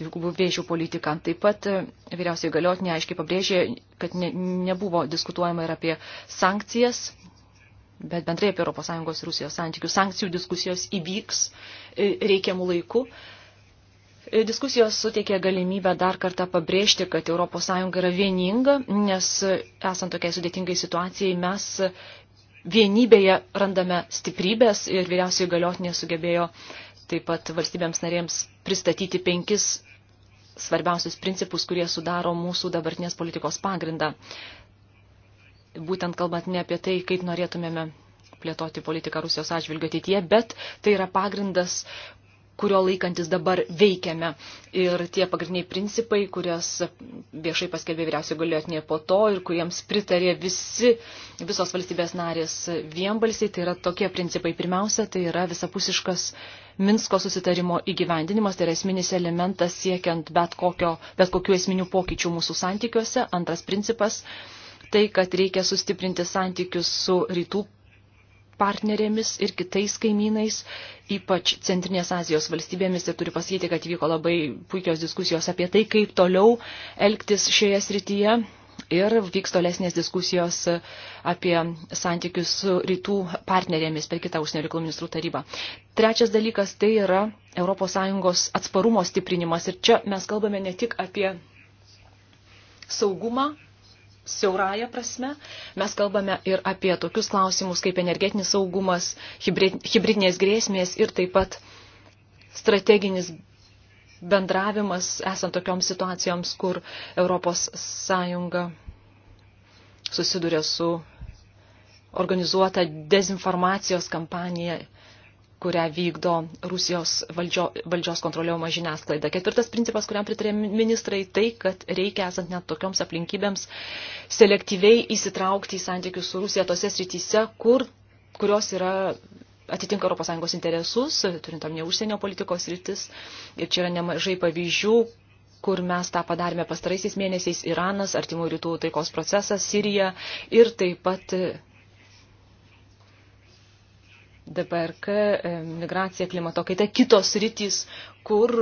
dvigubų vėžių politiką. Taip pat e, vyriausiai galiotinė aiškiai pabrėžė, kad ne, nebuvo diskutuojama ir apie sankcijas, bet bendrai apie ES ir Rusijos santykių. Sankcijų diskusijos įvyks e, reikiamų laikų. E, diskusijos suteikė galimybę dar kartą pabrėžti, kad ES yra vieninga, nes esant tokiai sudėtingai situacijai mes vienybėje randame stiprybės ir vyriausiai galiotinė sugebėjo taip pat valstybėms narėms pristatyti penkis svarbiausius principus, kurie sudaro mūsų dabartinės politikos pagrindą. Būtent kalbant ne apie tai, kaip norėtumėme plėtoti politiką Rusijos atžvilgiu ateityje, bet tai yra pagrindas, kurio laikantis dabar veikiame. Ir tie pagrindiniai principai, kurias viešai paskelbė vyriausio galiotinė po to ir kuriems pritarė visi, visos valstybės narės vienbalsiai, tai yra tokie principai. Pirmiausia, tai yra visapusiškas Minsko susitarimo įgyvendinimas tai yra esminis elementas siekiant bet, kokio, bet kokių esminių pokyčių mūsų santykiuose. Antras principas - tai, kad reikia sustiprinti santykius su rytų partnerėmis ir kitais kaimynais, ypač Centrinės Azijos valstybėmis. Ir tai turiu pasakyti, kad vyko labai puikios diskusijos apie tai, kaip toliau elgtis šioje srityje ir vyks tolesnės diskusijos apie santykius su rytų partnerėmis per kitą užsienio reikalų ministrų tarybą. Trečias dalykas tai yra ES atsparumo stiprinimas ir čia mes kalbame ne tik apie saugumą, siaurąją prasme, mes kalbame ir apie tokius klausimus kaip energetinis saugumas, hybridinės grėsmės ir taip pat strateginis bendravimas esant tokioms situacijoms, kur Europos Sąjunga susiduria su organizuota dezinformacijos kampanija, kurią vykdo Rusijos valdžio, valdžios kontroliuojama žiniasklaida. Ketvirtas principas, kuriam pritarė ministrai, tai, kad reikia esant net tokioms aplinkybėms selektyviai įsitraukti į santykius su Rusija tose srityse, kur, kurios yra atitinka ES interesus, turintam ne užsienio politikos rytis. Ir čia yra nemažai pavyzdžių, kur mes tą padarėme pastaraisiais mėnesiais Iranas, Artimų rytų taikos procesas, Sirija ir taip pat e, DPRK, e, migracija, klimato kaita, kitos rytis, kur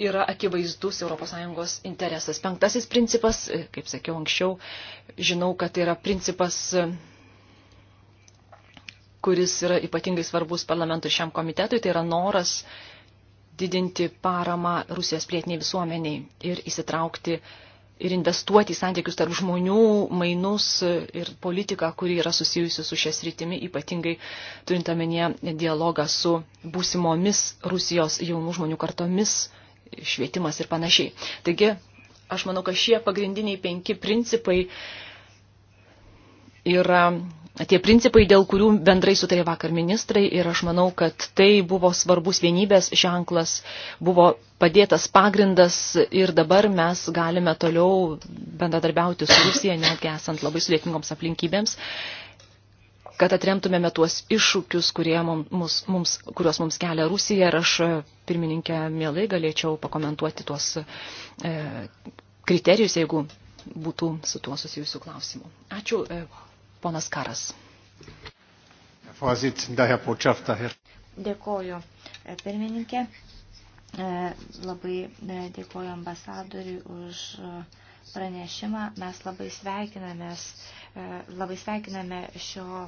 yra akivaizdus ES interesas. Penktasis principas, e, kaip sakiau anksčiau, žinau, kad tai yra principas kuris yra ypatingai svarbus parlamentui šiam komitetui, tai yra noras didinti paramą Rusijos plėtiniai visuomeniai ir įsitraukti ir investuoti į santykius tarp žmonių, mainus ir politiką, kuri yra susijusi su šias rytimi, ypatingai turint omenyje dialogą su būsimomis Rusijos jaunų žmonių kartomis, švietimas ir panašiai. Taigi, aš manau, kad šie pagrindiniai penki principai yra tie principai, dėl kurių bendrai sutarė vakar ministrai ir aš manau, kad tai buvo svarbus vienybės ženklas, buvo padėtas pagrindas ir dabar mes galime toliau bendradarbiauti su Rusija, netgi esant labai sudėtingoms aplinkybėms kad atremtumėme tuos iššūkius, mums, mums, kuriuos mums kelia Rusija ir aš pirmininkę mielai galėčiau pakomentuoti tuos e, kriterijus, jeigu būtų su tuo susijusių klausimų. Ačiū. E, Ponas Karas. Dėkoju, e, pirmininkė. E, labai e, dėkoju ambasadoriui už pranešimą. Mes labai sveikinamės, labai sveikiname šio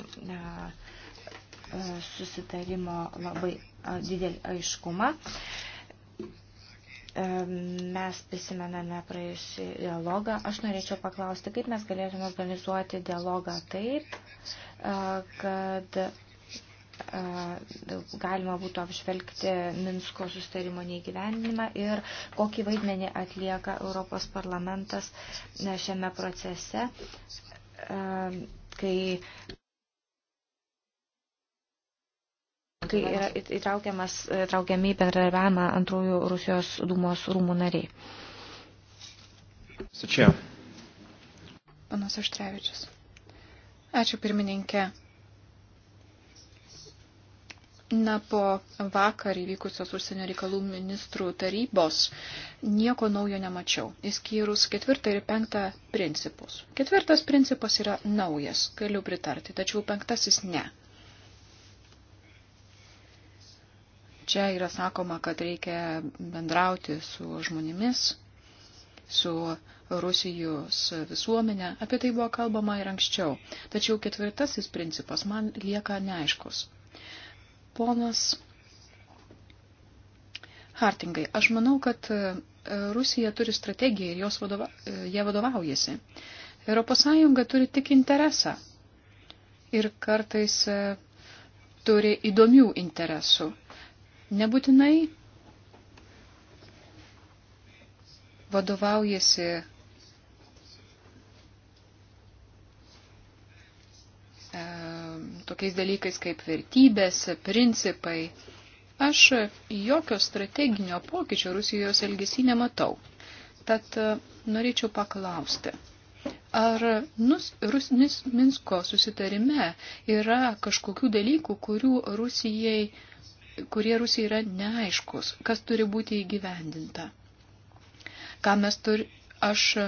susitarimo labai didelį aiškumą mes prisimename praėjusį dialogą. Aš norėčiau paklausti, kaip mes galėtume organizuoti dialogą taip, e, kad e, galima būtų apžvelgti Minsko sustarimo neįgyvenimą ir kokį vaidmenį atlieka Europos parlamentas e, šiame procese, kai kai yra įtraukiamas, įtraukiami į bendradarbiavimą antrųjų Rusijos dūmos rūmų nariai. Sačia. Panas Aštrevičius. Ačiū pirmininkė. Na, po vakar įvykusios užsienio reikalų ministrų tarybos nieko naujo nemačiau, įskyrus ketvirtą ir penktą principus. Ketvirtas principas yra naujas, galiu pritarti, tačiau penktasis ne. Čia yra sakoma, kad reikia bendrauti su žmonėmis, su Rusijos visuomenė. Apie tai buvo kalbama ir anksčiau. Tačiau ketvirtasis principas man lieka neaiškus. Ponas Hartingai, aš manau, kad e, Rusija turi strategiją ir jos vadova, jie vadovaujasi. ES turi tik interesą ir kartais e, turi įdomių interesų nebūtinai vadovaujasi tokiais dalykais kaip vertybės, principai. Aš jokio strateginio pokyčio Rusijos elgesy nematau. Tad e, norėčiau paklausti, ar nus, Rusnis Minsko susitarime yra kažkokių dalykų, kurių Rusijai uh, kurie Rusijai yra neaiškus, kas turi būti įgyvendinta. Ką mes turi, aš e,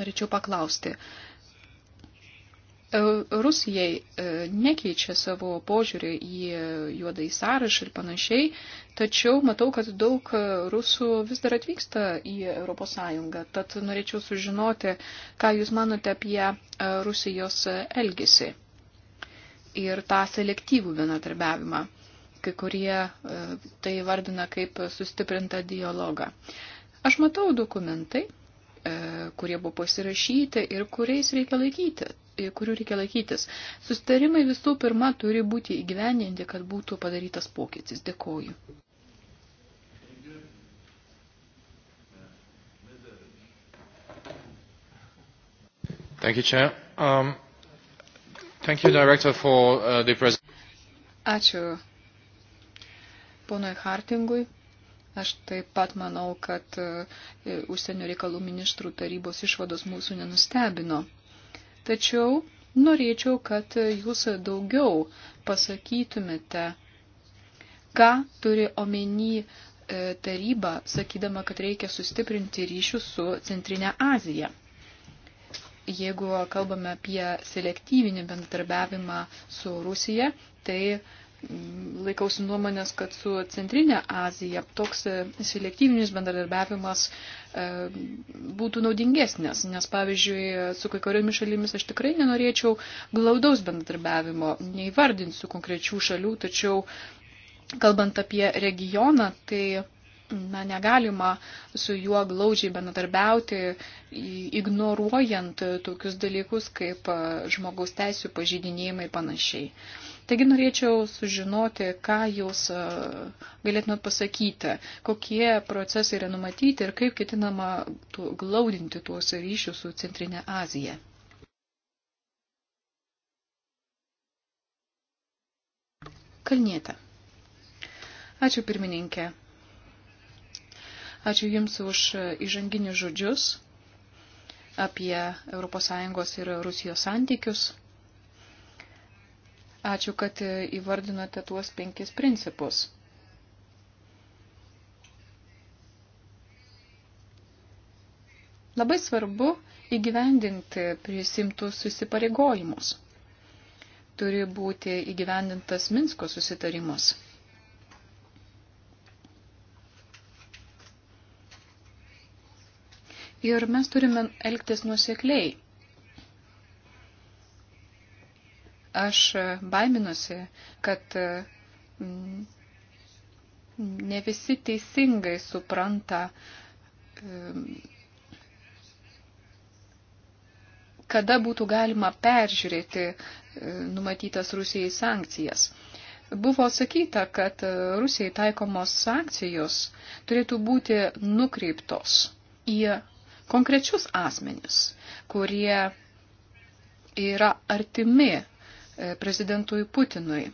norėčiau paklausti. E, Rusijai e, nekeičia savo požiūrį į juodą į sąrašą ir panašiai, tačiau matau, kad daug rusų vis dar atvyksta į ES. Tad norėčiau sužinoti, ką Jūs manote apie e, Rusijos elgesį ir tą selektyvų bendradarbiavimą. Kai kurie e, tai vardina kaip sustiprintą dialogą. Aš matau dokumentai, e, kurie buvo pasirašyti ir kuriais reikia laikyti kurių reikia laikytis. Sustarimai visų pirma turi būti įgyvendinti, kad būtų padarytas pokytis. Dėkoju. Thank you, Chair. Um, Thank you, Director, for uh, the present. Ačiū ponui Hartingui. Aš taip pat manau, kad e, užsienio reikalų ministrų tarybos išvados mūsų nenustebino. Tačiau norėčiau, kad jūs daugiau pasakytumėte, ką turi omeny e, taryba, sakydama, kad reikia sustiprinti ryšius su Centrinė Azija jeigu kalbame apie selektyvinį bendradarbiavimą su Rusija, tai mm, laikausi nuomonės, kad su Centrinė Azija toks e, selektyvinis bendradarbiavimas e, būtų naudingesnis, nes pavyzdžiui, su kai kuriomis šalimis aš tikrai nenorėčiau glaudaus bendradarbiavimo, neįvardinsiu konkrečių šalių, tačiau kalbant apie regioną, tai na, negalima su juo glaudžiai bendradarbiauti, ignoruojant tokius dalykus kaip žmogaus teisų pažydinėjimai panašiai. Taigi norėčiau sužinoti, ką jūs galėtumėt pasakyti, kokie procesai yra numatyti ir kaip ketinama tu, glaudinti tuos ryšius su Centrinė Azija. Kalnietė. Ačiū pirmininkė. Ačiū Jums už įžanginius žodžius apie ES ir Rusijos santykius. Ačiū, kad įvardinote tuos penkis principus. Labai svarbu įgyvendinti prisimtus susipareigojimus. Turi būti įgyvendintas Minsko susitarimus. ir mes turime elgtis nusekliai. Aš e, baiminuosi, kad e, ne visi teisingai supranta, e, kada būtų galima peržiūrėti numatytas Rusijai sankcijas. Buvo sakyta, kad Rusijai taikomos sankcijos turėtų būti nukreiptos į konkrečius asmenis, kurie yra artimi e, prezidentui Putinui.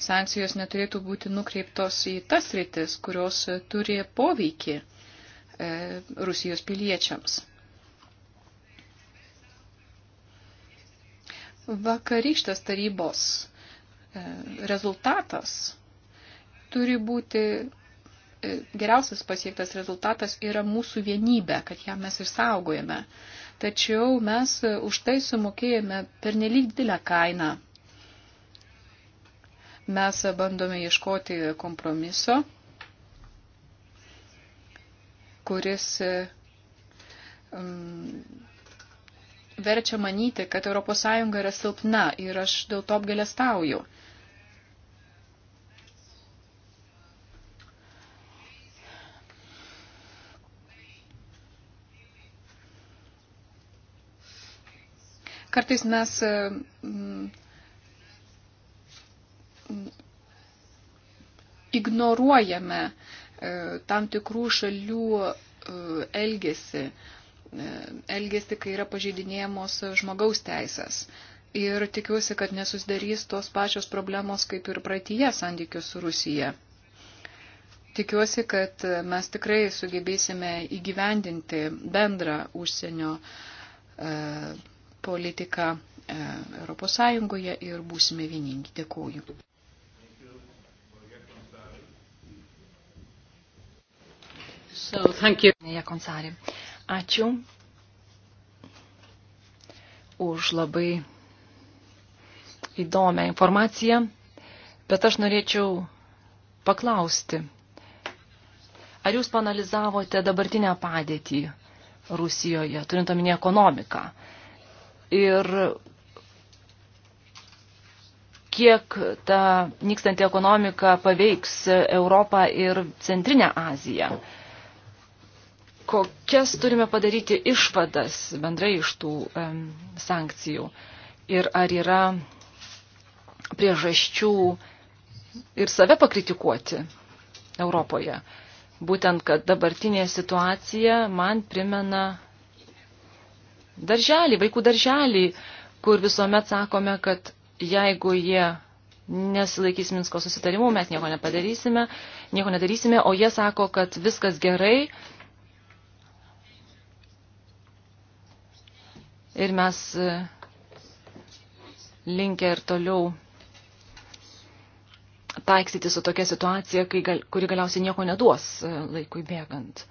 Sankcijos neturėtų būti nukreiptos į tas rytis, kurios e, turi poveikį e, Rusijos piliečiams. Vakarykštės tarybos rezultatas turi būti E, geriausias pasiektas rezultatas yra mūsų vienybė, kad ją mes išsaugojame. Tačiau mes e, už tai sumokėjome per nelik didelę kainą. Mes bandome ieškoti kompromiso, kuris um, verčia manyti, kad ES yra silpna ir aš dėl to apgalėstauju. stauju Kartais mes e, ignoruojame e, tam tikrų šalių e, elgesį, elgesį, kai yra pažeidinėjamos žmogaus teisės. Ir tikiuosi, kad nesusidarys tos pačios problemos kaip ir praeitie santykių su Rusija. Tikiuosi, kad mes tikrai sugebėsime įgyvendinti bendrą užsienio e, politiką ES ir būsime vieningi. Dėkuoju. So, thank you. Ačiū už labai įdomią informaciją, bet aš norėčiau paklausti, ar jūs panalizavote dabartinę padėtį Rusijoje, turint omenyje ekonomiką? ir kiek ta nykstanti ekonomika paveiks Europą ir Centrinę Aziją. Kokias turime padaryti išvadas bendrai iš tų um, sankcijų ir ar yra priežasčių ir save pakritikuoti Europoje. Būtent, kad dabartinė situacija man primena darželį, vaikų darželį, kur visuomet sakome, kad jeigu jie nesilaikys Minsko susitarimų, mes nieko nepadarysime, nieko nedarysime, o jie sako, kad viskas gerai ir mes e, linkę ir toliau taiksyti su tokia situacija, kai gal, kuri galiausiai nieko neduos e, laikui bėgant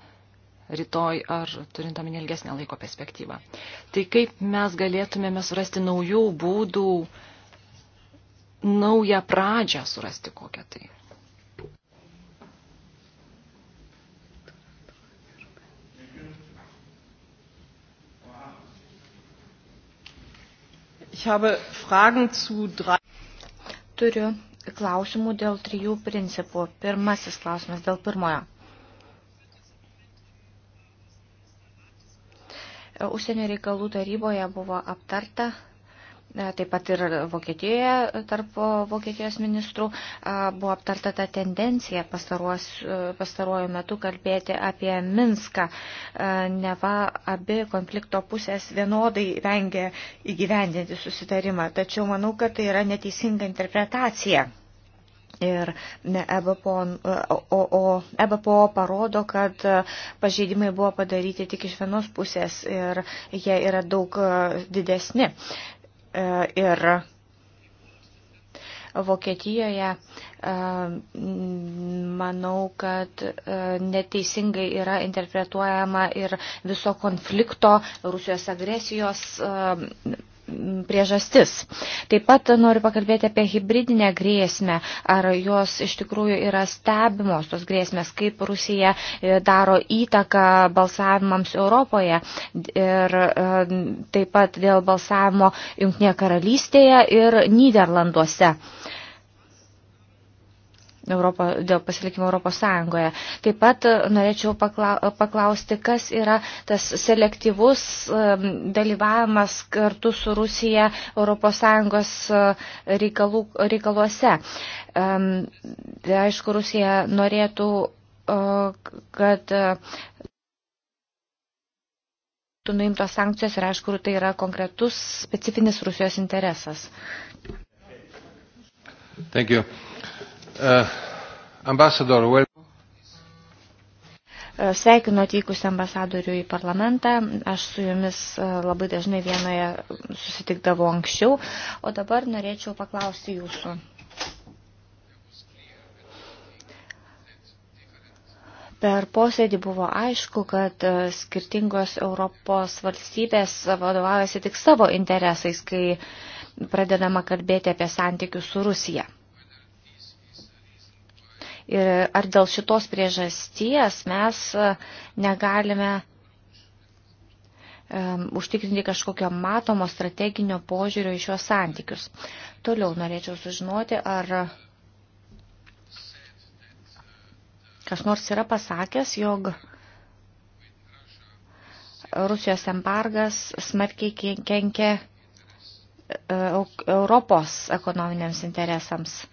rytoj ar turint omeny ilgesnę laiko perspektyvą. Tai kaip mes galėtumėme surasti naujų būdų, naują pradžią surasti kokią tai. Turiu klausimų dėl trijų principų. Pirmasis klausimas dėl pirmojo Užsienio reikalų taryboje buvo aptarta e, taip pat ir Vokietijoje, tarp Vokietijos ministrų buvo aptarta ta tendencija e, pastaruoju metu kalbėti apie Minską. E, neva abi konflikto pusės vienodai vengia įgyvendinti susitarimą, tačiau manau, kad tai yra neteisinga interpretacija. Ir EBPO, e o, o EBPO e parodo, kad pažeidimai buvo padaryti tik iš vienos pusės ir jie yra daug e, didesni. Ir Vokietijoje manau, kad neteisingai yra interpretuojama ir viso konflikto Rusijos agresijos priežastis. Taip pat noriu pakalbėti apie hybridinę grėsmę, ar jos iš tikrųjų yra stebimos, tos grėsmės, kaip Rusija e, daro įtaką balsavimams Europoje ir e, taip pat dėl balsavimo Junktinėje karalystėje ir Niderlanduose. Europo, dėl pasilikimo Europos Sąjungoje. Taip pat e, norėčiau pakla, e, paklausti, kas yra tas selektyvus e, dalyvavimas kartu su Rusija Europos Sąjungos reikalų, reikaluose. Tai aišku, Rusija norėtų, kad nuimtos sankcijos ir aišku, tai yra konkretus specifinis Rusijos interesas. Thank you. Uh, ambasador, well... Uh, sveikinu atvykus ambasadorių į parlamentą. Aš su jumis uh, labai dažnai vienoje susitikdavau anksčiau, o dabar norėčiau paklausti jūsų. Per posėdį buvo aišku, kad uh, skirtingos Europos valstybės vadovaujasi tik savo interesais, kai pradedama kalbėti apie santykius su Rusija. Ir ar dėl šitos priežasties mes e, negalime um, užtikrinti kažkokio matomo strateginio požiūrio į šios santykius. Toliau norėčiau sužinoti, ar kas nors yra pasakęs, jog Rusijos embargas smarkiai kenkia e, Europos ekonominiams interesams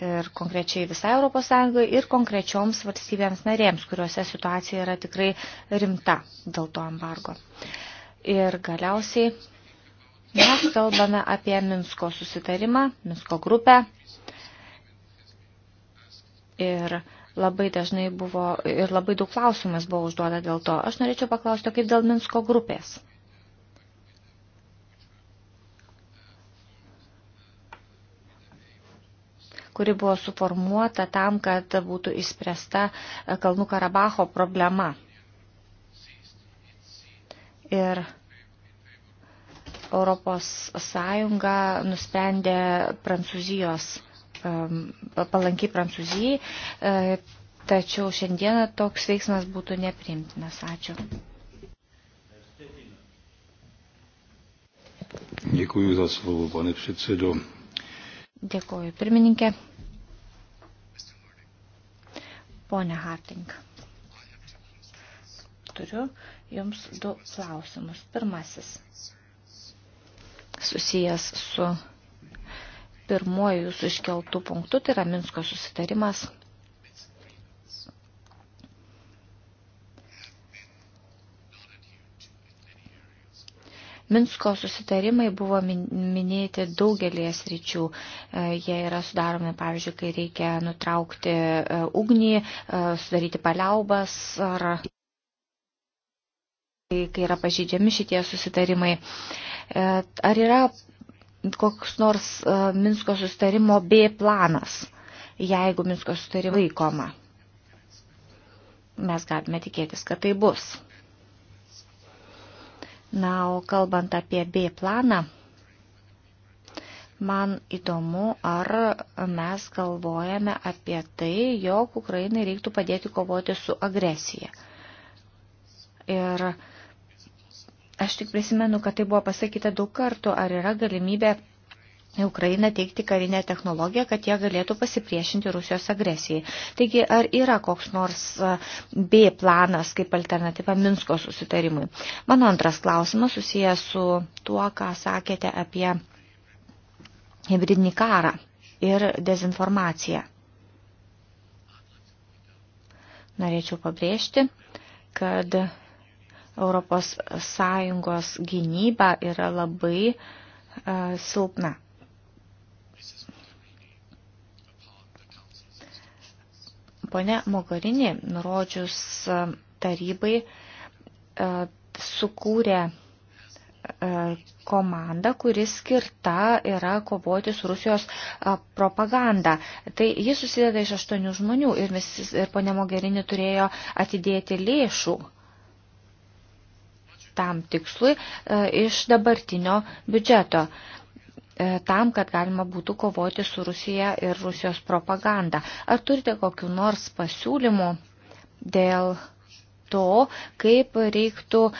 ir konkrečiai visai ES ir konkrečioms valstybėms narėms, kuriuose situacija yra tikrai rimta dėl to embargo. Ir galiausiai mes kalbame apie Minsko susitarimą, Minsko grupę. Ir labai dažnai buvo, ir labai daug klausimas buvo užduoda dėl to. Aš norėčiau paklausti, kaip dėl Minsko grupės. kuri buvo suformuota tam, kad būtų išspręsta e, Kalnų Karabaho problema. Ir Europos Sąjunga nusprendė Prancūzijos, palankiai Prancūzijai, e, tačiau šiandieną toks veiksmas būtų neprimtinas. Ačiū. Děkuji za slovo, pane předsedo. Dėkoju, pirmininkė. Pone Harting, turiu Jums du klausimus. Pirmasis susijęs su pirmuoju jūsų iškeltų punktu, tai yra Minsko susitarimas Minsko susitarimai buvo minėti daugelį sričių. E, jie yra sudaromi, pavyzdžiui, kai reikia nutraukti e, ugnį, e, sudaryti paliaubas ar kai yra pažydžiami šitie susitarimai. Ar yra koks nors Minsko sustarimo B planas, jeigu Minsko sustarimo laikoma? Mes galime tikėtis, kad tai bus. Na, o kalbant apie B planą, man įdomu, ar mes galvojame apie tai, jog Ukrainai reiktų padėti kovoti su agresija. Ir aš tik prisimenu, kad tai buvo pasakyta daug kartų, ar yra galimybė Ukrainą teikti karinę technologiją, kad jie galėtų pasipriešinti Rusijos agresijai. Taigi, ar yra koks nors B planas kaip alternatyva Minsko susitarimui? Mano antras klausimas susijęs su tuo, ką sakėte apie hybridinį karą ir dezinformaciją. Norėčiau pabrėžti, kad Europos Sąjungos gynyba yra labai uh, silpna. Pone Mogarinė, nurodžius e, tarybai, e, sukūrė e, komanda, kuris skirta yra kovoti su Rusijos propaganda. Tai jis susideda iš aštuonių žmonių ir, vis, ir ponė Mogerini turėjo atidėti lėšų tam tikslui iš dabartinio biudžeto. E, tam, kad galima būtų kovoti su Rusija ir Rusijos propaganda. Ar turite kokiu nors pasiūlymu dėl to, kaip reiktų e,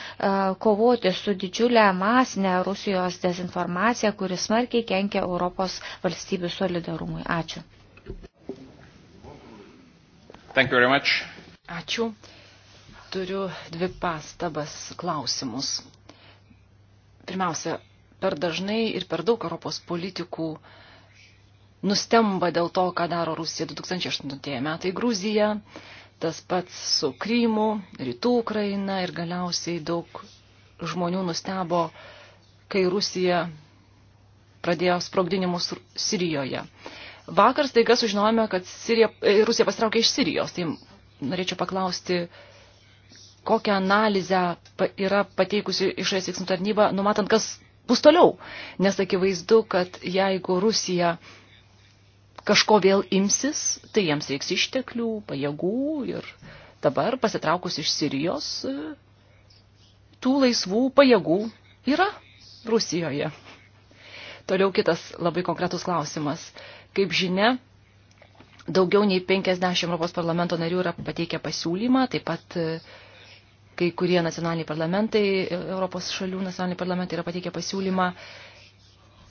kovoti su didžiulė masinė Rusijos dezinformacija, kuris smarkiai kenkia Europos valstybių solidarumui. Ačiū. Ačiū. Turiu dvi pastabas klausimus. Pirmiausia, per dažnai ir per daug Europos politikų nustemba dėl to, ką daro Rusija 2008 metai Gruzija, tas pats su Krymu, Rytų Ukraina ir galiausiai daug žmonių nustebo, kai Rusija pradėjo sprogdinimus Sirijoje. Vakar staiga sužinojome, kad Sirija, e, Rusija pasitraukė iš Sirijos. Tai norėčiau paklausti, kokią analizę yra pateikusi išorės veiksmų tarnyba, numatant, kas bus toliau. Nes akivaizdu, kad jeigu Rusija kažko vėl imsis, tai jiems reiks išteklių, pajėgų ir dabar pasitraukus iš Sirijos tų laisvų pajėgų yra Rusijoje. Toliau kitas labai konkretus klausimas. Kaip žinia, daugiau nei 50 Europos parlamento narių yra pateikę pasiūlymą, taip pat kai kurie nacionaliniai parlamentai, Europos šalių nacionaliniai parlamentai yra pateikę pasiūlymą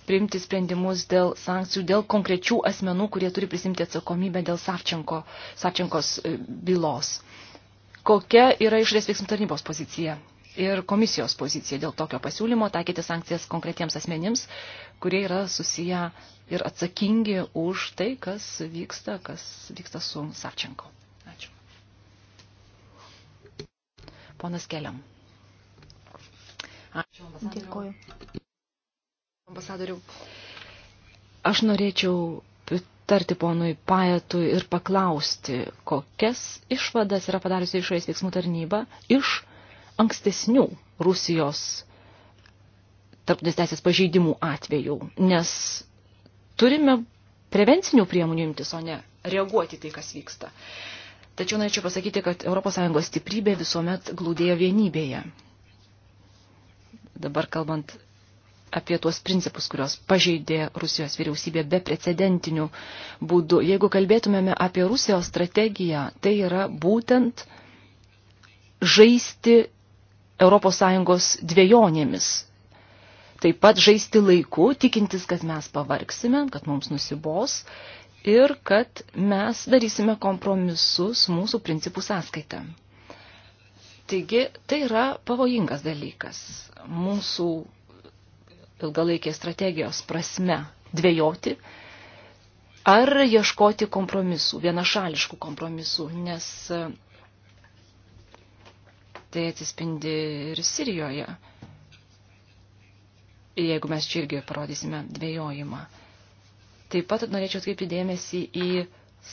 priimti sprendimus dėl sankcijų, dėl konkrečių asmenų, kurie turi prisimti atsakomybę dėl Savčenko, Savčenkos e, bylos. Kokia yra išrės veiksmų tarnybos pozicija ir komisijos pozicija dėl tokio pasiūlymo taikyti sankcijas konkretiems asmenims, kurie yra susiję ir atsakingi už tai, kas vyksta, kas vyksta su Savčenko? Ponas Keliam. Ačiū, ambasadoriu. Dėkuoju. Ambasadoriu, aš norėčiau pritarti ponui Pajetui ir paklausti, kokias išvadas yra padariusi išorės veiksmų tarnyba iš ankstesnių Rusijos tarptautinės teisės pažeidimų atvejų, nes turime prevencinių priemonių imtis, o ne reaguoti tai, kas vyksta. Tačiau norėčiau pasakyti, kad ES stiprybė visuomet glūdėjo vienybėje. Dabar kalbant apie tuos principus, kurios pažeidė Rusijos vyriausybė beprecedentinių būdų. Jeigu kalbėtumėme apie Rusijos strategiją, tai yra būtent žaisti ES dviejonėmis. Taip pat žaisti laiku, tikintis, kad mes pavargsime, kad mums nusibos ir kad mes darysime kompromisus mūsų principų sąskaitą. Taigi, tai yra pavojingas dalykas mūsų ilgalaikės strategijos prasme dvėjoti ar ieškoti kompromisų, vienašališkų kompromisų, nes e, tai atsispindi ir Sirijoje, jeigu mes čia irgi parodysime dvėjojimą. Taip pat norėčiau atkreipti dėmesį į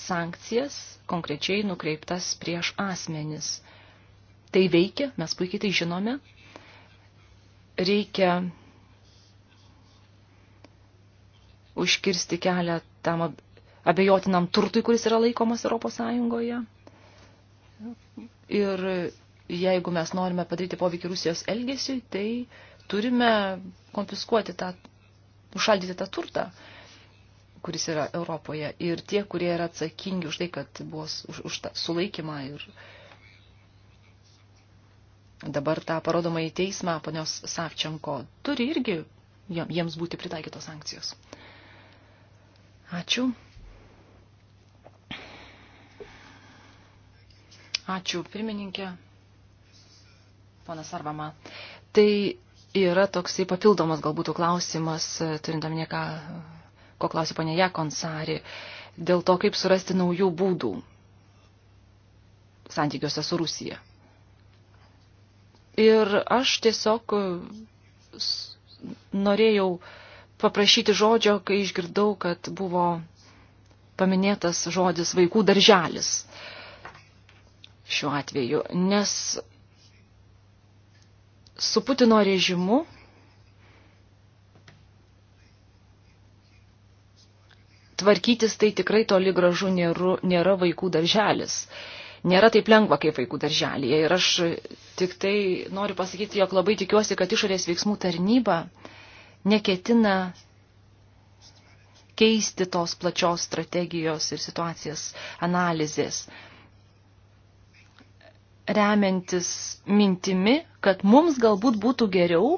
sankcijas, konkrečiai nukreiptas prieš asmenis. Tai veikia, mes puikiai tai žinome. Reikia užkirsti kelią tam abejotinam turtui, kuris yra laikomas Europos Sąjungoje. Ir jeigu mes norime padaryti poveikį Rusijos elgesiui, tai turime konfiskuoti tą, užšaldyti tą turtą kuris yra Europoje, ir tie, kurie yra atsakingi už tai, kad buvo už, už tą sulaikymą ir dabar tą parodomą į teismą ponios Savčenko turi irgi jiems būti pritaikytos sankcijos. Ačiū. Ačiū, pirmininkė. Ponas Arvama. Tai yra toksai papildomas galbūt klausimas, turint omenyje, ką ko klausė ponė Jakonsari, dėl to, kaip surasti naujų būdų santykiuose su Rusija. Ir aš tiesiog norėjau paprašyti žodžio, kai išgirdau, kad buvo paminėtas žodis vaikų darželis šiuo atveju, nes su Putino režimu tvarkytis tai tikrai toli gražu nėra, nėra vaikų darželis. Nėra taip lengva kaip vaikų darželėje. Ir aš tik tai noriu pasakyti, jog labai tikiuosi, kad išorės veiksmų tarnyba neketina keisti tos plačios strategijos ir situacijos analizės, remiantis mintimi, kad mums galbūt būtų geriau,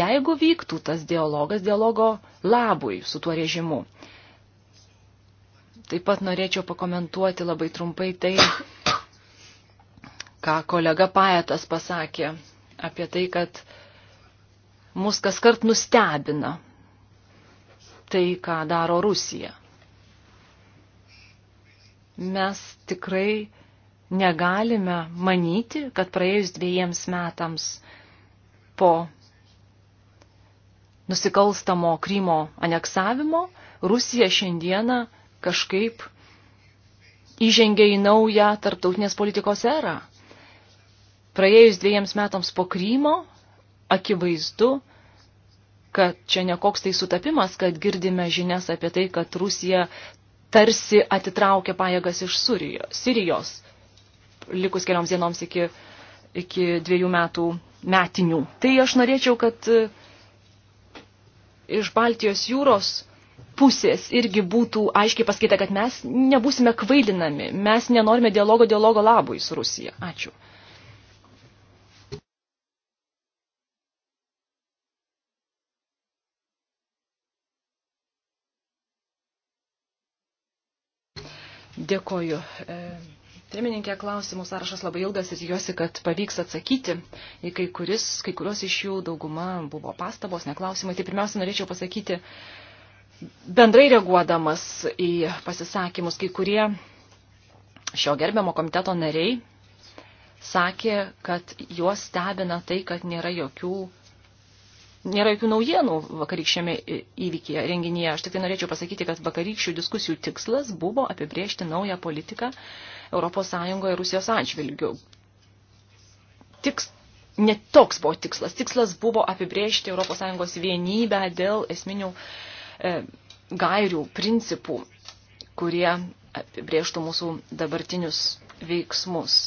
jeigu vyktų tas dialogas dialogo labui su tuo režimu. Taip pat norėčiau pakomentuoti labai trumpai tai, ką kolega Paėtas pasakė apie tai, kad mus kas kart nustebina tai, ką daro Rusija. Mes tikrai negalime manyti, kad praėjus dviejiems metams po nusikalstamo Krymo aneksavimo Rusija šiandieną kažkaip įžengė į naują tarptautinės politikos erą. Praėjus dviejams metams po Krymo, akivaizdu, kad čia nekoks tai sutapimas, kad girdime žinias apie tai, kad Rusija tarsi atitraukė pajėgas iš Sirijos, likus kelioms dienoms iki, iki dviejų metų metinių. Tai aš norėčiau, kad e, iš Baltijos jūros pusės irgi būtų aiškiai pasakyta, kad mes nebūsime kvailinami, mes nenorime dialogo dialogo labui su Rusija. Ačiū. Dėkoju. E, pirmininkė, klausimų sąrašas labai ilgas ir tikiuosi, kad pavyks atsakyti į kai, kuris, kai kurios iš jų dauguma buvo pastabos, neklausimai. Tai pirmiausia, norėčiau pasakyti, bendrai reaguodamas į pasisakymus, kai kurie šio gerbiamo komiteto nariai sakė, kad juos stebina tai, kad nėra jokių, nėra jokių naujienų vakarykščiame įvykyje renginyje. Aš tik tai norėčiau pasakyti, kad vakarykščių diskusijų tikslas buvo apibriežti naują politiką ES ir Rusijos atžvilgių. Tiks, net toks buvo tikslas. Tikslas buvo apibriežti ES vienybę dėl esminių uh, E, gairių, principų, kurie apibrieštų mūsų dabartinius veiksmus.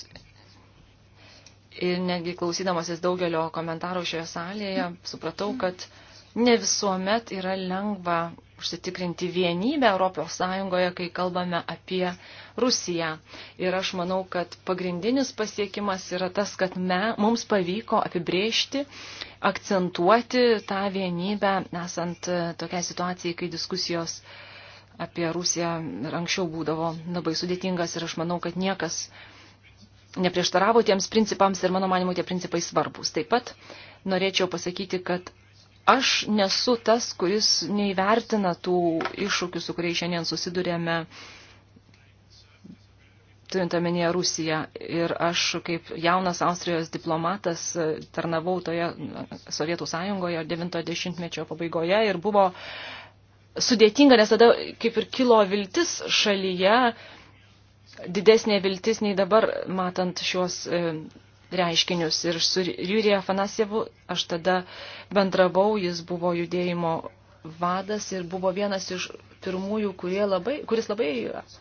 Ir netgi klausydamasis daugelio komentarų šioje salėje, supratau, kad ne visuomet yra lengva užsitikrinti vienybę Europos Sąjungoje, kai kalbame apie Rusiją. Ir aš manau, kad pagrindinis pasiekimas yra tas, kad me, mums pavyko apibrėžti, akcentuoti tą vienybę, esant e, tokiai situacijai, kai diskusijos apie Rusiją ir anksčiau būdavo labai sudėtingas ir aš manau, kad niekas neprieštaravo tiems principams ir mano manimo tie principai svarbus. Taip pat norėčiau pasakyti, kad aš nesu tas, kuris neįvertina tų iššūkių, su kuriais šiandien susidurėme, turint omenyje Rusiją. Ir aš kaip jaunas Austrijos diplomatas tarnavau toje Sovietų sąjungoje 90-mečio pabaigoje ir buvo sudėtinga, nes tada kaip ir kilo viltis šalyje, didesnė viltis nei dabar, matant šios reiškinius. Ir su Jurija Afanasievu aš tada bendravau, jis buvo judėjimo vadas ir buvo vienas iš pirmųjų, labai, kuris labai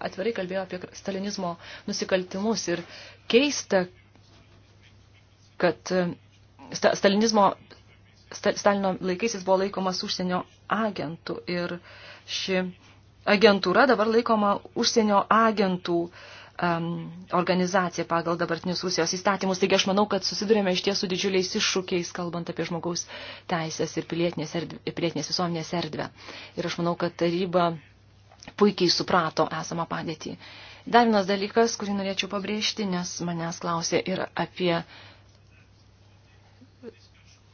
atvirai kalbėjo apie stalinizmo nusikaltimus. Ir keista, kad e, sta, stalinizmo, sta, Stalino laikais jis buvo laikomas užsienio agentų ir ši agentūra dabar laikoma užsienio agentų uh, um, organizacija pagal dabartinius Rusijos įstatymus. Taigi aš manau, kad susidurėme iš tiesų didžiuliais iššūkiais, kalbant apie žmogaus teisės ir pilietinės, erdvė, pilietinės visuomenės erdvę. Ir aš manau, kad taryba puikiai suprato esamą padėtį. Dar vienas dalykas, kurį norėčiau pabrėžti, nes manęs klausė ir apie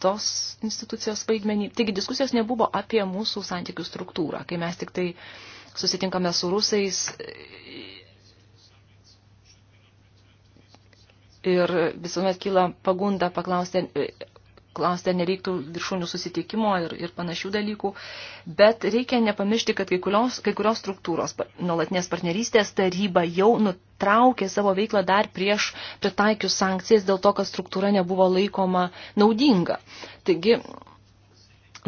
tos institucijos vaidmenį. Taigi diskusijos nebuvo apie mūsų santykių struktūrą, kai mes tik tai susitinkame su rusais Ir visuomet kyla pagunda paklausti, klausti, ar nereiktų viršūnių susitikimo ir, ir panašių dalykų. Bet reikia nepamiršti, kad kai kurios, kai kurios struktūros nuolatinės partnerystės taryba jau nutraukė savo veiklą dar prieš pritaikius sankcijas dėl to, kad struktūra nebuvo laikoma naudinga. Taigi,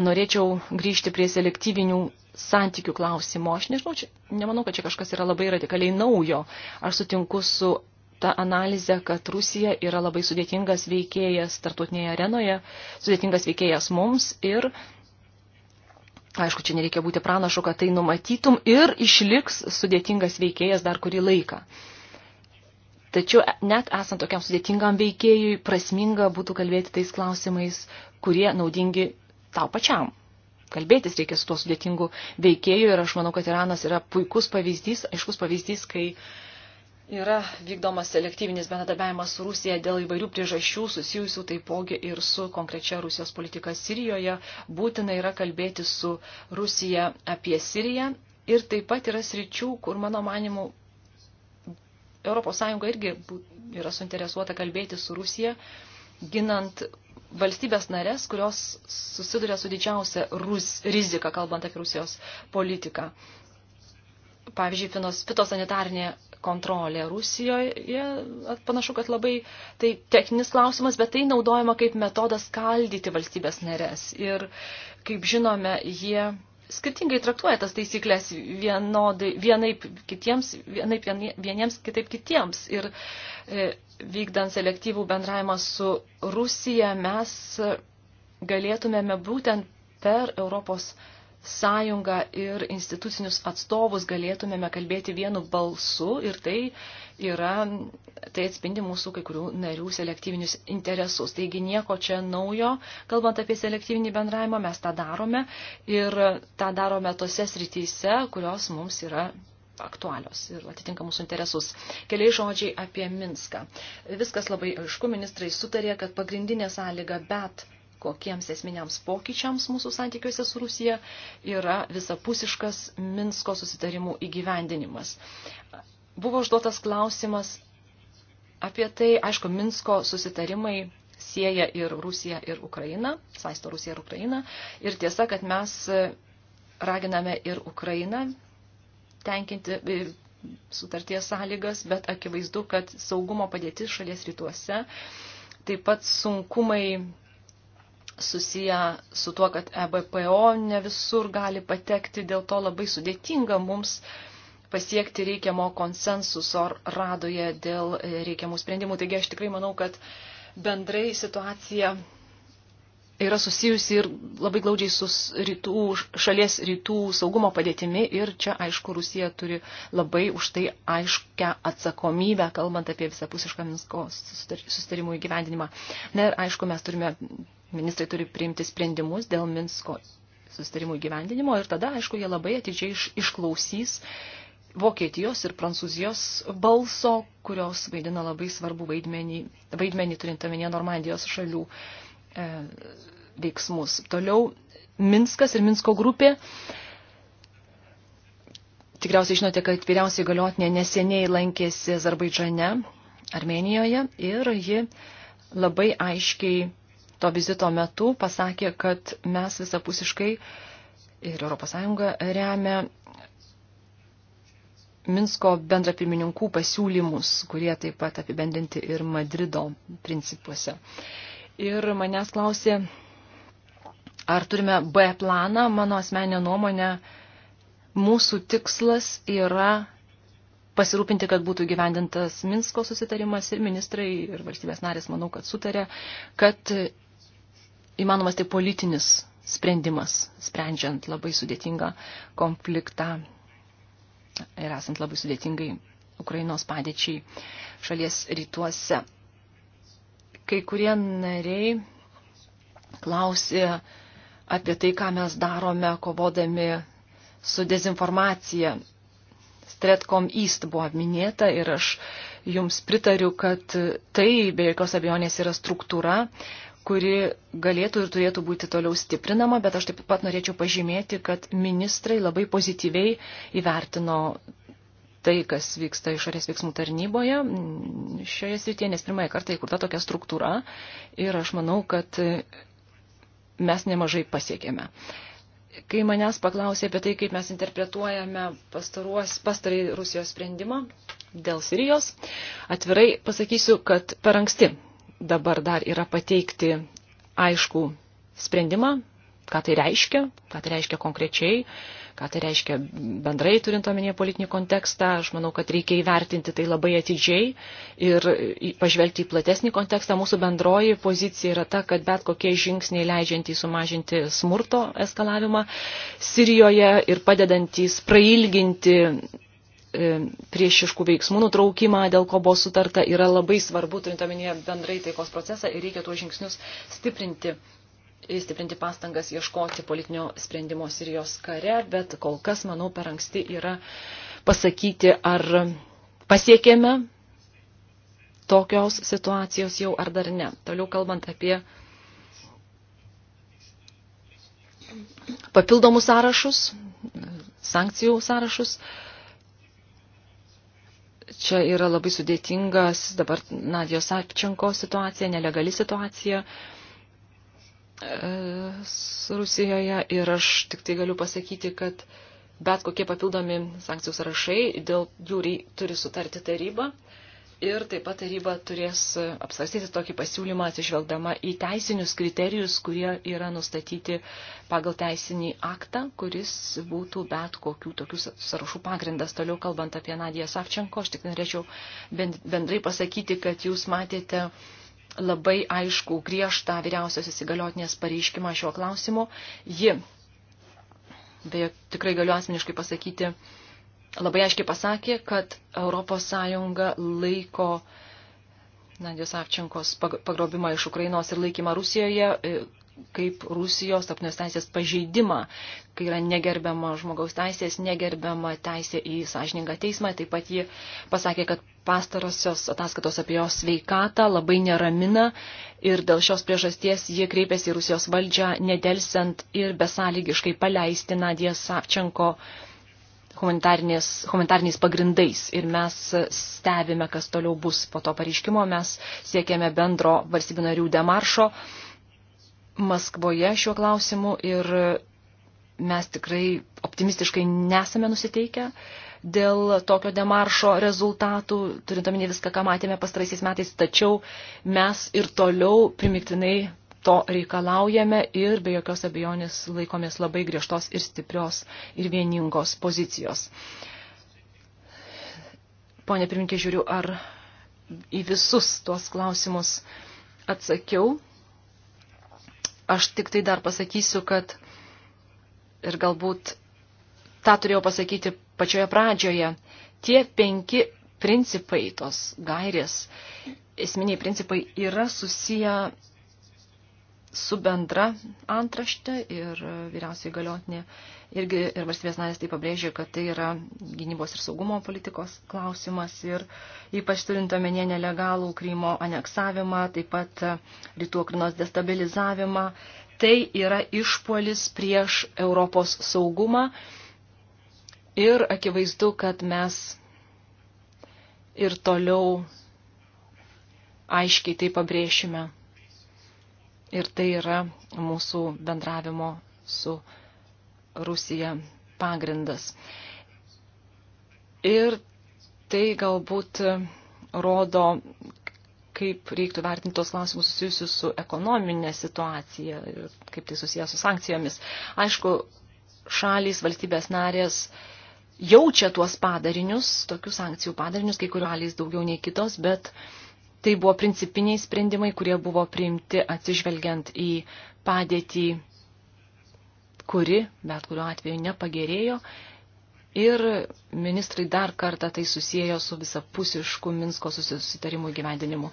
norėčiau grįžti prie selektyvinių santykių klausimo. Aš nežinau, čia, nemanau, kad čia kažkas yra labai radikaliai naujo. Aš sutinku su ta analizė, kad Rusija yra labai sudėtingas veikėjas tartutinėje arenoje, sudėtingas veikėjas mums ir, aišku, čia nereikia būti pranašu, kad tai numatytum ir išliks sudėtingas veikėjas dar kurį laiką. Tačiau net esant tokiam sudėtingam veikėjui, prasminga būtų kalbėti tais klausimais, kurie naudingi tau pačiam. Kalbėtis reikia su tuo sudėtingu veikėju ir aš manau, kad Iranas yra puikus pavyzdys, aiškus pavyzdys, kai uh, yra vykdomas selektyvinis bendradarbiavimas su Rusija dėl įvairių priežasčių susijusių taipogi ir su konkrečia Rusijos politika Sirijoje. Būtina yra kalbėti su Rusija apie Siriją ir taip pat yra sričių, kur mano manimu ES irgi yra suinteresuota kalbėti su Rusija, ginant valstybės narės, kurios susiduria su didžiausia Rus, rizika, kalbant apie Rusijos politiką pavyzdžiui, fitosanitarinė kontrolė Rusijoje, panašu, kad labai tai techninis klausimas, bet tai naudojama kaip metodas skaldyti valstybės narės. Ir, kaip žinome, jie skirtingai traktuoja tas taisyklės vienodai, vienaip kitiems, vienaip vieniems, kitaip kitiems. Ir e, vykdant selektyvų bendravimą su Rusija, mes galėtumėme būtent per Europos Sąjungą sąjungą ir institucinius atstovus galėtumėme kalbėti vienu balsu ir tai yra, tai atspindi mūsų kai kurių narių selektyvinius interesus. Taigi nieko čia naujo, kalbant apie selektyvinį bendravimą, mes tą darome ir tą darome tose srityse, kurios mums yra aktualios ir atitinka mūsų interesus. Keliai žodžiai apie Minską. Viskas labai aišku, ministrai sutarė, kad pagrindinė sąlyga, bet kokiems esminiams pokyčiams mūsų santykiuose su Rusija yra visapusiškas Minsko susitarimų įgyvendinimas. Buvo užduotas klausimas apie tai, aišku, Minsko susitarimai sieja ir Rusija ir Ukraina, saisto Rusija ir Ukraina. Ir tiesa, kad mes raginame ir Ukrainą tenkinti e, sutarties sąlygas, bet akivaizdu, kad saugumo padėtis šalies rytuose, taip pat sunkumai susiję su tuo, kad EBPO ne visur gali patekti, dėl to labai sudėtinga mums pasiekti reikiamo konsensuso radoje dėl e, reikiamų sprendimų. Taigi aš tikrai manau, kad bendrai situacija yra susijusi ir labai glaudžiai su rytų, šalies rytų saugumo padėtimi ir čia, aišku, Rusija turi labai už tai aiškę atsakomybę, kalbant apie visapusišką Minsko sustarimų įgyvendinimą. Na ir, aišku, mes turime Ministrai turi priimti sprendimus dėl Minsko sustarimų įgyvendinimo ir tada, aišku, jie labai atidžiai iš, išklausys Vokietijos ir Prancūzijos balso, kurios vaidina labai svarbu vaidmenį, vaidmenį turint omenyje Normandijos šalių e, veiksmus. Toliau Minskas ir Minsko grupė. Tikriausiai žinote, kad vyriausiai galiotinė neseniai lankėsi Azerbaidžane, Armenijoje ir ji labai aiškiai to vizito metu pasakė, kad mes visapusiškai ir ES remia Minsko bendrapirmininkų pasiūlymus, kurie taip pat apibendinti ir Madrido principuose. Ir manęs klausė, ar turime B planą, mano asmenė nuomonė, mūsų tikslas yra pasirūpinti, kad būtų gyvendintas Minsko susitarimas ir ministrai ir valstybės narės, manau, kad sutarė, kad įmanomas tik politinis sprendimas, sprendžiant labai sudėtingą konfliktą ir esant labai sudėtingai Ukrainos padėčiai šalies rytuose. Kai kurie nariai klausė apie tai, ką mes darome kovodami su dezinformacija. Stretcom East buvo minėta ir aš jums pritariu, kad tai be jokios abejonės yra struktūra, kuri galėtų ir turėtų būti toliau stiprinama, bet aš taip pat norėčiau pažymėti, kad ministrai labai pozityviai įvertino tai, kas vyksta išorės veiksmų tarnyboje mm, šioje srityje, nes pirmąją kartą įkurta tokia struktūra ir aš manau, kad mes nemažai pasiekėme. Kai manęs paklausė apie tai, kaip mes interpretuojame pastarai Rusijos sprendimą dėl Sirijos, atvirai pasakysiu, kad per anksti dabar dar yra pateikti aišku sprendimą, ką tai reiškia, ką tai reiškia konkrečiai, ką tai reiškia bendrai turint omenyje politinį kontekstą. Aš manau, kad reikia įvertinti tai labai atidžiai ir pažvelgti į platesnį kontekstą. Mūsų bendroji pozicija yra ta, kad bet kokie žingsniai leidžiantys sumažinti smurto eskalavimą Sirijoje ir padedantys prailginti E, priešiškų veiksmų nutraukimą, dėl ko buvo sutarta, yra labai svarbu, turint omenyje bendrai taikos procesą ir reikia tuos žingsnius stiprinti, stiprinti pastangas ieškoti politinio sprendimo Sirijos kare, bet kol kas, manau, per anksti yra pasakyti, ar pasiekėme tokios situacijos jau ar dar ne. Toliau kalbant apie papildomus sąrašus, sankcijų sąrašus čia yra labai sudėtingas dabar Nadijos Apčenko situacija, nelegali situacija e, Rusijoje ir aš tik tai galiu pasakyti, kad bet kokie papildomi sankcijų sąrašai, dėl jų turi sutarti taryba. Uh, ir taip pat taryba turės apsvarstyti tokį pasiūlymą atsižvelgdama į teisinius kriterijus, kurie yra nustatyti pagal teisinį aktą, kuris būtų bet kokių tokių sąrašų pagrindas. Toliau kalbant apie Nadiją Savčenko, aš tik norėčiau bendrai pasakyti, kad jūs matėte labai aišku griežtą vyriausios įsigaliotinės pareiškimą šiuo klausimu. Ji, beje, tikrai galiu asmeniškai pasakyti, labai aiškiai pasakė, kad ES laiko Nadijos Avčenkos pagrobimą iš Ukrainos ir laikymą Rusijoje e, kaip Rusijos tapnios teisės pažeidimą, kai yra negerbiama žmogaus teisės, negerbiama teisė į sąžiningą teismą. Taip pat ji pasakė, kad pastarosios ataskaitos apie jos sveikatą labai neramina ir dėl šios priežasties ji kreipėsi į Rusijos valdžią nedelsiant ir besąlygiškai paleisti Nadiją Savčenko uh, humanitariniais pagrindais ir mes stebime, kas toliau bus po to pareiškimo. Mes siekėme bendro valstybių narių demaršo Maskvoje šiuo klausimu ir mes tikrai optimistiškai nesame nusiteikę dėl tokio demaršo rezultatų, turint omeny viską, ką matėme pastaraisiais metais, tačiau mes ir toliau primiktinai to reikalaujame ir be jokios abejonės laikomės labai griežtos ir stiprios ir vieningos pozicijos. Pone pirminkė, žiūriu, ar į visus tuos klausimus atsakiau. Aš tik tai dar pasakysiu, kad ir galbūt tą turėjau pasakyti pačioje pradžioje. Tie penki principai, tos gairės, esminiai principai yra susiję su bendra antrašte ir vyriausiai galiotinė irgi ir valstybės narės tai pabrėžė, kad tai yra gynybos ir saugumo politikos klausimas ir ypač turint omenyje nelegalų Krymo aneksavimą, taip pat rytų Ukrainos destabilizavimą, tai yra išpuolis prieš Europos saugumą ir akivaizdu, kad mes ir toliau aiškiai tai pabrėšime. Ir tai yra mūsų bendravimo su Rusija pagrindas. Ir tai galbūt rodo, kaip reiktų vertinti tos klausimus susijusius su ekonominė situacija ir kaip tai susijęs su sankcijomis. Aišku, šalys, valstybės narės jaučia tuos padarinius, tokių sankcijų padarinius, kai kurių šalys daugiau nei kitos, bet uh, Tai buvo principiniai sprendimai, kurie buvo priimti atsižvelgiant į padėtį, kuri bet kuriuo atveju nepagerėjo. Ir ministrai dar kartą tai susijo su visapusišku Minsko susitarimu gyvendinimu.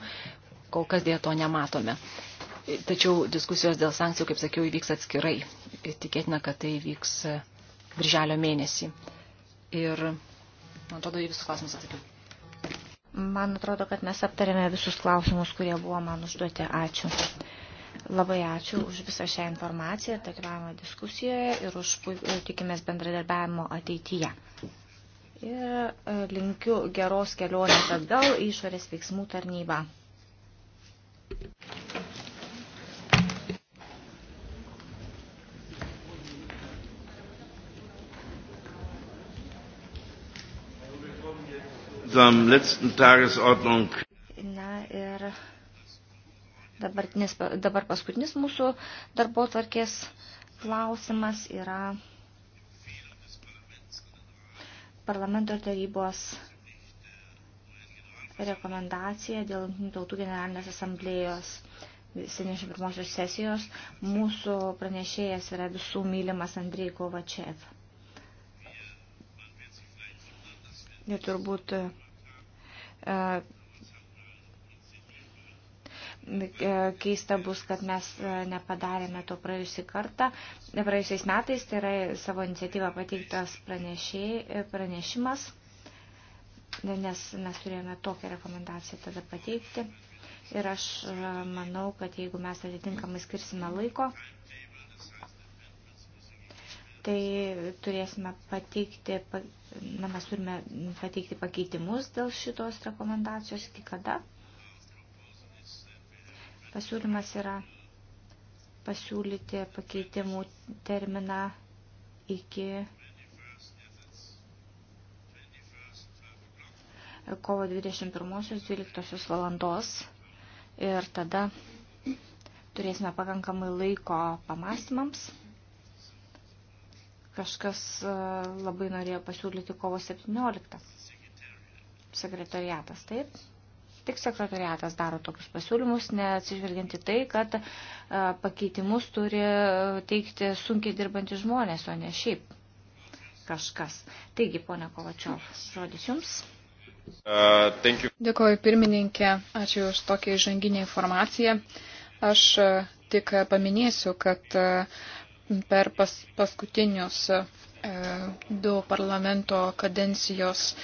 Kol kas dėl to nematome. Tačiau diskusijos dėl sankcijų, kaip sakiau, įvyks atskirai. Ir tikėtina, kad tai vyks birželio mėnesį. Ir, man atrodo, į visus klausimus atsakiau. Man atrodo, kad mes aptarėme visus klausimus, kurie buvo man užduoti. Ačiū. Labai ačiū už visą šią informaciją, dalyvavimą diskusijoje ir už tikimės bendradarbiavimo ateityje. Ir e, linkiu geros kelionės atgal į išorės veiksmų tarnybą. unserem letzten Tagesordnung. Na ir dabar, nes, dabar paskutinis mūsų darbo tvarkės klausimas yra parlamento ir tarybos rekomendacija dėl tautų generalinės asamblėjos 71 sesijos. Mūsų pranešėjas yra visų mylimas Andrei Kovačev. Ir turbūt E, keista bus, kad mes e, nepadarėme to praėjusį kartą. Praėjusiais metais tai yra savo iniciatyvą pateiktas e, pranešimas, nes mes turėjome tokią rekomendaciją tada pateikti. Ir aš manau, kad jeigu mes atitinkamai skirsime laiko, tai turėsime pateikti, na, mes turime pateikti pakeitimus dėl šitos rekomendacijos iki kada. Pasiūlymas yra pasiūlyti pakeitimų terminą iki kovo 21.12 valandos ir tada turėsime pakankamai laiko pamastymams. Kažkas e, labai norėjo pasiūlyti kovo 17. Sekretariatas, taip? Tik sekretariatas daro tokius pasiūlymus, neatsižvelgianti tai, kad e, pakeitimus turi e, teikti sunkiai dirbantys žmonės, o ne šiaip kažkas. Taigi, ponia Kovačiov, žodis jums. Uh, Dėkoju pirmininkė, ačiū už tokią įžanginę informaciją. Aš tik paminėsiu, kad per pas, paskutinius e, du parlamento kadencijos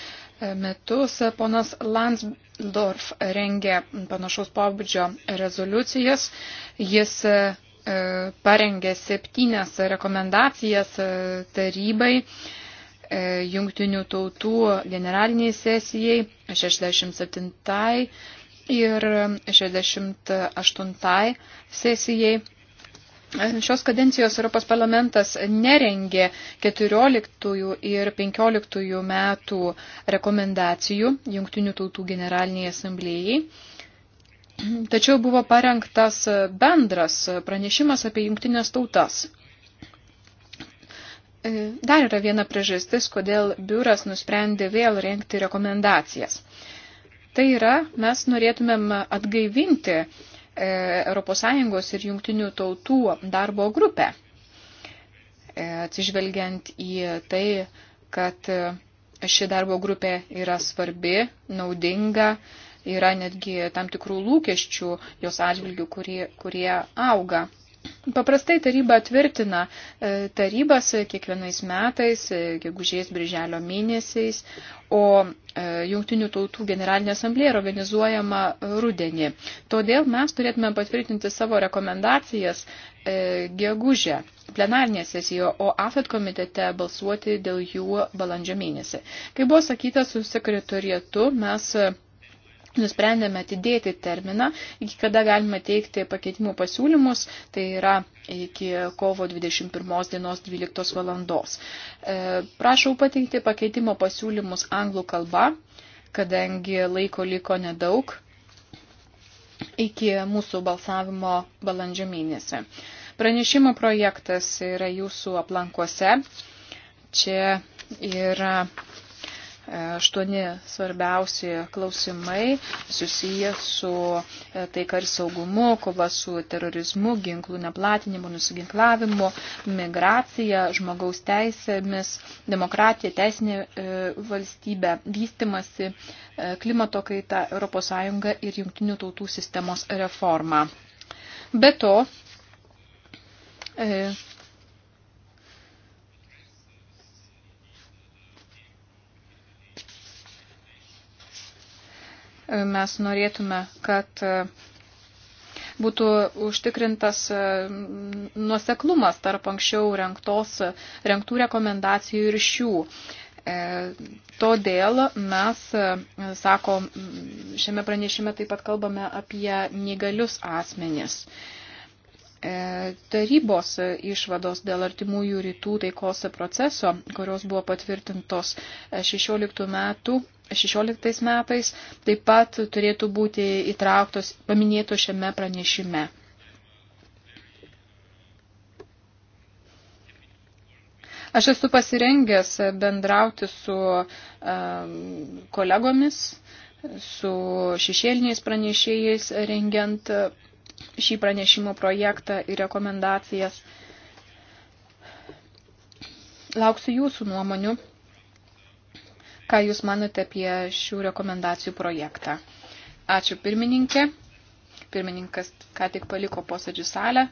e, metus e, ponas Landsdorf rengė panašaus pobūdžio rezoliucijas. Jis e, e parengė septynias rekomendacijas tarybai jungtinių tautų generaliniai sesijai 67 ir 68 sesijai Šios kadencijos Europos parlamentas nerengė 14 ir 15 metų rekomendacijų Junktinių tautų generaliniai asamblėjai. Tačiau buvo parengtas bendras pranešimas apie jungtinės tautas. Dar yra viena priežastis, kodėl biuras nusprendė vėl rengti rekomendacijas. Tai yra, mes norėtumėm atgaivinti uh, ES ir jungtinių tautų darbo grupę, e, atsižvelgiant į tai, kad ši darbo grupė yra svarbi, naudinga, yra netgi tam tikrų lūkesčių jos atžvilgių, kurie, kurie auga. Paprastai taryba tvirtina e, tarybas kiekvienais metais, e, gegužės, birželio mėnesiais, o e, Jungtinių tautų generalinė asamblėja organizuojama rudenį. Todėl mes turėtume patvirtinti savo rekomendacijas gegužę plenarinėje sesijoje, o AFET komitete balsuoti dėl jų balandžio mėnesį. Kai buvo sakyta su sekretorietu, mes nusprendėme atidėti terminą, iki kada galime teikti pakeitimų pasiūlymus, tai yra iki kovo 21 dienos 12 valandos. E, prašau pateikti pakeitimo pasiūlymus anglų kalba, kadangi laiko liko nedaug iki mūsų balsavimo balandžio mėnesį. Pranešimo projektas yra jūsų aplankuose. Čia yra aštuoni svarbiausi klausimai susiję su e, taika ir saugumu, kova su terorizmu, ginklų neplatinimu, nusiginklavimu, migracija, žmogaus teisėmis, demokratija, teisinė e, valstybė, vystimasi, e, klimato kaita, ES ir jungtinių tautų sistemos reforma. Be to, Mes norėtume, kad e, būtų užtikrintas e, nuoseklumas tarp anksčiau renktos, renktų rekomendacijų ir šių. E, todėl mes, sako, šiame pranešime taip pat kalbame apie negalius asmenis. Tarybos išvados dėl artimųjų rytų taikos proceso, kurios buvo patvirtintos 16 metų 16 metais taip pat turėtų būti įtrauktos paminėtos šiame pranešime. Aš esu pasirengęs bendrauti su kolegomis, su šešėliniais pranešėjais, rengiant šį pranešimo projektą ir rekomendacijas. Lauksiu jūsų nuomonių. Ką Jūs manote apie šių rekomendacijų projektą? Ačiū pirmininkė. Pirmininkas ką tik paliko posėdžių salę.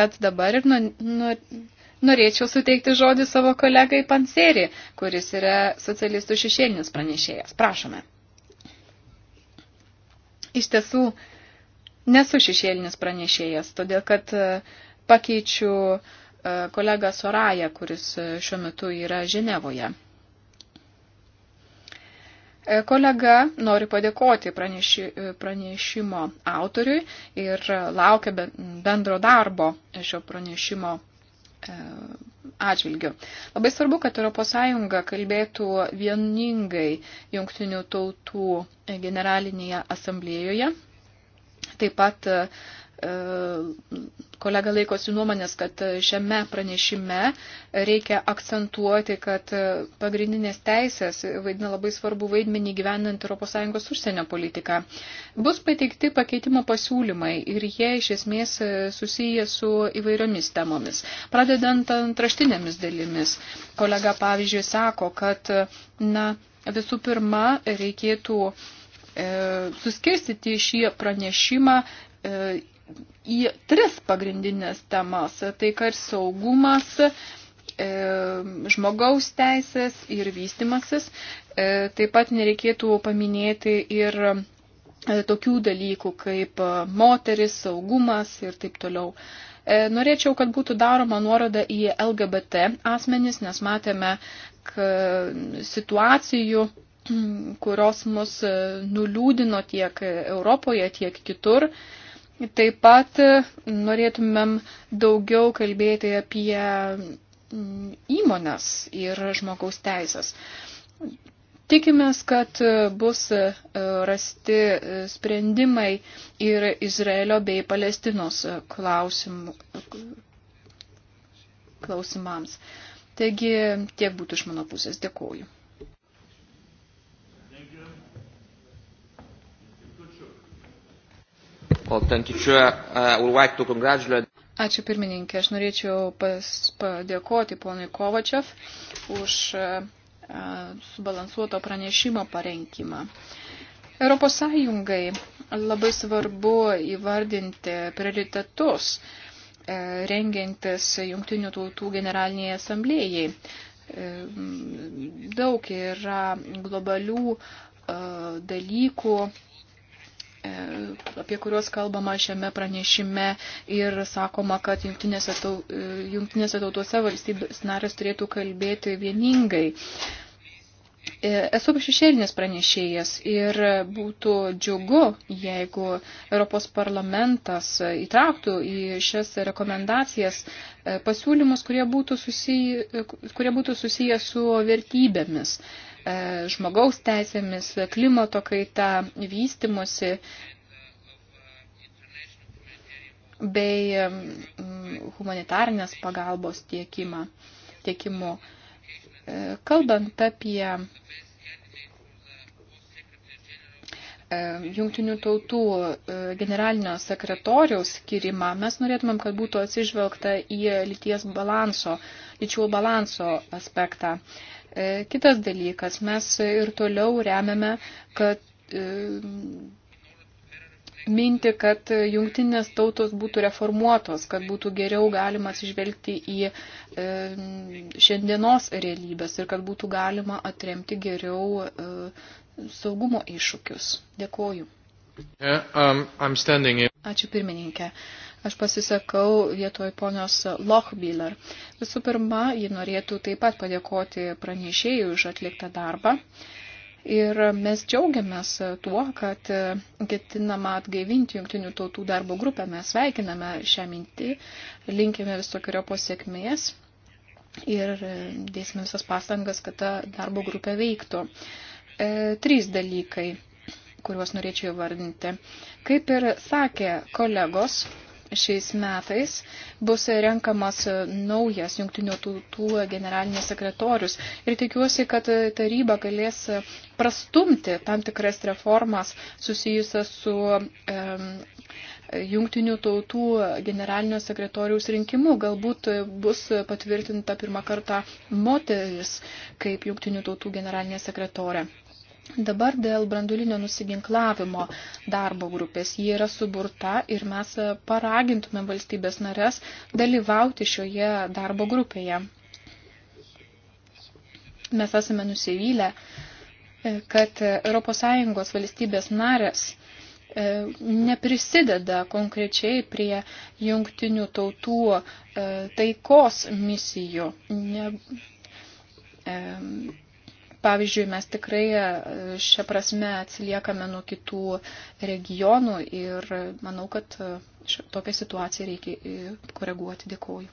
Tad dabar ir nu, nu, norėčiau suteikti žodį savo kolegai Panseri, kuris yra socialistų šešėlinis pranešėjas. Prašome. Iš tiesų, nesu šešėlinis pranešėjas, todėl kad uh, pakeičiu e, kolegą Sorają, kuris e, šiuo metu yra Ženevoje. E, kolega nori padėkoti praneši, pranešimo autoriui ir laukia bendro darbo šio pranešimo atžvilgiu. Labai svarbu, kad ES kalbėtų vieningai jungtinių tautų generalinėje asamblėjoje. Taip pat E, kolega laikosi nuomonės, kad šiame pranešime reikia akcentuoti, kad pagrindinės teisės vaidina labai svarbu vaidmenį gyvenant ES užsienio politiką. Bus pateikti pakeitimo pasiūlymai ir jie iš esmės susiję su įvairiomis temomis. Pradedant antraštinėmis dalimis, kolega pavyzdžiui sako, kad na, visų pirma reikėtų e, suskirstyti šį pranešimą e, į tris pagrindinės temas - taika ir saugumas, e, žmogaus teisės ir vystimasis. E, taip pat nereikėtų paminėti ir e, tokių dalykų kaip moteris, saugumas ir taip toliau. Norėčiau, kad būtų daroma nuoroda į LGBT asmenis, nes matėme situacijų, kurios mus nuliūdino tiek Europoje, tiek kitur. Taip pat e, norėtumėm daugiau kalbėti apie mm, įmonės ir žmogaus teisės. Tikimės, kad e, bus e, rasti sprendimai ir Izraelio bei Palestinos klausim, klausimams. Taigi tiek būtų iš mano pusės. Dėkuoju. Uh, Ačiū pirmininkė. Aš norėčiau pas, padėkoti ponui Kovačev už uh, subalansuoto pranešimo parengimą. Europos Sąjungai labai svarbu įvardinti prioritetus uh, rengiantis Jungtinių tautų generaliniai asamblėjai. Daug yra globalių dalykų, E, apie kuriuos kalbama šiame pranešime ir sakoma, kad jungtinėse, tau, e, jungtinėse tautuose valstybės narės turėtų kalbėti vieningai. E, esu šešėlinis pranešėjas ir būtų džiugu, jeigu Europos parlamentas įtrauktų į šias rekomendacijas pasiūlymus, kurie būtų susiję, kurie būtų susiję su vertybėmis. E, žmogaus teisėmis, klimato kaita, vystimusi bei e, humanitarnės pagalbos tiekimą, tiekimu. E, kalbant apie Jungtinių tautų generalinio sekretoriaus skirimą, mes norėtumėm, kad būtų atsižvelgta į lyties balanso, lyčių balanso aspektą. E, kitas dalykas, mes ir toliau remiame, kad e, minti, kad jungtinės tautos būtų reformuotos, kad būtų geriau galima atsižvelgti į e, šiandienos realybės ir kad būtų galima atremti geriau e, saugumo iššūkius. Dėkoju. Yeah, um, Ačiū pirmininkė. Aš pasisakau vietoj ponios Lochbiller. Visų pirma, ji norėtų taip pat padėkoti pranešėjui už atliktą darbą. Ir mes džiaugiamės tuo, kad ketinama atgaivinti jungtinių tautų darbo grupę. Mes sveikiname šią mintį, linkime visokiojo pasiekmės ir dėsime visas pastangas, kad ta darbo grupė veiktų. E, trys dalykai, kuriuos norėčiau vardinti. Kaip ir sakė kolegos, šiais metais bus renkamas naujas jungtinių tautų generalinis sekretorius ir tikiuosi, kad taryba galės prastumti tam tikras reformas susijusias su um, jungtinių tautų generalinio sekretoriaus rinkimu. Galbūt bus patvirtinta pirmą kartą moteris kaip jungtinių tautų generalinė sekretorė. Dabar dėl brandulinio nusiginklavimo darbo grupės. Jie yra suburta ir mes paragintume valstybės narės dalyvauti šioje darbo grupėje. Mes esame nusivylę, e, kad ES valstybės narės e, neprisideda konkrečiai prie jungtinių tautų e, taikos misijų. Ne, Pavyzdžiui, mes tikrai e, šią prasme atsiliekame nuo kitų regionų ir manau, kad e, tokią situaciją reikia e, koreguoti. Dėkuoju.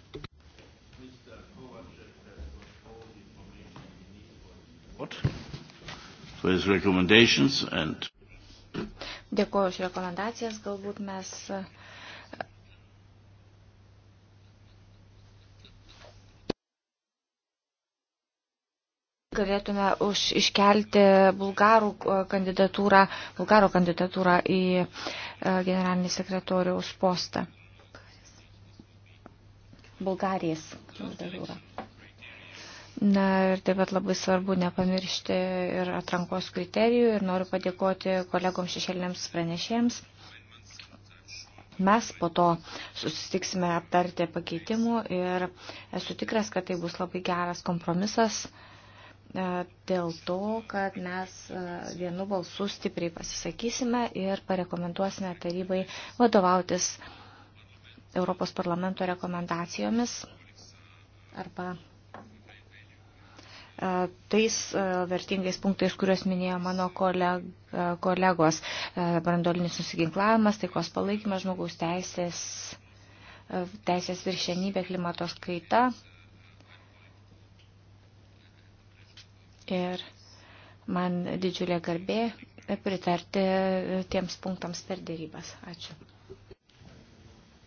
Dėkuoju už rekomendacijas, galbūt mes galėtume už, iškelti bulgarų e, kandidatūrą, bulgarų kandidatūrą į e, generalinį sekretoriaus postą. Bulgarijas kandidatūrą. Na ir taip pat labai svarbu nepamiršti ir atrankos kriterijų ir noriu padėkoti kolegoms šešėliniams pranešėjams. Mes po to susitiksime aptarti pakeitimų ir esu tikras, kad tai bus labai geras kompromisas. Uh, E, dėl to, kad mes e, vienu balsu stipriai pasisakysime ir parekomenduosime tarybai vadovautis Europos parlamento rekomendacijomis arba e, tais vertingais punktais, kuriuos minėjo mano kolegos. Brandolinis nusiginklavimas, taikos palaikymas, žmogaus teisės, teisės viršenybė, klimatos kaita. Ir man didžiulė garbė pritarti tiems punktams per dėrybas. Ačiū.